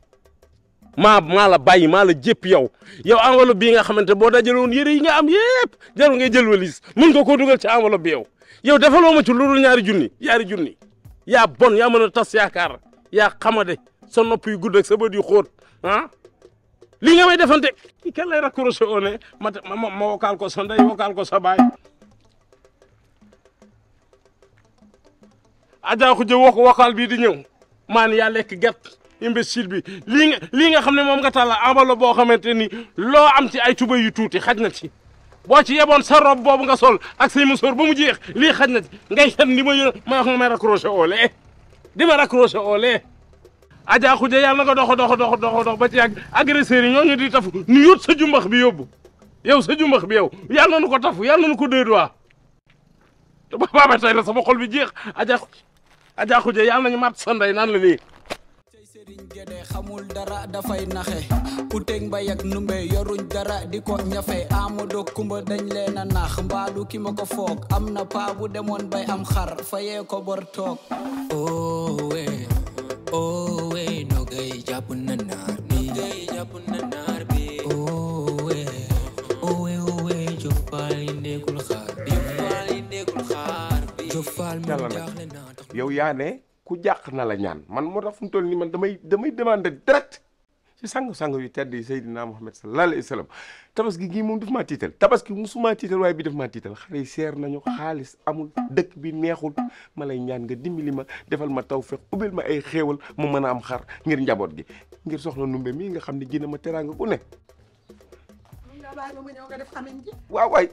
ma ma la bayyi ma la jep yow yow envelope bi nga xamante boo dajaloon yere yi nga am yep jarul nga jël walis mën nga ko duggal ci envelope bi yow yow defaloo ma ci lulul ñaari junni ñaari junni ya bon ya mëna tass yaakar ya xamade sa nopp yu gudd ak sa bëd yu xoot ah li nga may defante ki kan lay raccrocher oné ne ma ma ma ko sonday wokal ko sa bay ajaa ko je wokal bi di ñew man ya lek gatt imbécile bi li nga lii nga xamné mom nga tàlla abalo boo xamante ni loo am ci ay tuba yu tuti xajna ci bo ci yebon sa rob bobu nga sol ak sey musor bu mu jeex li xajna ci ngay xam ni ma ma wax ma raccroché olé di ma raccroché olé aja xuje yàlla nga dox dox dox dox dox ba ci ak agresseur ñoo ñu di taf nu yót sa jumbax bi yóbbu yow sa jumbax bi yow yàlla na nu ko taf yàlla na nu ko deux doigts te ba baaba tey la sama xol bi jeex aja aja xuje yàlla nañu mat sa nday nan la ni tiñ gédé xamul dara dafay naxe uteeg mbay ak numbe yoruñ dara di ko ñafe amado kumba dañ leen a nax mbaalu ki ma ko foog am na paa bu demoon bay am xar fayee ko bor toog owe owe nogay jàpp na naar bi nogay jàpp na naar bi owe owe owe jofaal yi yow yaa ku jàq na la ñaan man moo tax fu mu toll nii man damay damay demander direct ci sangu-sangu yu tedd yi Seydina Mohamed sallallahu alayhi wa sallam tabaski gii moom def maa tiital tabaski suma tiital waaye bi daf maa tiital xale yi seer nañu xaalis amul dëkk bi neexul ma lay ñaan nga dimbali ma defal ma tawfeex ubbil ma ay xéewal mu mën a am xar ngir njaboot gi ngir soxla numbe mii nga xam ne ji na ma teraanga bu ne. waaw waay.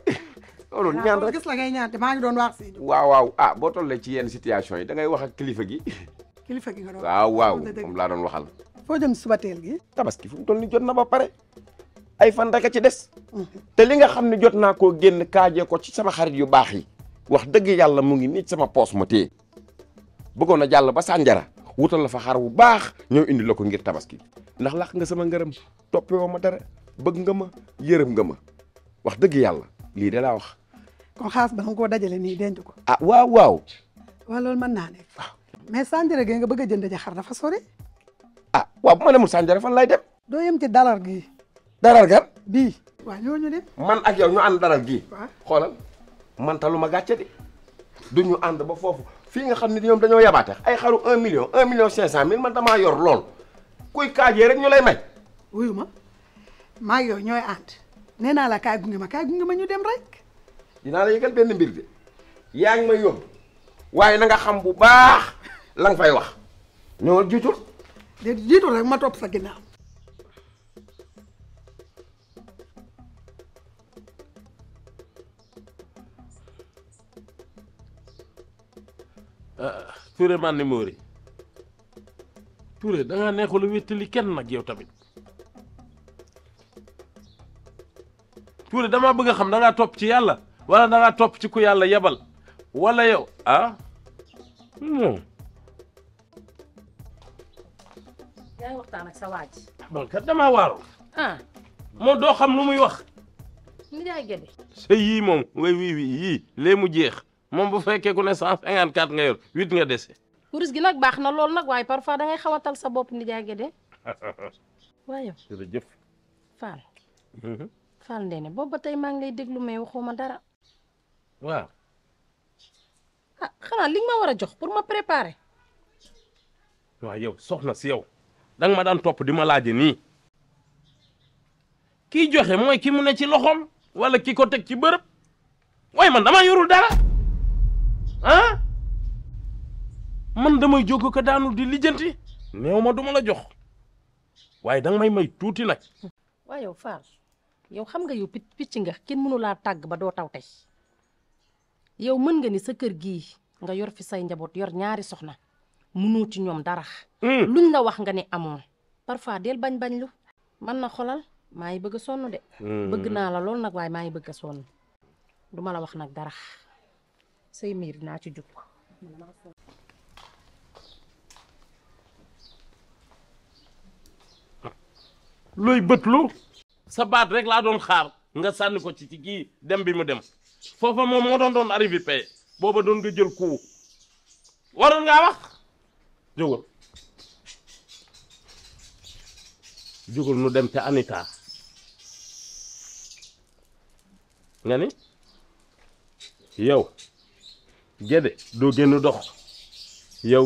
loolu ñaan rek gis la ngay ñaan maa ngi doon wax si waaw waaw ah boo tollee ci yenn situation yi da ngay wax ak kilifa gi kilifa gi nga doon waaw waaw moom laa doon waxal foo jëm suba teel gi tabaski fu mu toll ni jot na ba pare ay fan rek a ci des te li nga xam ne jot naa koo génn kaaje ko ci sama xarit yu baax yi wax dëgg yàlla mu ngi nit sama poos ma téye bëggoon a jàll ba sànjara wutal la fa xar wu baax ñëw indi la ko ngir tabaski ndax làq nga sama ngërëm toppewoo ma dara bëgg nga ma yërëm nga ma wax dëgg yàlla lire la wax. ko khas ba nga dajale ni denc ko. ah waaw waaw. wa lol man naa nekk. mais Sandiara ge nga bëgg a jënd ji xar dafa sori. ah wa bu ma demul Sandiara fan lay dem. do yem ci dalar gi. dalar gar bii. waaw ñooñu de. man ak yow ñu and dalar gi xolal man ta luma gatché de du ñu ànd ba fofu fi nga xamni ñom dañoo yabaate ay xaru 1 million 1 million cinq cent man dama yor lol kuy kaajee rek ñu lay may. wuyuma ma yo ñoy yow nee naa la kaay gunge ma kaay gunge ma ñu dem rek. dinaa la yëgal benn mbir de yaa ngi may yóbbu waaye na xam bu baax la nga fay wax ñoo jiitul. de jiitul rek ma topp sa ginnaaw. Ah, Touré man ni Mory Touré neexul wéttali kenn nag yow tamit. Touré damaa bëgg a xam da ngaa topp ci yàlla wala da topp ci ku yàlla yebal walla yow ah non. Hmm. yaa ngi waxtaan ak ah. moom doo xam lu muy wax. ni jaay gën. sa yii moom oui oui oui yii lee mu jeex moom bu fekkee ku ne cent cinquante quatre nga yor huit nga dese. kuris gi nag baax na lool nag waaye parfois da ngay xawatal sa bopp ni jaay gën de. [laughs] waaye. jërëjëf Fall. Mhm. fal dene, bo batay ma ngay deglu may mais waxuma dara. wa ah xana li ma wara jox pour ma préparer. wa yow soxna si yow dang ma dan top di ma laaje ni ki joxe moy ki mu ne ci loxom wala ki ko tek ci beurep way man dama yorul dara han ah? man damay jóg ko daanu di lijeenti néew duma la jox waye dang may may touti nak waaw yow Fall. yow xam nga yow picc nga kenn mënu laa tàgg ba doo taw tey yow mën nga ni sa kër gii nga yor fi say njaboot yor ñaari soxna mënoo ci ñoom dara. Hmm. luñ la wax nga ni amoon. parfois del bañ bañ lu. man na xolal maa ngi bëgg sonn de. Hmm. bëgg naa la lool nag waaye maa ngi bëgg a sonn du ma la wax nag dara say miir naa ci jub. looy bët lu sa baat rek la doon xaar nga sann ko ci ci gi dem bi mu dem foofa mo mo doon doon arrivé pay booba doon nga jël ku waron nga wax jogol jogol nu dem te Anita nga ni yow gede do gennu dox yow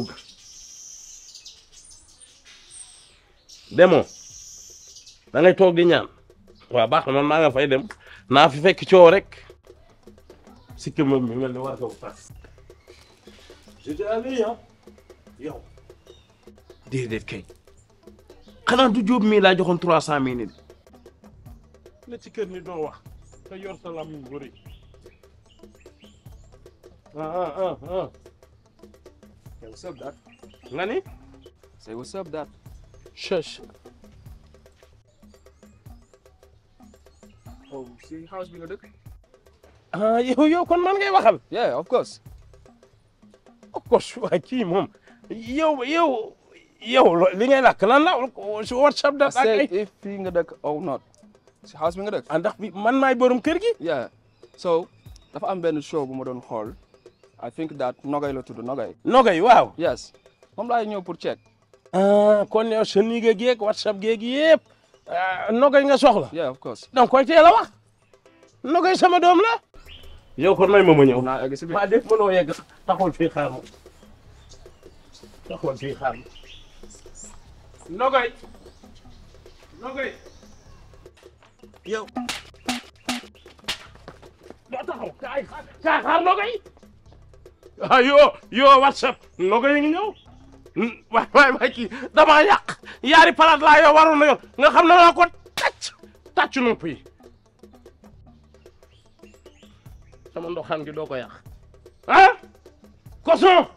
demo da ngay tok di ñaan waaw baax na man maa nga fay dem naa fi fekk coow rek sikki moom bi mel ni waa kaw pass j'étais allé ah yow déedéet kay xanaa du jóob mii laa joxoon trois cent mille nii ne ci kër ni doo wax te yor sa lam bu rëy ah ah ah what's up dad nga ni say what's up dad shush oh si house bi nga dëkk. ah uh, yow yow come man ngay waxal. yeah of course. of course [laughs] waa kii moom yow yow yow li ngay lakk lan la WhatsApp da ak ay. Eh? if fii nga dëkk or not si house bi nga dëkk. And that man maay borom kër gi. yeah so i am benn show bu modern hall. I think that Nogay la tudd Nogay. Nogay waaw. yes I'm laay ñëw pour check. ah kon yow sa niiga geeg WhatsApp geeg yëpp. Euh, nogay nga soxla. yeah of course. donc koy teel a wax nogay sama doom la. yow kon may ma ma ñëw. naa egg si biir taxul fii xaar ma taxul fii xaar yow. whatsapp nogay ngi ñëw. waay waay waay damaa yàq yaari palaat laa yow waroon na yoon nga xam ne maa ko tàcc tàcc nopp yi sama ndoxaan gi doo ko yàq ah koson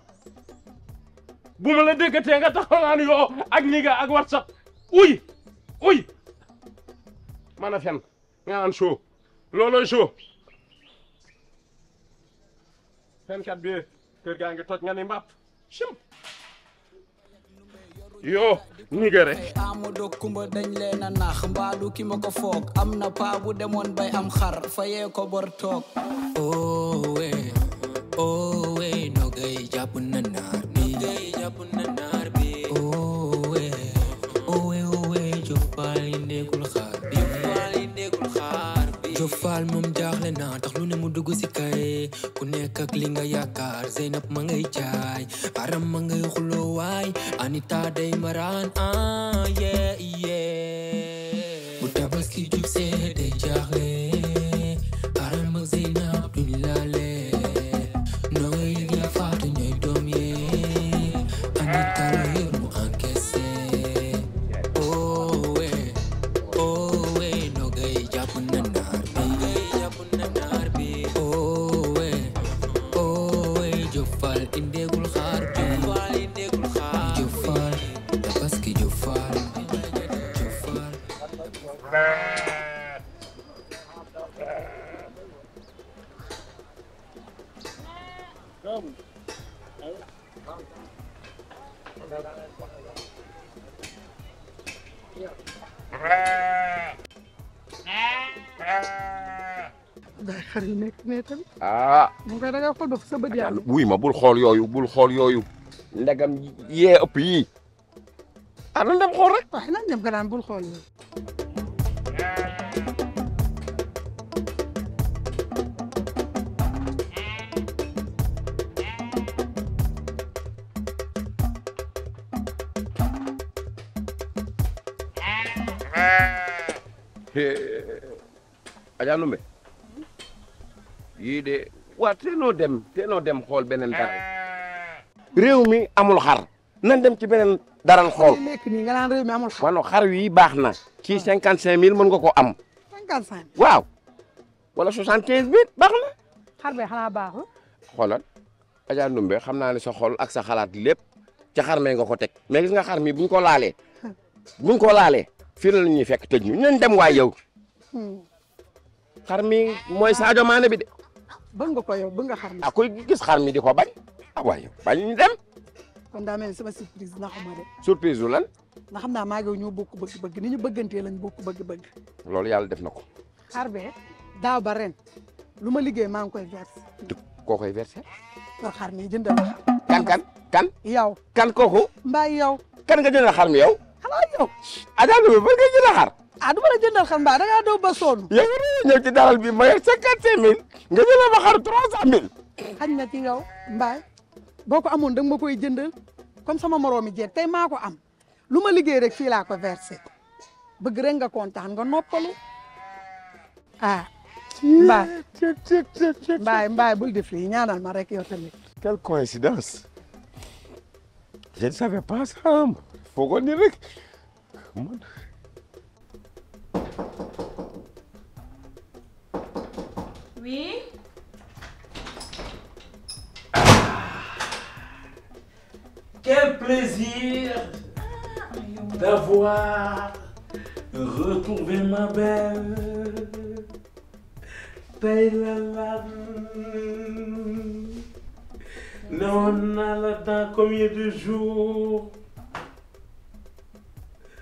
bu ma la déggatee nga taxaw naan yoo ak ñi nga ak whatsapp uy uy man a fen nga naan show loolooy show fenkat bi kër gaa ngi toj nga ni mbàpp sim yoo nigere amado kumba dañ leen a nax mbaalu ki ma ko foog am na paa bu demoon bay am xar fayee ko bor toog owe owe nogay jàpp na naar ni faal moom jaaxle naa tax lu ne mu dugg kay ku nekk ak li nga yaakaar Zeynab ma ngay jaay aram ma ngay waay Anita day maraan ah yeah yeah bu tabaski jub day day xar yi nekk ne ah. mu koy da nga fa dof sa bët ah, yàlla. wuy ma bul xool yooyu bul xool yooyu. ndegam yee ëpp yii. ah nan dem xool rek. waaye nan dem nga daan bul xool yooyu. Adja Numbe yii de waa teenoo dem teenoo dem xool beneen dara réew mi amul xar nan dem ci beneen daral xool nekk nii nga naan réew wano xar wi baax na ci cinquante cinq mille mën nga ko am cinquante cinq mille waaw wala soixante quinze mille baax na xar bee xanaa baaxul xoolal Adja Numbe xam naa ne sa xool ak sa xalaat lépp ca xar mee nga ko teg mais gis nga xar mi buñ ko laalee buñ fii la ñuy fekk tëj ñu ñu dem waay yow. xar mi mooy Sadio Mané bi de. bëgg nga ko yow bëgg nga xar mi. ah kuy gis xar mi di ko bañ. ah waay bañ ñu dem. kon daa mel ni sama surprise naxuma de. surprise lu lan. ndax xam naa maa ngi ñoo bokk bëgg-bëgg ni ñu bëggantee lañ bokk bëgg-bëgg. loolu yàlla def na ko. xar be daa ba ren lu ma liggéey maa ngi koy versé. koo koy versé. kon xar mi jëndal xar. kan kan kan. yow kan kooku. mbaa yow. kan ka jëndal xar mi yow. xanaa yow. Adja Ndour ba nga jënd xar. ah du jëndal xar mbaa da daw ba sonn. yow ñëw ci dalal bi ma yor cinquante nga jëndal ma xar trois cent mille. xañ na ci yow mbaay boo ko amoon da nga ma koy jëndal sama moroomi jeeg tey maa lu ma liggéey rek fii laa ko versé bëgg rek nga kontaan nga noppalu ah. mbaay mbaay mbaay bul def lii ñaanal ma rek yow tamit. quelle coïncidence je ne Pourquoi ni rek oui. Ah. Quel plaisir d'avoir retrouvé ma belle. Non, on a là combien de jours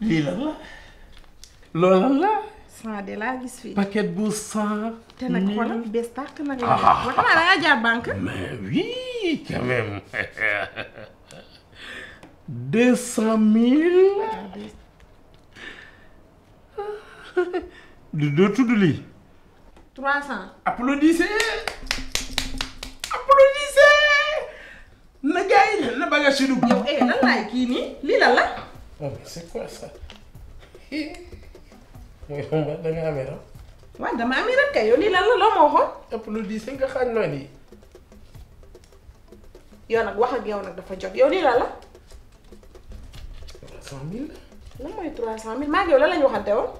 Lila la. Lola la. Sans de la vie, suis. Paquet de bourse, tu T'es un quoi là? Bestar, un quoi banque. Mais oui, quand même. 200 000. De deux tout de lit. 300. Applaudissez. Applaudissez. Je gagne le bagage chez nous. Yo, hé, là, là, qui là? non mais c'est quoi ça mooy xam dama amee rab yow lii lan la loo ma waxoon. ëpp lu diis nga xaaj noonu yi. yow nag wax ak yow nag dafa jot yow lii lan la. 300000 la. lan la ñu waxante woon.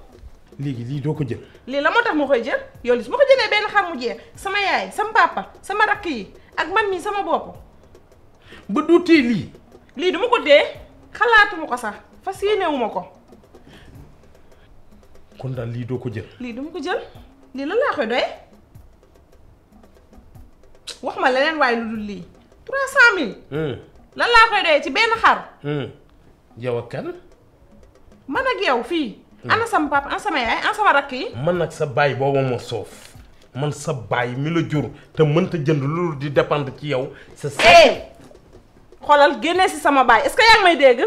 léegi lii doo ko jël. lii la moo tax ma koy jël yow li su ma ko jëlee benn xar mu jeex sama yaay sama papa sama rakk yi ak man mii sama bopp. ba doo téye lii. lii du ma ko téye xalaatuma ko sax. fas yéene ko. kon daal lii doo ko jël. lii du ma ko jël lii lan laa koy doy wax ma leneen waaye lu dul lii trois cent mille. Hmm. lan laa koy doyee ci benn xar. Hmm. yow ak kan. man ak yow fii. Hmm. ana sama papa ana sama yaay ana sama rakk yi. man ak sa baay booba moo soof man sa baay mi la jur te mënta jënd lu di dépendre ci yow. sa sa eh! xoolal génnee si sama baay est-ce que yaa ngi may dégg.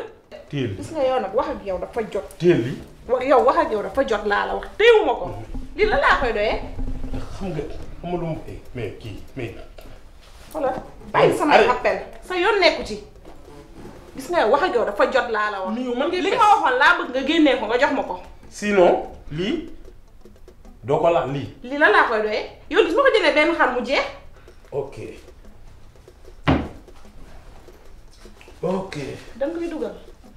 téel gis nga yow nag wax ak yow dafa jot. téel li wax yow wax ak yow dafa jot laa la wax téewu ma ko. Mm-hmm. lii la laa koy doyee. xam nga amul mu eh mais kii mais. xoolal bàyyi sama appel sa yoon nekku ci. gis nga wax ak yow dafa jot laa la wax. nuyu man li nga ma waxoon laa bëgg nga génnee ko nga jox ma ko. sinon lii doo ko laal lii. lii la laa koy doyee yow gis ma ko jëlee benn xar mu jeex. ok. ok. da nga koy dugal.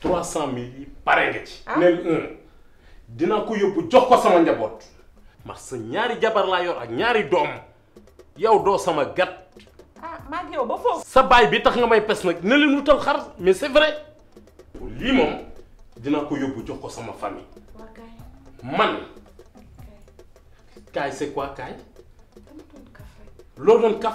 trois cent mille yi pare nga ci. Ah. neel un dinaa ko yóbbu jox ko sama njaboot. ndax sa ñaari jabar laa yor ak ñaari doom yow doo sama gat. ah maa ngi ba foofu. sa baay bi tax nga may pes nag ne leen wutal xar mais c'est vrai lii moom dinaa ko yóbbu jox ko sama famille. man kaay c'est kaay. loolu doon kaf.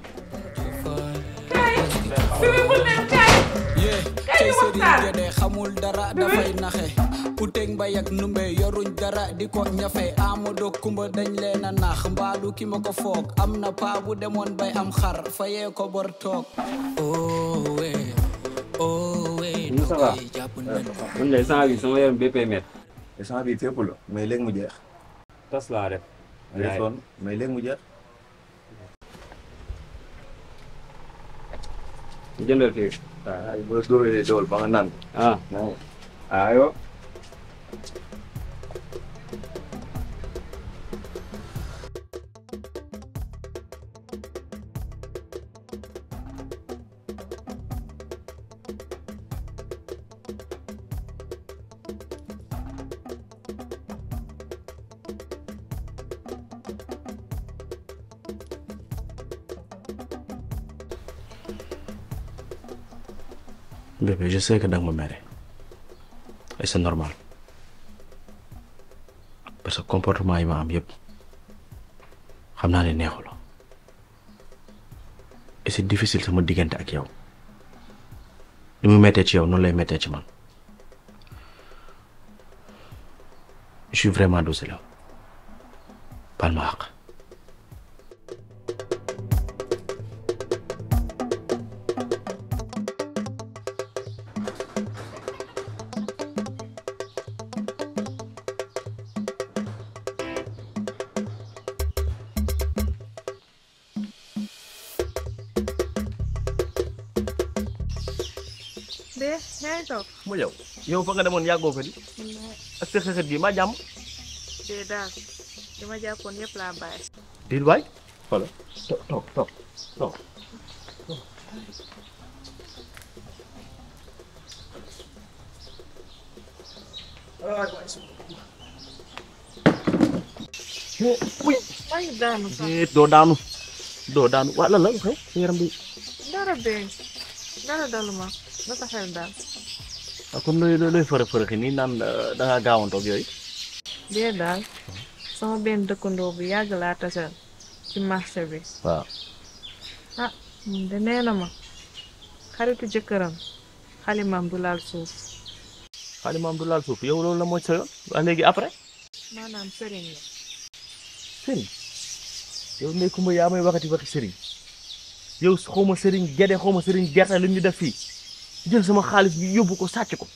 xamul dara dafay naxe puteeg mbay ak numbe yoruñ dara di ko ñafe amado kumba dañ leen a nax mbaalu ki ma ko foog am na paa bu demoon bay am xar fayee ko bor toog owe owe ça va man de sang bi sama yaram bépp met sang bi mu jeex tas laa def mais léegi mu jeex General Field. Ah, Ay, Bruce Guru dito, panganan. Ah. Nice. Ayo. Oh. sais que danga ma mere et c'est normal parce que comportement yi ma am yëpp xam naa ne neexu la et c'est difficile sama diggante ak yow li mu mettee ci yow noonu lay mettee ci man je suis vraiment désolé baal ma àq yow fa nga demone yago fa di ak sa xëxët bi ma jàmm dee daal li ma jàppoon yëpp laa bàyyi déet waay voilà toog toog toog toog doo daanu doo daanu waa la xew sa yaram bi dara beeñ dara daluma ba sa waaw kon looy looy fërë fërëxi nii naan da ngaa gaawantoog yooyu. dee daal sama benn dëkkandoo bu yàgg laa tasal ci marché bi. waaw. ah moom na ma xaritu jëkkëram xalimaam du laal suuf. xalimaam du laal suuf yow loolu la mooy yoon waa léegi après. maanaam sëriñ la. sëriñ yow nekku ma yaa may waxati waxi sëriñ yow xaw ma sëriñ gede xaw ma sëriñ gerte lu ñu def fii. jël sama xaalis bi yobbu ko satch ko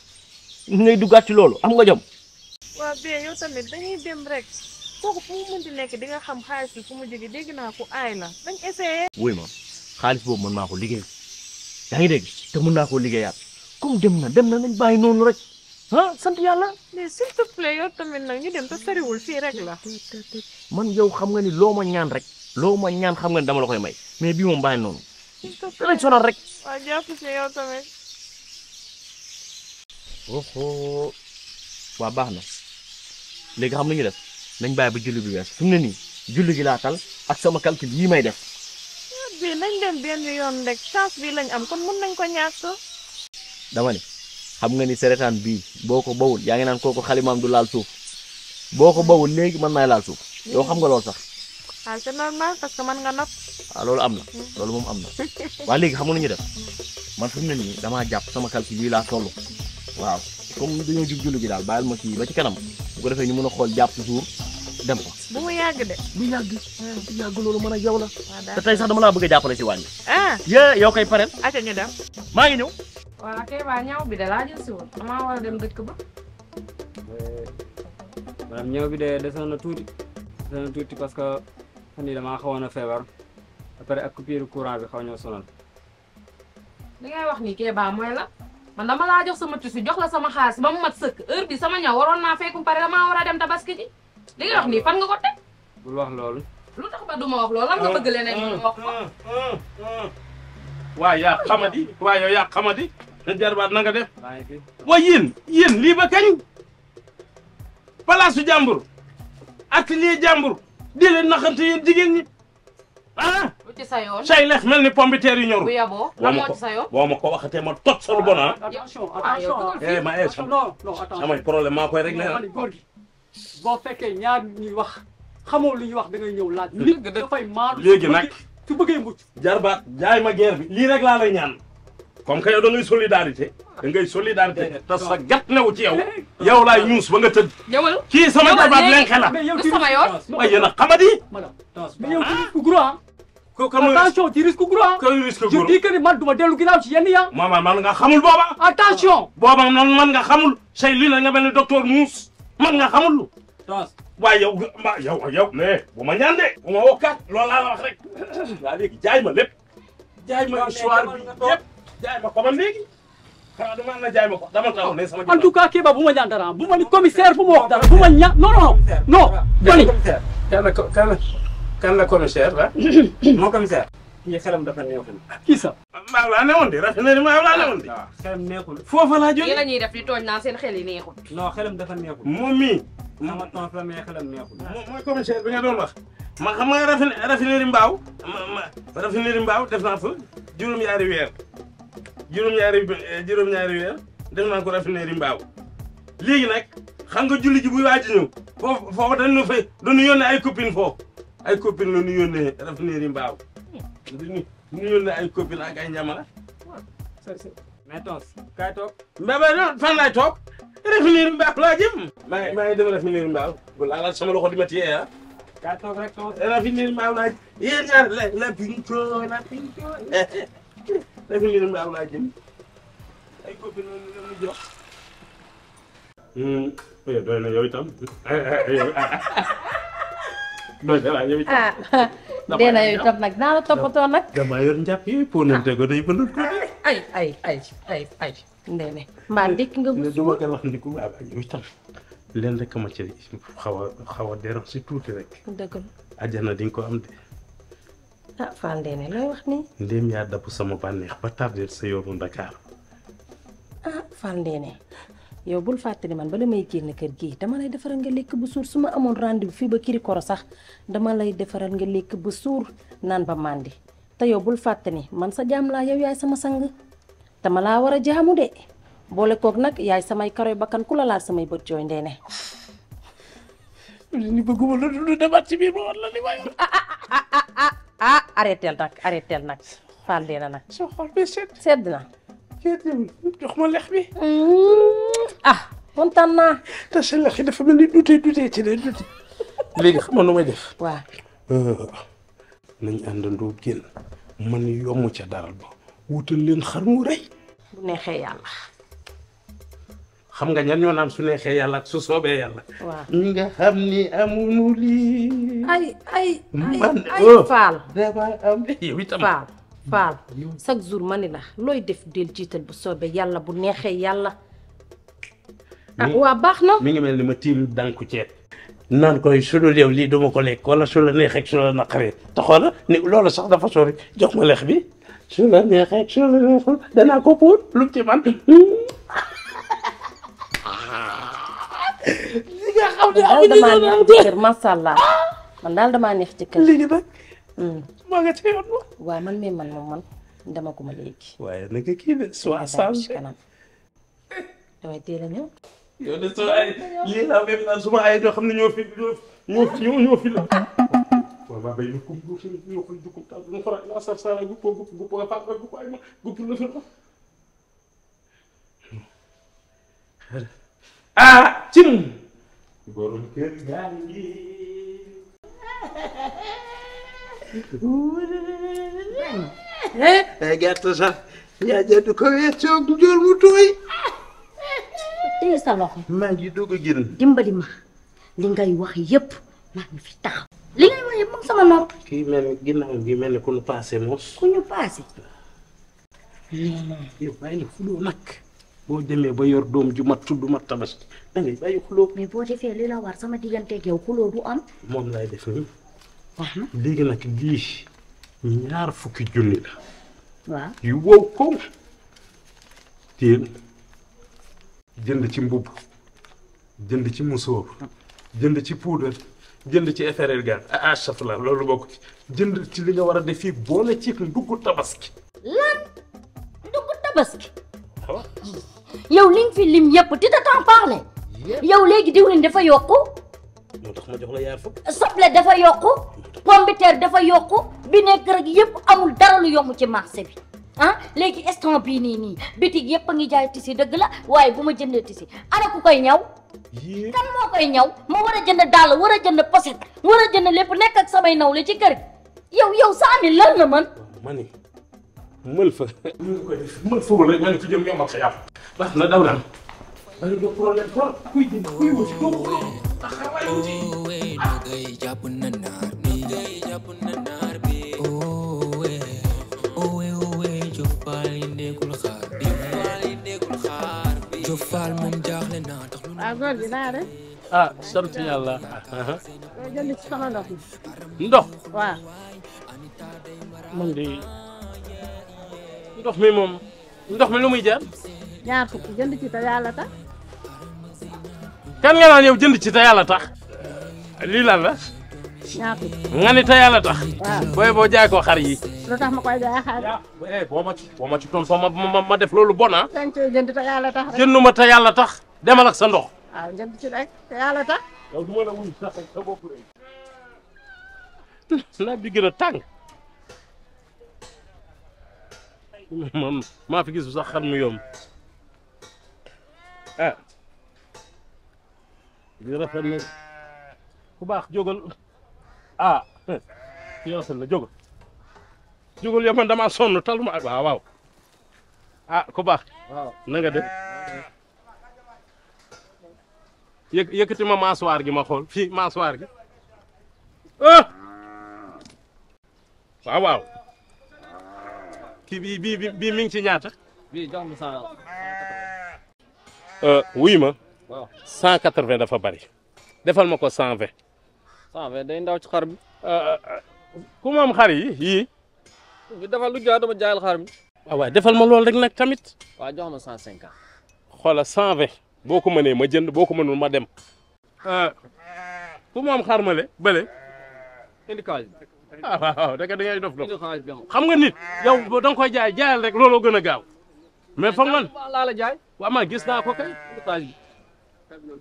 ngay duggaat ci lolu am nga jom. wa be yow tamit dañuy dem rek kooku fu mu mënti nek di nga xam xaalis bi fu mu jógee dégg na ko ay la dañ essayer wuy ma xaalis bobu mën naa ko liggéey yaa ngi dégg te mën na ko liggéeyaat comme dem na dem na nañ bayyi nonu rek ha ah, sant yalla mais s'il te plaît yow tamit nak ñu dem ta te wul fi rek la. man yow xam nga ni loma ñaan rek loma ñaan xam nga dama la koy may mais bii moom bàyyi noonu. dinañ sonal rek. waaw jàpp si yow tamit oho waa baax na léegi xam lu ñu def nañ bàyyi ba julli bi wees fi mu julli gi laa tal ak sama calcul yii may def ah, bi nañ dem benn yoon rek chance bi lañ am kon mën nañ ko dama ne xam nga ni seretaan bii boo bawul yaa ngi naan kooku xalimaam du laal suuf boo bawul léegi man maay suuf xam nga sax ah c'est normal parce que man nga nopp ah loolu am na hmm. loolu moom am na xam nga ñu def [laughs] man sama calcul yi waaw comme dañoo jub julli ji daal bàyyil ma kii ba ci kanam bu ko defee ñu mën a xool jàpp jour dem ko bu mu yàgg de bu yàgg hmm. bu yàgg loolu mën a yow la te tey sax dama laa bëgg a jàppale si wàññi ah yee yow koy pareel acca ñu dem maa ngi ñëw waaw kay waa ñaw bi de laa jël si woon damaa war a dem dëkk ba eh, maanaam ñëw bi de desoon na tuuti desoon na tuuti parce que fan yii damaa xawoon a feebar après ak coupure courant bi xaw ñoo sonal li ngay wax baa mooy la man dama la jox sama tissu jox la sama khas bam mat seuk heure bi sama ñaw waron na fekkum pare dama wara dem tabaski ji li nga wax ni fan nga ko tek bu wax lool lu tax ba duma wax lool lan nga bëgg leneen ñu wax ko. waaw yaa xamadi wa yo ya xamadi. jarbaat na nga def. wa yéen yéen li ba kañ. palaasu jàmbur. atelier jambour di leen naxante yeen ni ah. ci sa yoon say lex mel ni pombiteer yu ñorul. bu yaboo lan moo ci sa yoon boo ma ko waxatee ma tot sa lu ah. attention attention ah, eh, ma eh samay problème maa koy réglé ah. góor boo fekkee ñaar ñuy wax xamoo lu ñuy wax da ngay ñëw laaj. nit dafay maalu léegi nag su bëggee mucc. ba jaay ma guerre bi lii rek laa lay ñaan. comme que yow da ngay solidarité da ngay solidarité eh, eh, te sa gat newu ci yow yow laay ñuus ba nga tëdd. ñëwal kii sama jabaat lenke la. mais yow sama yoon. waaye yéen a xamadi. madame yow ku gros ah. attention ci risque gu la. kër risque gu la je dis que ni man duma dellu ginnaaw ci yenn ya. maman man nga xamul booba. attention. booba man man nga xamul. say lii la nga mel ni docteur Mousse man nga xamul lu. waaye yow ma yow yow. mais bu ma ñaan de. bu ma woo kat loolu laa la wax rek. waa léegi jaay ma lépp. jaay ma histoire bi yëpp jaay ma ko man léegi. xanaa dama la jaay ma ko dama taw ne sama. en tout cas Kéba bu ma ñaan dara bu ma ni commissaire bu ma wax dara bu ma ñaan non non non. non bali. kan la commissaire la. [coughs] moo commissaire. kii xelam dafa neexul. kii sax. maa laa newoon de rafet maa laa newoon de. waaw ah, neexul foofa laa jógee. yéen a seen xel yi neexul. non dafa neexul. moom mii. sama tonf bi nga doon wax. ma mbaaw. ma ma raffinerie mbaaw def naa fa juróom-ñaari weer juróom-ñaari eh, juróom-ñaari weer def naa ko raffinerie mbaaw léegi nag xam nga julli ji buy waaj a ñëw foofu foofu dañu fay dañu ay copine foofu ay copine la ñu yónnee raf niiri mbaaw ñu yónnee ay copine ak ay ñamala mais toog kaay toog mais mais fan laay toog raf niiri mbaaw laa maa ngi dem raf niiri mbaaw bu laalaat ma ah. la la [laughs] ay copine la ñu leen jox hmm, eh, doy [laughs] doy na waaye yow itam. dee na yow itam nag naa la toppatoo nag. damaa njàpp yi ponante ko day bëndal ko ay ay ay nga. bu suba duma ko wax waaw leen rek ma ci xaw xawa xaw si tuuti rek. dëgg la ajana di nga ko am de. ah Fall looy wax nii. ndéem yaa dabb sama bànneex ba tardé sa yoonu Dakar. ah Fall yow bul fàttali man bala may génn keur gi dama lay defal nga lek bu sour suma amone rendez-vous fi ba kiri koro sax dama lay defal nga lek bu sour nan ba mandi te yow bul fàtte ni man sa jam la yow yaay sama sang dama laa wara jamu de bolé kok nak yaay samay karoy bakkan kula la samay bët joy ndene ni bëgguma la dund demaat ci bi mo war la li may ah ah ah ah arrêtel ah, nak ah, ah, arrêtel nak fàlle na nak so xol bi set set na. jox ma lex bi. Mm-hmm. ah kontaan naa. te sa lex yi dafa mel ni dutee dutee ci de dutee. léegi xam nga nu may def. waaw. Euh, nañ àndandoo génn man yomb ca daral ba wutal leen xar mu rëy. bu neexee yàlla. xam nga ñan ñoo naan su neexee yàlla ak su soobee yàlla. waaw ñi nga xam ni amuñu lii. ay ay faal man oh. dama am yow itam faal. faal chaque jour ma ni la looy def del jiital bu soobee yàlla bu neexee yàlla. ah waa baax na. mi ngi mel ni ma tiilu dànku ceeb. naan koy su dul yow lii duma ko lekk wala su la neexee ak su la naqaree te xoola ni loolu sax dafa sori jox ma lex bi su la neexee ak su la neexul danaa ko puut lu ci man. li nga xam ne. am na daal damaa neex ci kër macha allah man daal damaa neex ci kër. maa nga ca yoon wa. man mii man moom man dama ko ma léegi. waaye na nga kii de soit sànq. damay teel a ñëw. yow de ay lii laa béy naa suma ay doo xam ne ñoo la. waaw maa béy ñu ko ñu ko ñu ko ñu ko taal ñu faral laa nga cin. góor kenn gaa ngi. Eh, gerte sax yaa jënd ko wees soog mu tooy. téye sa loxo. maa ngi doog a jël. dimbali ma li ngay wax yëpp maa ngi fi taxaw. li ngay wax yëpp moom sama nopp. kii mel ni gi mel ni ku ñu paase mos. ku ñu paase. non bàyyi na xuloo nag boo demee ba yor doom ju mat tudd mat tabaski da ngay bàyyi xuloo. mais boo defee li la war sama digganteeg yow xuloo du am. moom laay def nii. léegi nag lii ñaar fukki junni la. waaw yu wow koŋ. téel jënd ci mbubb jënd ci musóor jënd ci puudar jënd ci efereer gaal ah, ah la loolu bokk ci jënd ci li nga war a def fii boole ci ndugg tabaski. lan ndugg tabaski. Ah yow li nga fi lim yëpp ti te t'en parler. yow léegi diwlin dafa yokku. moo tax ma jox la yaar fukk. soble dafa yokku pombiteer dafa yokku vinaigre gi yëpp amul dara lu yomb ci marché bi ah léegi instant bii nii nii bitig yëpp a ngi jaay tissu dëgg la waaye bu ma jëndee tissu ana koy ñaw. kan moo koy ñaw ma war a jënd dàll war a jënd poset war a jënd lépp nekk ak samay nawle ci kër yow yow yow saami lan la man. mani mël fa. mël fa wala maa ngi fi jëm ñoom ak sa yàpp. baax na daw bëri na problème trop kuy dindi kuy wuti doo ko xam taxawaay wuti ah. na naar bi jàpp na naar bi. waaw góor gi naa def. ah sant yàlla. nga eh, jënd ci sama ndox mi. ndox. waaw. man de ndox mi moom ndox mi lu muy jar. ñaar fukki jënd ci te yàlla kan nga naan yow jënd ci te yàlla tax lii lan la. ñaata nga ni te yàlla tax. booy boo jaay ko yi. lu tax eh, ma def loolu bon ah. jënd te yàlla tax rek jënduma te yàlla tax demal sa ndox. waaw jënd ci [laughs] [laughs] maa fi gis sax xar mu li rafet na ku baax jógal ah li rafet na jógal jógal yow man taluma ak waaw waaw ah, ku baax na nga def yë yëkkati ma gi ma xool fii masuwaar gi ah waaw waaw kii bii bii bii mi ngi ci ñaata. bii jox ma. 180 dafa bari defal mako 120. 120 day ndaw ci xar mi. ku moom xar yi yii. defal lu jox dama jaayal xar mi. waaw waay defal ma loolu rek nag tamit. waaw jox ma 150. xoola 120 boo ko ma jënd boo mënul ma dem. ku moom xar ma le bële. indi xaalis bi. ah waaw da ngay dof dof xam nga nit yow da nga koy jaay jaayal rek looloo gën gaaw. mais foog man laa la jaay. waaw man gis naa ko kay indi xaalis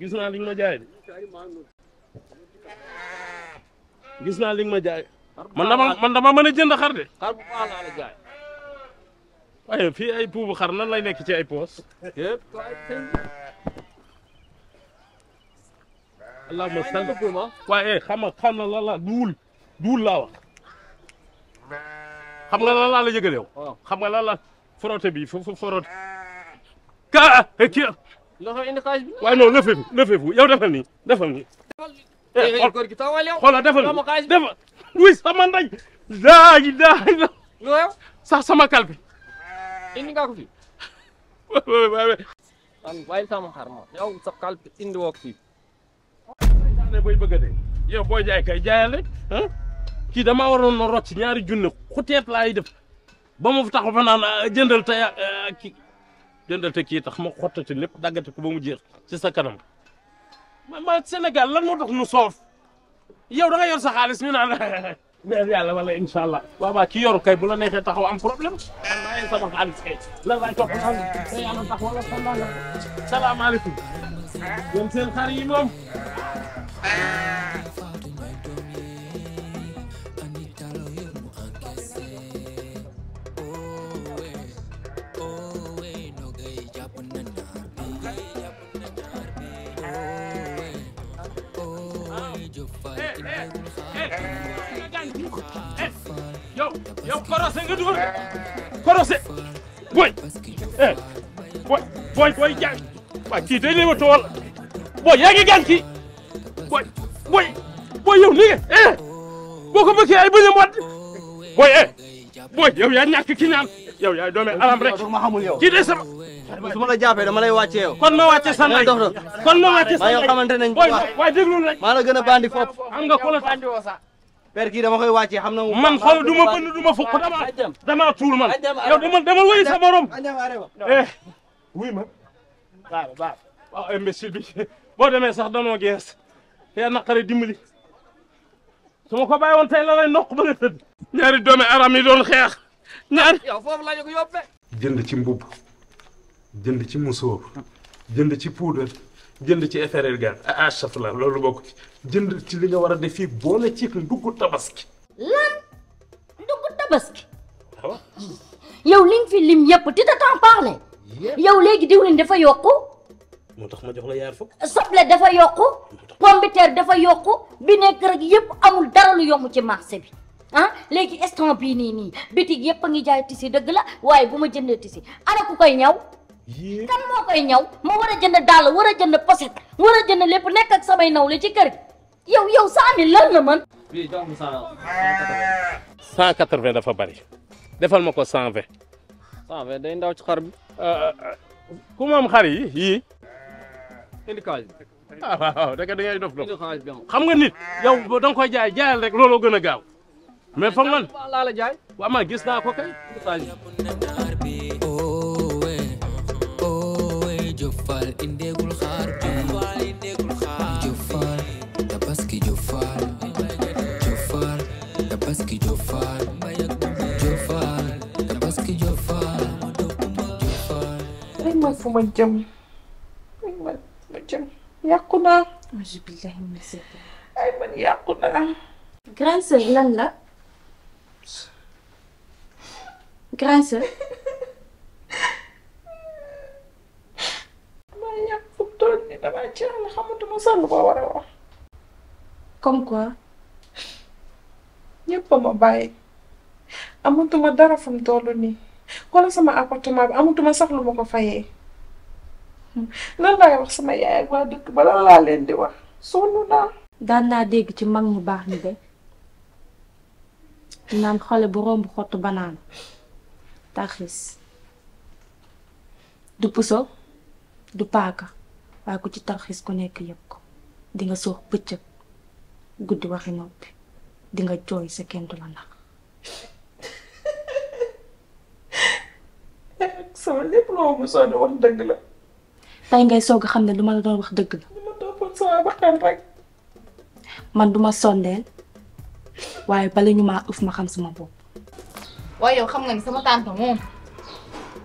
gis naa li ma jaay de gis naa li ma jaay man dama man dama mën jënd xar de xar bu baax la ay puubu xar nan lay nekk ci ay poos yëpp allahuma sall na la la duul duul laa wax xam nga lan la yëgal yow oh. nga lan la frotté bi ka eh, kii loolu indi xaalis bi. waaye non lëfee fi lëfee fu yow defal nii defal nii. xool xoolal defal nii defal. oui sama ndey. sama kal bi. indi nga fi. waaye sama xar ma yow sa kal indi woo booy bëgg a dee yow booy jaay ah? kii damaa waroon na rocc ñaari junne xuteet laay def ba mu taxaw fa naan ah, jëndal tey ah, jëndal te kii tax ma xottati lépp daggate ko ba mu jeex ci sa kanam ma ma Sénégal lan moo tax nu soof yow da nga yor sa xaalis ñu naan neex yàlla wala incha allah waaw ki yoru kay bu la neexee taxaw am problème man maa ngi sama xaalis kay lan laay topp naan te yàlla tax wala sànnaa salaamaaleykum yéen seen xar yi moom yow yow korose nga dugal korose boy eh boy boy boy jaay waa kii day lay watoo wala boy yaa ngi gànn boy boy boy yow nii nga eh boo ay bëñam wadd boy eh boy yow yaa ñàkk ki naan yow yaa doome alam rek kii day sama su ma la jàppee dama lay wàcce yow. kon ma wàcce sa ndey kon ma wàcce sa ndey yow xamante nañ waay déglu rek la gën a bandi fop xam nga ko la tànn per kii dama koy wàccee xam na man xool du ma bënn du ma fukk dama dama tuur man yow dama dama wëy sa borom eh wuy ma baax baax waaw imbécile bi boo demee sax danoo gees yaa naqare dimbali su ma ko bàyyi woon tey la lay ndox ba nga tëdd ñaari doomi aram yi doon xeex ñaari ko yóbbee jënd ci mbubb jënd ci musóor jënd ci poudre jënd ci FRR gaz ah, ah la loolu bokk jënd ci li nga war a def fii boole ci ndugg tabaski. lan ndugg tabaski. waaw. Ah yow fi lim yëpp di te t'en parler. yow léegi diwlin dafa yokku. moo tax ma jox la yaar fukk. soble dafa yokku. pombiteer dafa yokku bi nekk rek yëpp amul dara lu yomb ci marché bi. ah léegi instant bii nii nii bitig yëpp a ngi jaay tisi dëgg la waaye bu ma jëndee tisi ana ku koy ñaw. kan moo koy ñaw ma war a jënd dàll war a jënd poset war a jënd lépp nekk ak samay nawle ci kër gi yow yow cent mën. cent quatre vingt dafa bari defal ma ko cent vingt. day ndaw ci xar bi. Euh, euh, ku moom xar yi yii. indi xaalis bi. Ah, dof dof xam nga nit yow da nga rek looloo gën a gis naa ko kay. macam macam yakuna. Alhamdulillah minasaitan. Aiman aku Grand sœur lan la. Grand sœur. ma yàqub tool ni macam jaaxle xamatuma sax lu ma war a wax. comme quoi. ñëpp a ma bàyyi. amatuma dara fu tolu ni wala sama appartement bi amatuma sax lu ma ko fayee. lan laay wax sama yaay ak waa dëkk ba lan laa leen di wax sonn naa. daan naa dégg ci mag mu baax ni de naan xale bu romb xottu banaan tarxis du puso du paaka waaye ku ci tarxis ku nekk yépp ko di nga soox guddi waxi noppi di nga jooy sa kenn du la nax [laughs] sama lépp loo musoon wax dëgg la tey ngay soog a xam ne duma la doon wax dëgg la. ma toppoon sama bakkan man duma ma sondeel waaye bala ñu maa ëff ma xam suma bopp. waaye yow xam nga ni sama tante moom.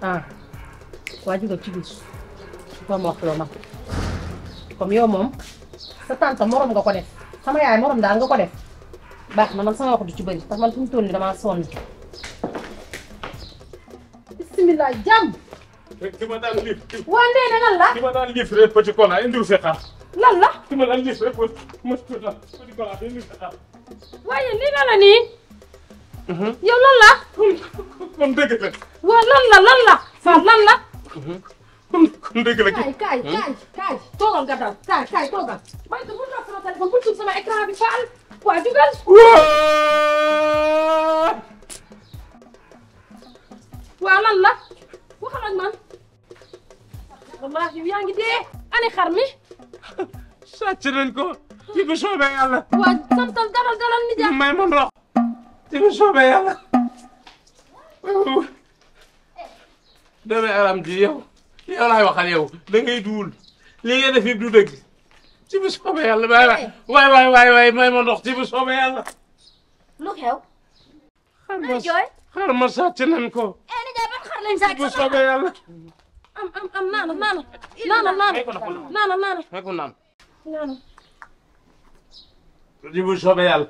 ah waa ci biir boo ma wax loo mag comme yow moom sa tante morom nga ko def sama yaay morom daal nga ko def baax na man sama wax du ci bëri parce man fi mu toll nii damaa sonn. jàmm. ki ma daan lif. waa Ndeye ne lan la. ki ma daan lif rek petit cola indiw sa xar. lan la. ki ma daan lif rek petit cola indiw sa xar. waaye lii la la nii. yow lan la. kon dëgg la. waa lan la lan la. Fatou lan la. kon dëgg la. kaay kaay kaay kaay toogal nga daal kaay kaay toogal. man de mun naa sama téléphone bul tudd sama écran bi faal. waa dugal. waa lan la waxal ak man. wallaahi yaa ngi dee. ani xar mi. sàcc nañ ko. ci bu soobee yàlla. waa santal dalal dalal ni jàpp. may ma ndox. ci bu soobee yàlla. doomi aram ji yow yow laay waxal yow da ngay duul li ngay def yëpp du dëgg ci bu soobee yàlla waay waay waay waay waay may ma ndox ci bu soobee yàlla. lu xew. xar ma xar ma sàcc nañ ko. ci eh, bu soobee yàlla. am am am naana naana naana naana naana may ko naan naana di bu soobee yàlla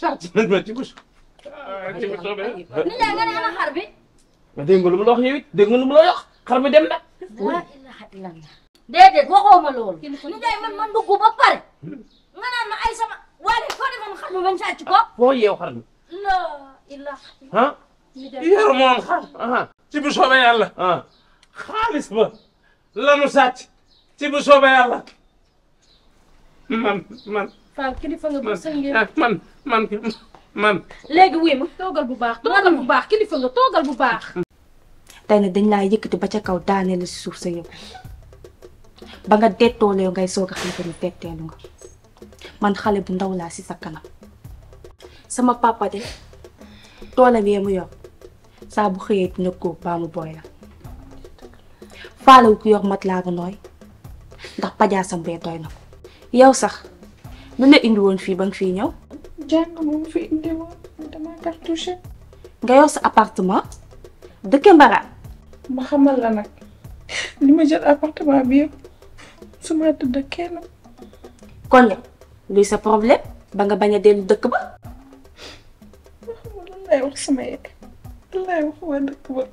sàcc nañ ma ci bu soobee ni la nga ne ana xar bi dégg nga lu mu la wax yow it dégg nga lu mu la wax xar bi dem na la ilaha illallah déedéet waxoo ma loolu pare nga naan ay sama waale foo demoon xar bi bañ sàcc ko foo yeew xar bi la ilaha yor moom xam ci bu soobee yàlla ah. xaalis ba lanu sàcc ci bu soobee yàlla man man ah, léegi wuy ma toogal bu baax toogal bu baax kilifa nga toogal bu baax tey nag dañ laa yëkkati ba ca kaw daane la si suuf sa yow ba nga dettooloo ngay soog a xam te ni detteelu nga man xale bu ndaw laa si sa kanam sama papa de toolam yee mu yor saboxiyetini ku boya. faalewu ku yor matelas bu nooy ndax pajaasam bee doy na ko yow sax lu la indi woon fii bang nga fii ñëw jàng moom fi indi woon dama cartouché nga yor sa appartement dëkke mbaraan ma xamal la nag li ma jël appartement bi yëpp su ma tëdd kenn kon yow luy sa problème ba nga bañ a dellu ba ma xamal lan lay sama yaay wallaay wax waa dëkk ba.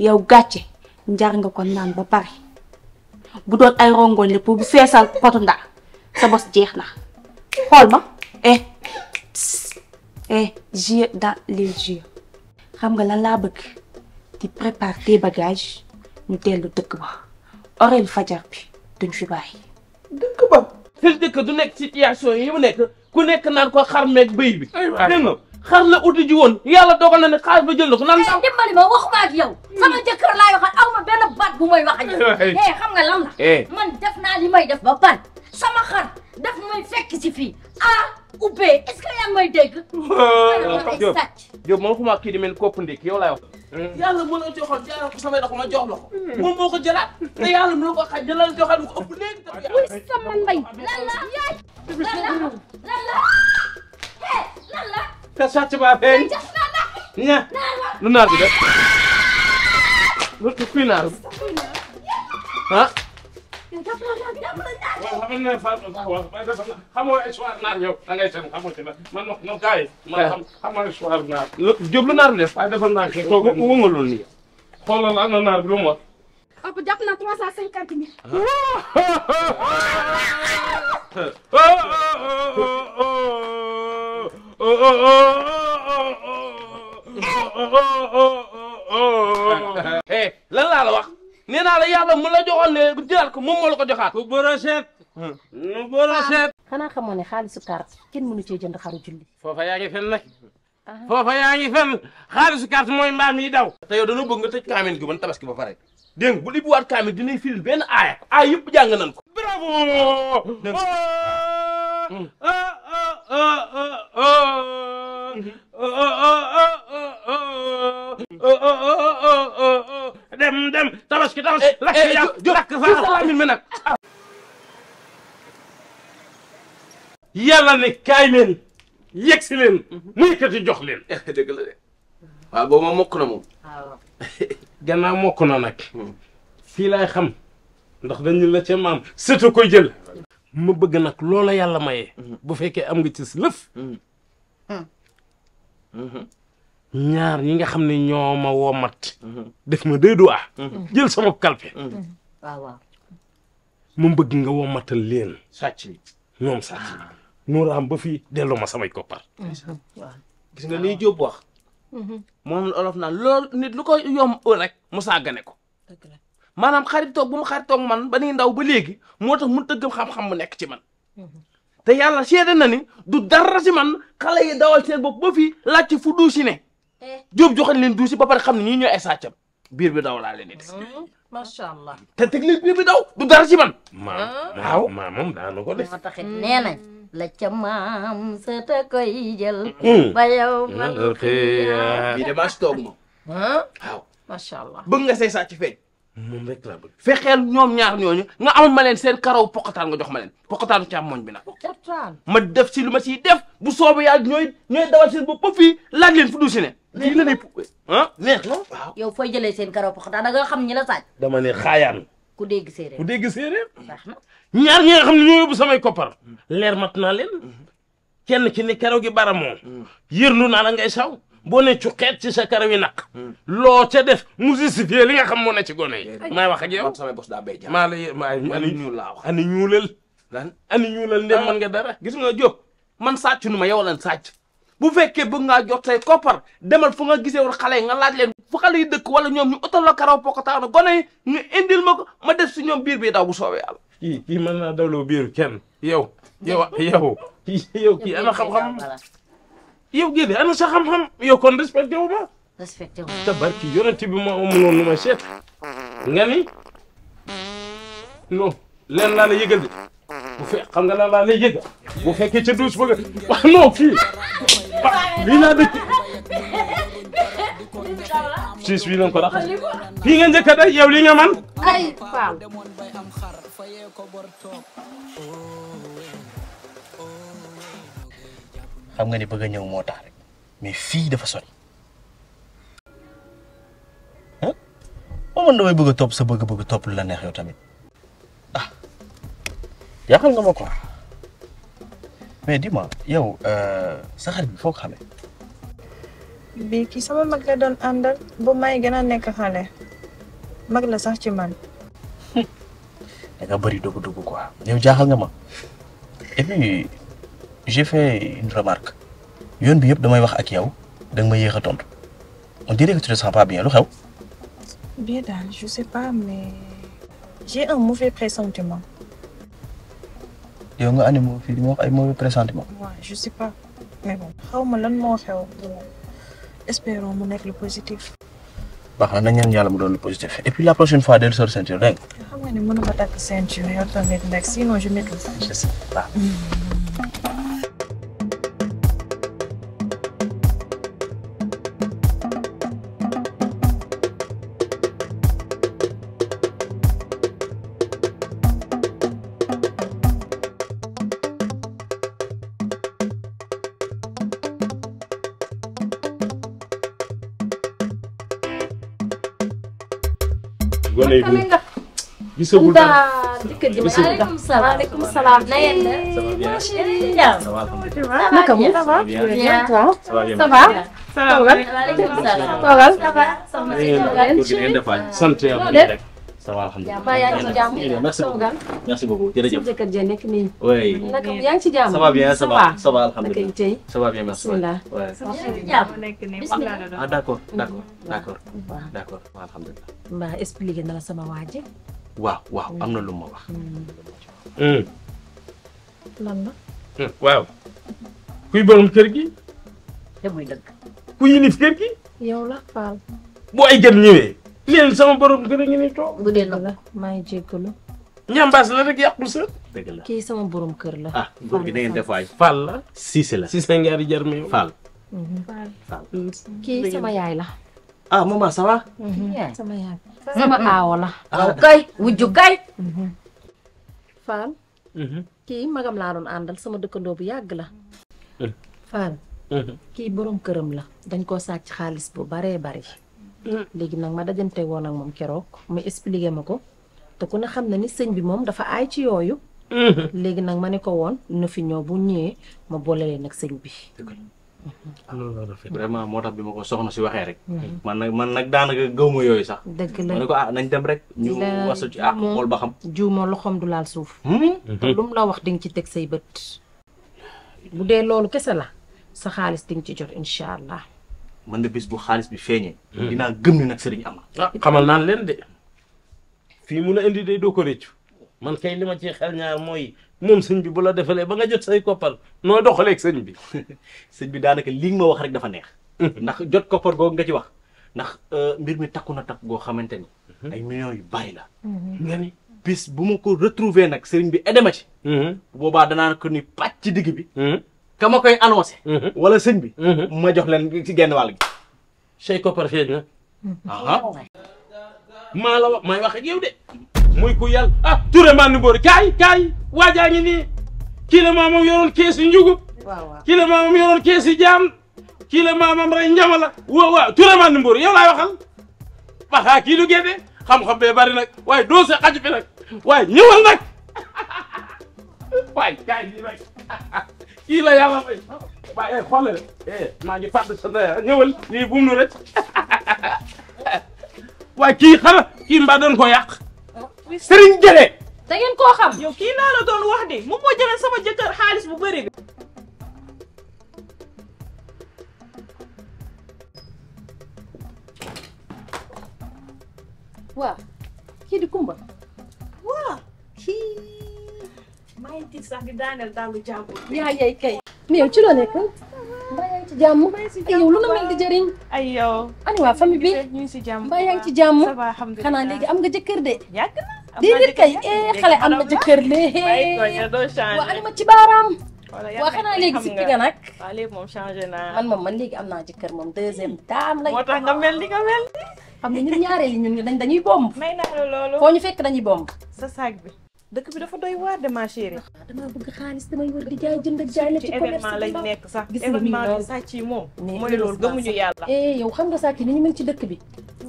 loolu gàcce njar nga ko naan ba pare bu doon ay rongoñ la pour bu feesal potu ndaa sa bos jeex na xool eh, eh, xam nga lan laa bëgg di prépare tes bagages ñu dëkk ba oreel fajar bi duñ fi bàyyi. dëkk ba. seen dëkk du nekk situation yi mu nekk ku nekk naan ko xar meeg bëy bi. xar la uti ji woon yàlla dogal na ne xaalis ba jël na ko nan la. Eh, dimbali ma waxuma ak yow. Hmm. sama jëkkër laa waxal aw ma benn baat bu may wax ak yow. [laughs] eh xam nga lan la. Eh. man def naa li may def ba ban sama xar daf may fekk si fii ah. Oubé est-ce que yaa ngi may dégg. [laughs] Diop Diop man waxuma kii di mel kopp ndik yow laay wax. Hmm. yàlla mën na joxoon jaarale ko samay dox ma jox la ko. Hmm. moom moo ko jëlaat. te yàlla mën na ko xaj jëlaat joxaat mu ko ëpp léegi. wuy sama mbay lan la lan la lan la lan la. Eh, te sàcc baa feeñ. ña lu naar bi def lu kuy naar bi ah. waaw xam nga ne Fatou waaw xamoo histoire naar yow da ngay seen xamoo ci la man man gars yi. man xam xam naa histoire naar. lu Diop lu naar bi def. waaye defal naa kii toog wëngalul nii. xoolal am na naar bi lu mu wax. ëpp jàpp na trois cent cinquante mille. eh lan laa la wax nee naa la yàlla mu la joxoon ne jëlaat ko moom moo la ko joxaat. bu borochet. nu borochet. xanaa xamoo ne xaalisu carte kenn mënu cee jënd xaru julli. foofa yaa ngi fen nag. Ah. foofa yaa ngi fen xaalisu carte mooy mbaam yi daw. te yow dañoo bëgg nga tëj kaamil gi ban tabaski ba pare. dégg nga bu li bu waat kaamil dinañ firil benn aaya. aaya yëpp jàng nañ ko. دم دم طرش طرش لك يا لك من منك يلا نكايمن يكسلن نيكتي جوخلن دغلا وا بوما موكنا مو جانا موكنا نك في لا خم ndax dañu la ci mam setu ko jël ma bëgg nag loola yàlla maye. Mhm. bu fekkee am nga ci lëf. Mhm. Hmm. Mhm. ñaar ñi nga xam ne ñoo ma woomat. def ma deux doigts. jël sama kalpe. Hmm. waaw ma bëgg nga woomatal leen. sàcc yi ñoom sàcc yi. nuuraam ba fii delloo ma samay koppar. Hmm. waaw gis nga liy Jóob wax. moom olof naan loolu nit lu ko yomb rek mu sàggane ko. maanaam xaritoog bu mu xaritoog man ba ni ndaw ba léegi moo tax mun tëggam xam-xam mu nekk ci man te yàlla seede na ni du dara si man xale yi dawal seen bopp ba fii laajte fu duusi ne eh. jóob joxe leen duusi ba pare xam ne ñii ñooy ay sàccam biir bi daw laa leen di des macha mm-hmm. allah te teg leen daw du dara si man ah. maam waaw maam moom daanu ko def moo taxit nee nañ la ca maam sa ta koy jël mm. ba yow man bii de maa si toog moom ah. waaw macha allah bëgg nga say sàcc feeñ moom rek laa fexeel ñoom ñaar ñooñu nga amal ma leen seen karaw poqataan nga jox ma leen poqataanu càmmoñ bina nag. ma def si lu ma siy def bu soobu yàlla ñooy ñooy dawal seen bopp ba fii laaj leen fu du si ne. lii neex la ah? waaw. yow fooy jëlee seen karaw poqataan da nga xam ñi la dama xaayaan. ku dégg séeréer ku dégg séeréer. ñaar ñi nga xam ne samay koppar. leer mat naa leen. Mm-hmm. kenn ci ne karaw gi bara moom. Mm-hmm. yërnu naa la ngay saw. boo ne cuqeet ci sa karaw yi naq. loo ca def mu justifié li nga xam moo ne ci gone yi. maay wax ak yow man sama bos daa béy maa lay maa ani ñuul laa wax ani ñuulal. lan ani ñuulal ndem mën nga dara. gis nga Diop man sàcc nu ma yow lan sàcc. bu fekkee bëgg ngaa jot say koppar demal fu nga gisee woon xale yi nga laaj leen fu xale yi dëkk wala ñoom ñu otal la karaw pokataanu gone yi nga indil ma ko ma def si ñoom biir bi daw bu soobee yàlla. kii kii mën naa dawloo biir kenn yow yow yow kii ana xam-xam yow Gédé ana sa xam-xam yow kon respecté wu ma. respecté wu ma te barki yonent bi ma amuloon lu ma seet nga ni non leen laa la yëgal de bu fe xam nga lan laa lay yëgal bu fekkee ca douche bëgg wax ah, non kii ah, lii laa dëkk. siis wi ko raxas fii nga njëkk a yow li nga man ay faaw xam nga ni bëgg a ñëw moo tax rek mais fii dafa sori ah ma man bëgg a topp sa bëgg-bëgg topp lu la neex yow tamit ah yaaxal nga ma quoi mais dis yow euh, sa xarit bi foo ko bii kii sama mag la doon àndal ba may gën a nekk xale mag la sax ci man. [laughs] da nga bëri dugg-dugg quoi yow jaaxal nga ma et j'ai fait une remarque Yon bi yëpp damay wax ak yow da nga ma tontu on dirait que tu ne te sens pas bien lu xew. bien je sais pas mais j'ai un mauvais pressentiment. yow a un mauvais pressentiment. Ouais, je sais pas mais bon xaw ma lan moo espérons mu nekk positif. baax na nañ ñaan yàlla positif et puis la prochaine fois del sor ceinture dégg nga. xam nga ne mënuma takk ceinture sinon je mets sinon je je sais pas. gisagul dara dikkat ji maaleykum salaam maaleykum salaam na ngeen def. ça va naka mu. ça va bien ça va bien ça va. merci beaucoup jërëjëf. jëkkër ja nekk nii. oui naka yaa ngi ci jàmm. ça va bien ça va ça va alhamdulilah tey. ça va bien merci. ah d'accord d'accord d'accord d'accord alhamdulilah. mbaa expliqué na la sama waa ji waaw waaw am na lu ma wax. Hmm. Hmm, waaw. kuy borom kër gi. te muy dëgg. ku kër gi. yow la Fall. bu ay gën ñëwee. leen sama borom kër ngi ni toog. bu dee la maa ngi jéggalu. ñambaas la rek yàqul sa. dëgg la sama borom kër la. ah góor gi da de def waay. Fall la Cissé la. Cissé ngaari jar mi mhm. Fall. Fall kii sama yaay la. Ah, mau masalah? Mm-hmm. Iya, Sama ya. Sama awal lah. Okay, wujud kay. Fan, mm-hmm. ki magam larun andal sama dëkkandoo dobi agla. Eh. Fan, mm-hmm. kii burung këram Dan dañ koo sàcc xaalis bu baree bari. léegi nang mada jen woon ak moom kerok. mu expliqué ma ko te ku ne xam na bi mom dafa aay ci yooyu. léegi nag ma ne ko woon na vraiment moo tax bi ma ko soxna si waxee rek. Mm-hmm. man nag man nag daanaka gëw ma yooyu sax. dëgg la ma ko ah nañ dem rek. ñu wasu ci ah xool ba xam. du laal suuf. Hmm? Mm-hmm. lu mu la wax di nga ci teg say bët. bu dee loolu kese la sa xaalis di ci jot incha allah. man na bis bu xaalis bi feeñee. Mm-hmm. dinaa gëm ni nag sëriñ am ah xamal naan leen de. fii mun a indi de doo ko rëccu. man kay li ci xel ñaar mooy moom sëñ bi bu la defalee ba nga jot say koppar noo doxaleeg sëñ bi. [laughs] sëñ bi daanaka lii nga ma wax rek dafa neex. [laughs] ndax jot koppar googu nga ci wax. ndax euh, mbir mi takku na takk goo xamante ni. Mhm. ay millions yu bari la. Mhm. nga ni bis bu mu ko retrouver nag sëriñ bi edema ci. Mhm. boobaa danaa ko ni pàcc ci digg bi. ka ma koy annoncé. wala sëñ bi. ma jox leen ci genn wàll gi. say koppar feeñ ma la may wax ak yow de. muy ku yàlla ah Touré man ni boori kaay kaay waajaa ngi nii kii la maamam yoroon kees yi njugub kii la maamam yoroon kees jaam kii la maamam rey njama la waaw waaw Touré ni boori yow laay waxal waxaa kii lu génne xam-xam bee bari nag waaye doo sa xaju fi nag waaye ñëwal nag [laughs] waaye kaay yi nag [laughs] kii la yàlla may waaye eh, xoolal eh, maa ngi fàttali sa ndeyal ah, lii bu nu rek [laughs] waaye kii xanaa kii mbaa ko yàq Sering Jële. da ngeen ko xam. yow ki na la doon wax de moom moo jëlee sama jëkkër xaaliss bu bëri bi. wa ki di Kumba. wa ki may ngi sax gi daanel daal lu ya ya kay. mi yow eh? ci loo nekk. mbaa ay yow lu na mel di jëriñ. ay yow. ani waa famille bi ñu ngi si jàmm. mbaa yaa ci jàmm. ça va am nga jëkkër de. yàgg ya, na. déedéet kay eh xale am na jëkkër lee waa alima ci baaraam. waa xanaa léegi si nga nag. waaw léegi moom changé naa. man moom man léegi am naa jëkkër moom deuxième dame lañ. moo tax nga mel ni nga mel. xam nga ñun ñaareel yi ñun dañuy bomb. may naa la loolu. ñu fekk dañuy bomb. sa saag bi. dëkk bi dafa doy waar de ma chérie. damaa bëgg xaalis damay wër di jaay jënd jaay la ci commerce lañ nekk sax. gis nga mi ngi sàcc moom. mooy loolu gëmuñu yàlla. Eh, yow xam nga sàcc ni ñu mel ci dëkk bi.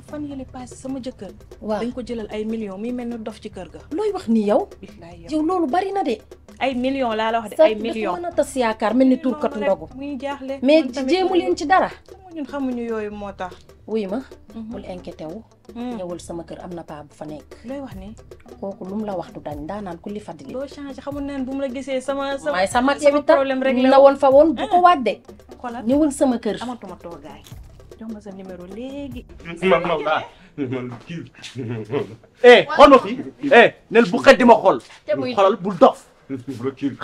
fan yële paase sama jëkkër. waaw dañ ko jëlal ay millions muy mel ni dof ci kër ga. looy wax nii yow. yow loolu bari na de. ay million laa la wax de ay million sàcc dafa mën a tas yaakaar mel ni tuurkatu ndogu. muy jaaxle mais jéemu leen ci dara. ñun xamuñu yooyu moo tax wuy ma bul inquiété wu ñëwal sama kër am na paa bu fa nekk lay wax ni kooku lu mu la wax du dañ daanaan ku li fadili doo changé xamul neen bu mu la gisee sama sama sama problème rek la woon fa woon bu ko wàdde xoolal ñëwal sama kër amatuma gaay jox ma sa numéro léegi man ma man eh xono fi eh nel bu xet ma xol xolal bul dof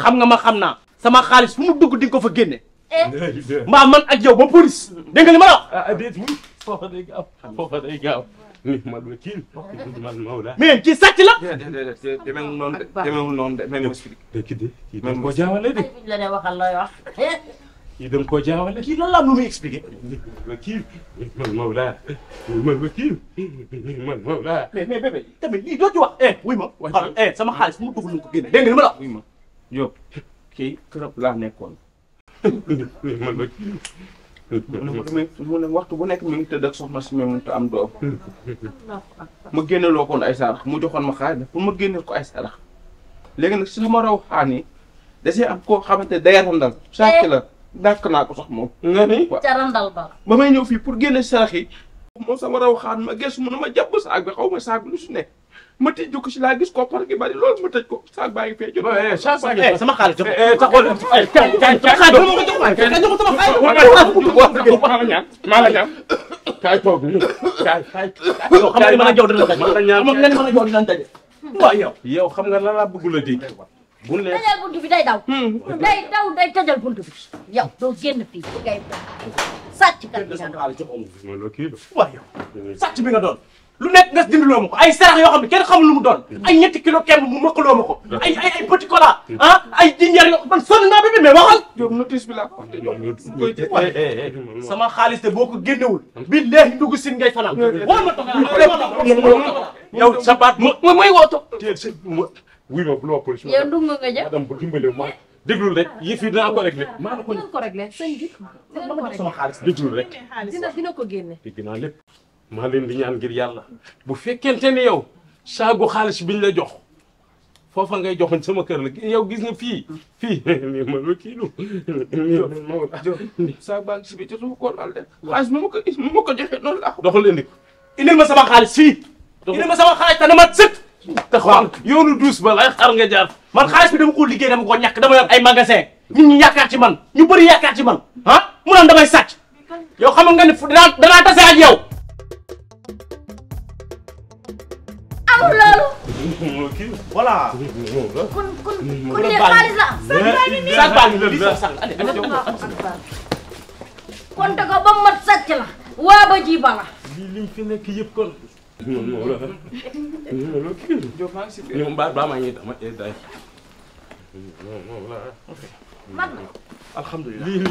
xam nga ma xam naa sama xaalis fu mu dugg di nga ko fa génne ma man ak yow ba police dégg nga li ma la wax foofa day gaaw foofa day gaaw nihmal wakiil nihmal mawla mais kii sàcc la. déedéet demeewul noonu de demeewul noonu de mais de kii de kii da nga koo jaawale de. la de waxal looy wax. kii da nga koo jaawale. kii lan la am lu muy expliqué. nihmal wakiil nihmal mawla nihmal wakiil nihmal mawla. mais mais bébé tamit lii doo ci wax. Eh, wuy ma xam eh, sama xaalis mu dugg lu ko génne dégg nga ni ma la. wuy ma yow kii trop laa nekkoon. nihmal wakiil mu ne waxtu bu nekk mu ngi tëdd ak soxna si moom te am doom [laughs] ma génneloo koon ay sarax mu joxoon ma xaalis pour ma génneel ko ay sarax léegi nag si sama raw xaan yi da see am koo xamante ne day randal sàcc la dàkk naa ko sax moom nga ni ca ba may ñëw fii pour génne sarax yi moom sama raw xaan ma gëstu mu ne ma jàpp saag bi xaw ma saag bi lu si nekk ma tëj jukki si laa gis ko par gi bari loolu ma tëj ko saag baa ngi fee jot. Eh, eh, eh, sama xaalis jox ko taxawal. maa la ñaan kaay toog kaay kaay yow xam nga ni mën a jox dina daje. mën nga ni mën a jox dina daje. waaw yow. yow xam nga lan laa bëgg la dégg. bu ne tëjal buntu bi day daw. Hmm. day daw day tëjal buntu bi. yow doo génn fii bu ngay sàcc kan bi nga doon. waaw yow sàcc bi nga doon. lu nekk nga dindiloo ma ko ay sarax yoo xam ne kenn xamul lu mu doon ay ñetti kilo kemb mu mëkkaloo ma ko ay ay ay petit cola ah ay jinjeer yoo man sonn naa bébé mais waxal yow notice eh, eh, eh. sama xaalis de boo ko bi léegi dugg sin ngay fanaan wala ma toog yow sa baat mo mooy wooto wuy ma bu la police yow ndung nga ja adam bu dimbale ma déglul rek yëf yi dinaa ko ko réglé sëñ bi ko réglé sama xaalis déglul rek dina dina ko génne dégg maa leen di ñaan gir yàlla bu fekkente ni yow saagu xaalis biñ la jox foofa ngay joxoñ sama kër la yow gis nga fii fii [laughs] nii ma la kii lu saag baa ngi si biir jotuma ko laal de ma ko nu ma ko joxee noonu laa doxal indi ma sama xaalis fii indil ma sama xaalis te ma mat sëkk te xool yoonu duus ba lay xar nga jaar man xaalis bi dama ko liggéey dama ko ñàkk dama yor ay magasin nit ñi yaakaar ci man ñu bëri yaakaar ci man ah mu naan damay sàcc yow xam nga ne fu danaa danaa tase yow amul loolu. voilà. kun kun kun yéen xaalis la am. sànq baa ngi nii kon te ko ba mat sàcc la. waa ba ji bala. lii lim fi nekk yëpp kon. ñoom ba maa ngi dama day. man alhamdulilah lii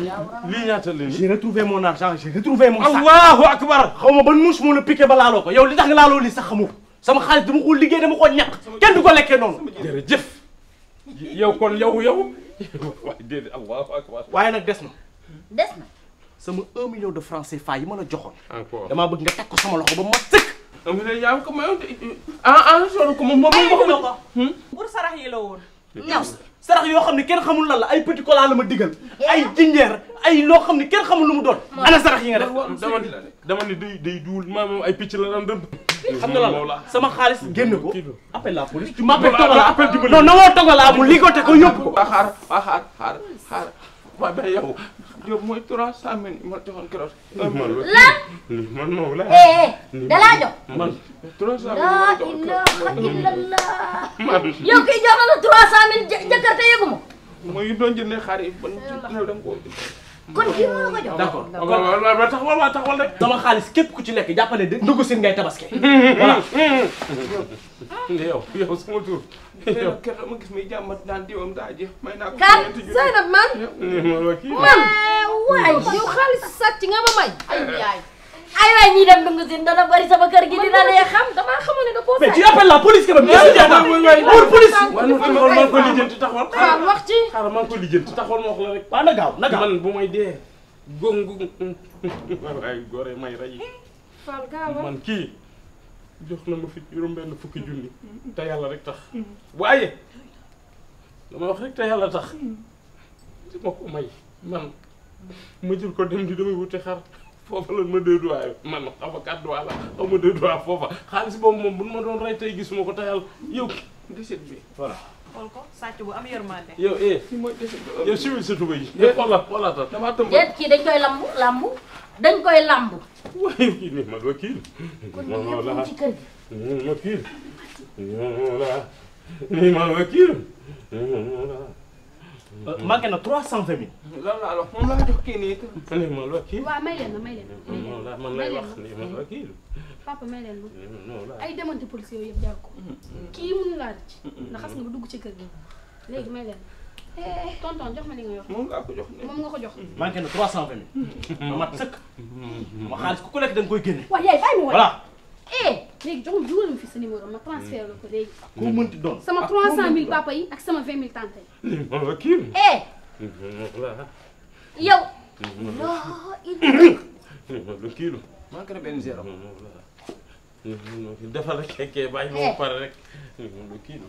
lii ñaata lii. j'ai retrouvé mon argent j'ai retrouvé mon sac. allahu akbar xaw ma ban muus moo la piqué ba laaloo ko yow li tax nga laaloo lii sax xamoo ko sama xaalis dama ko liggéey dama ko ñàkk kenn du ko lekkee noonu. jërëjëf yow kon yow yow waaye déedéet allahu waaye nag des na. des na sama un million de francs faa yi ma la joxoon. encore damaa bëgg nga teg ko sama loxo ba ma sëkk. am na yaa ngi ko mayoon ah ah soo ko moom hmm? la woon. ñaw sarax yoo xam ne kenn xamul lan la ay petit cola la ma digal. ay jinjeer ay loo xam ne kenn xamul lu mu doon. ana sarax yi nga def dama dama ni day day duul maa moom ay picc la daan dëbb. xam nga sama xaalis génn ko. appel la police tu m'appelles Togala non non non Togala bu ligoté ko yóbbu ko. waaw ah, xaar waaw ah, xaar xaar xaar waaw mooy trois ma joxoon keroog. la. kon kii moo la ko jox. d'accord kon taxawal waa taxawal rek. sama xaalis képp ku ci nekk jàppale de ndugg sin ngay tabaske. [laughs] voilà. [laughs] yow yow sama tur. yow keroog ma gis muy jàmbat naan diwam daa jeex may naa ko. kan Seynab man. [laughs] man waay yow xaalis sàcc nga ma may. ay yaay. ay waay ñii dem dungu sin dana bari sama kër gi dina leen xam dama xamoon ne da koo mais tu appelles la police quand même pour police man ko lijjanti taxawal waaw wax ci xaaral man ma wax la rek waaw fukki junni te yàlla rek tax waaye dama wax rek te yàlla tax ma ko may man ma jël ko dem di damay wuti xar foofa lan ma deux doigts man xaw ma quatre doigts la xaw ma deux doigts foofa xaalis boobu moom bu ma doon rey tey gisuma ko tayal yow déchet bi voilà. xool ko sàcc bu am yërmande. yow eh yow suivez sa tubaab yi. Eh, tëmb. kii dañ koy lamb lamb dañ koy lamb. waaye kii nii ma doo kii. ma la ma kii ma ma Euh, manqué na trois cent vingt mille. loolu la alors moom la nga jox kii nii. waaw may leen ma may leen ma. may leen ma may leen ma papa may leen ma. ay demante police yooyu yëpp jar kii mënu laa rëcc. ndax nga ba dugg ci kër gi léegi may leen eh, tonton jox ma li nga ko jox moom nga ko jox. Mm-hmm. manqué na trois cent vingt mille. ma mat sëkk. Mm-hmm. ma ku ko lekk da nga koy génne. waaw yaay bàyyi léegi jox dugal ma fi sa numéro ma transfert la ko léegi. ku mënti doon sama 300000 papa yi ak sama 20000 tante yi. lii moom la kii la. eh. yow. lii moom la kii la. maa ngi koy benn zéro. defal la kekkee bàyyi ma pare rek. kii la.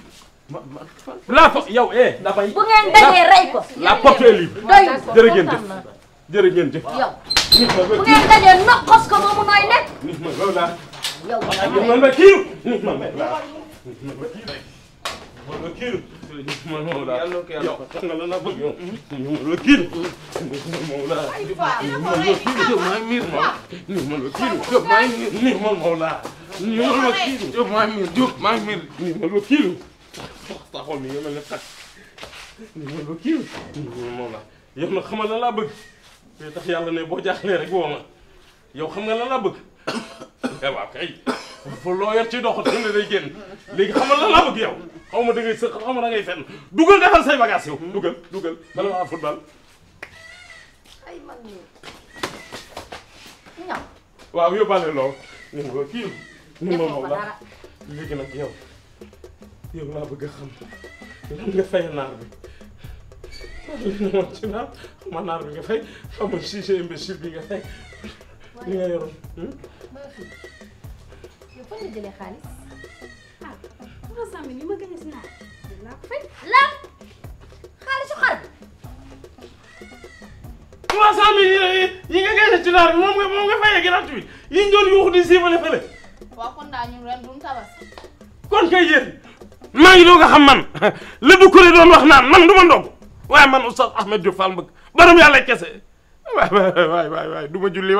la po yow eh dafay. bu ngeen bañee rey ko. la porte est libre. doyul jërë ngeen jëf jërë ngeen jëf. yow bu ngeen bañee noqos ko moomu nooy nekk. nit ma loolu laa. yow man ma kii nit ma may waaw nit ma kii man ma kii nit ma moom laa yow xam nga lan la bëgg yow. nit ma la kii nit ma moom laa. nit ma la kii nit ma moom laa. nit ma la kii nit ma moom laa. nit ma la kii nit ma moom laa. nit ma la kii nit ma moom laa. nit ma la kii nit ma moom laa. sa xol mi yow mel ne xaj ni mën ba kiiw moom la yow nag yàlla ne boo jaaxlee rek ma yow xam nga la laa bëgg [coughs] eh, waaw kay fa loo yor ci dox dina day génn léegi xamal la laa bëgg yow xaw ma da ngay sëq xaw ma da ngay fenn dugal defal say bagage yow dugal dugal bala maa football waaw yóbbaale lool ni ni ma moom léegi nag yow yow laa bëgg xam lan nga fay naar bi li moom ci naar xama naar bi nga fay xamul si sa imbécile bi nga li nga hmm? xaalis ah trois cent mille yi ma gagné si naar laa ko fay lan xaalisu xar trois cent mille yi nga gagné ci naar bi moom nga moom nga fayee gratuit yi ñu doon yuuxu di siifale fële waaw kon daa ñun ren duñ tabas kon kay maa ngi doog a xam man la [laughs] du kuré doon wax naan man du ma ndog waaye man oustaz Ahmed Diop Fall mbëgg baram yàlla kese [laughs] du ma julli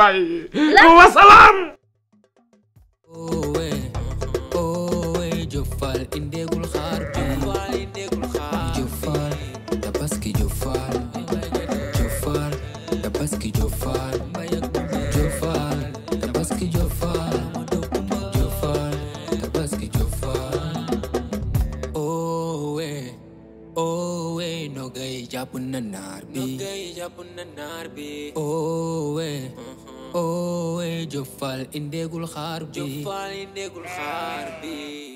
jàpp na naar bi oowe uh-huh. oowe Job Fall indeegul xaar bi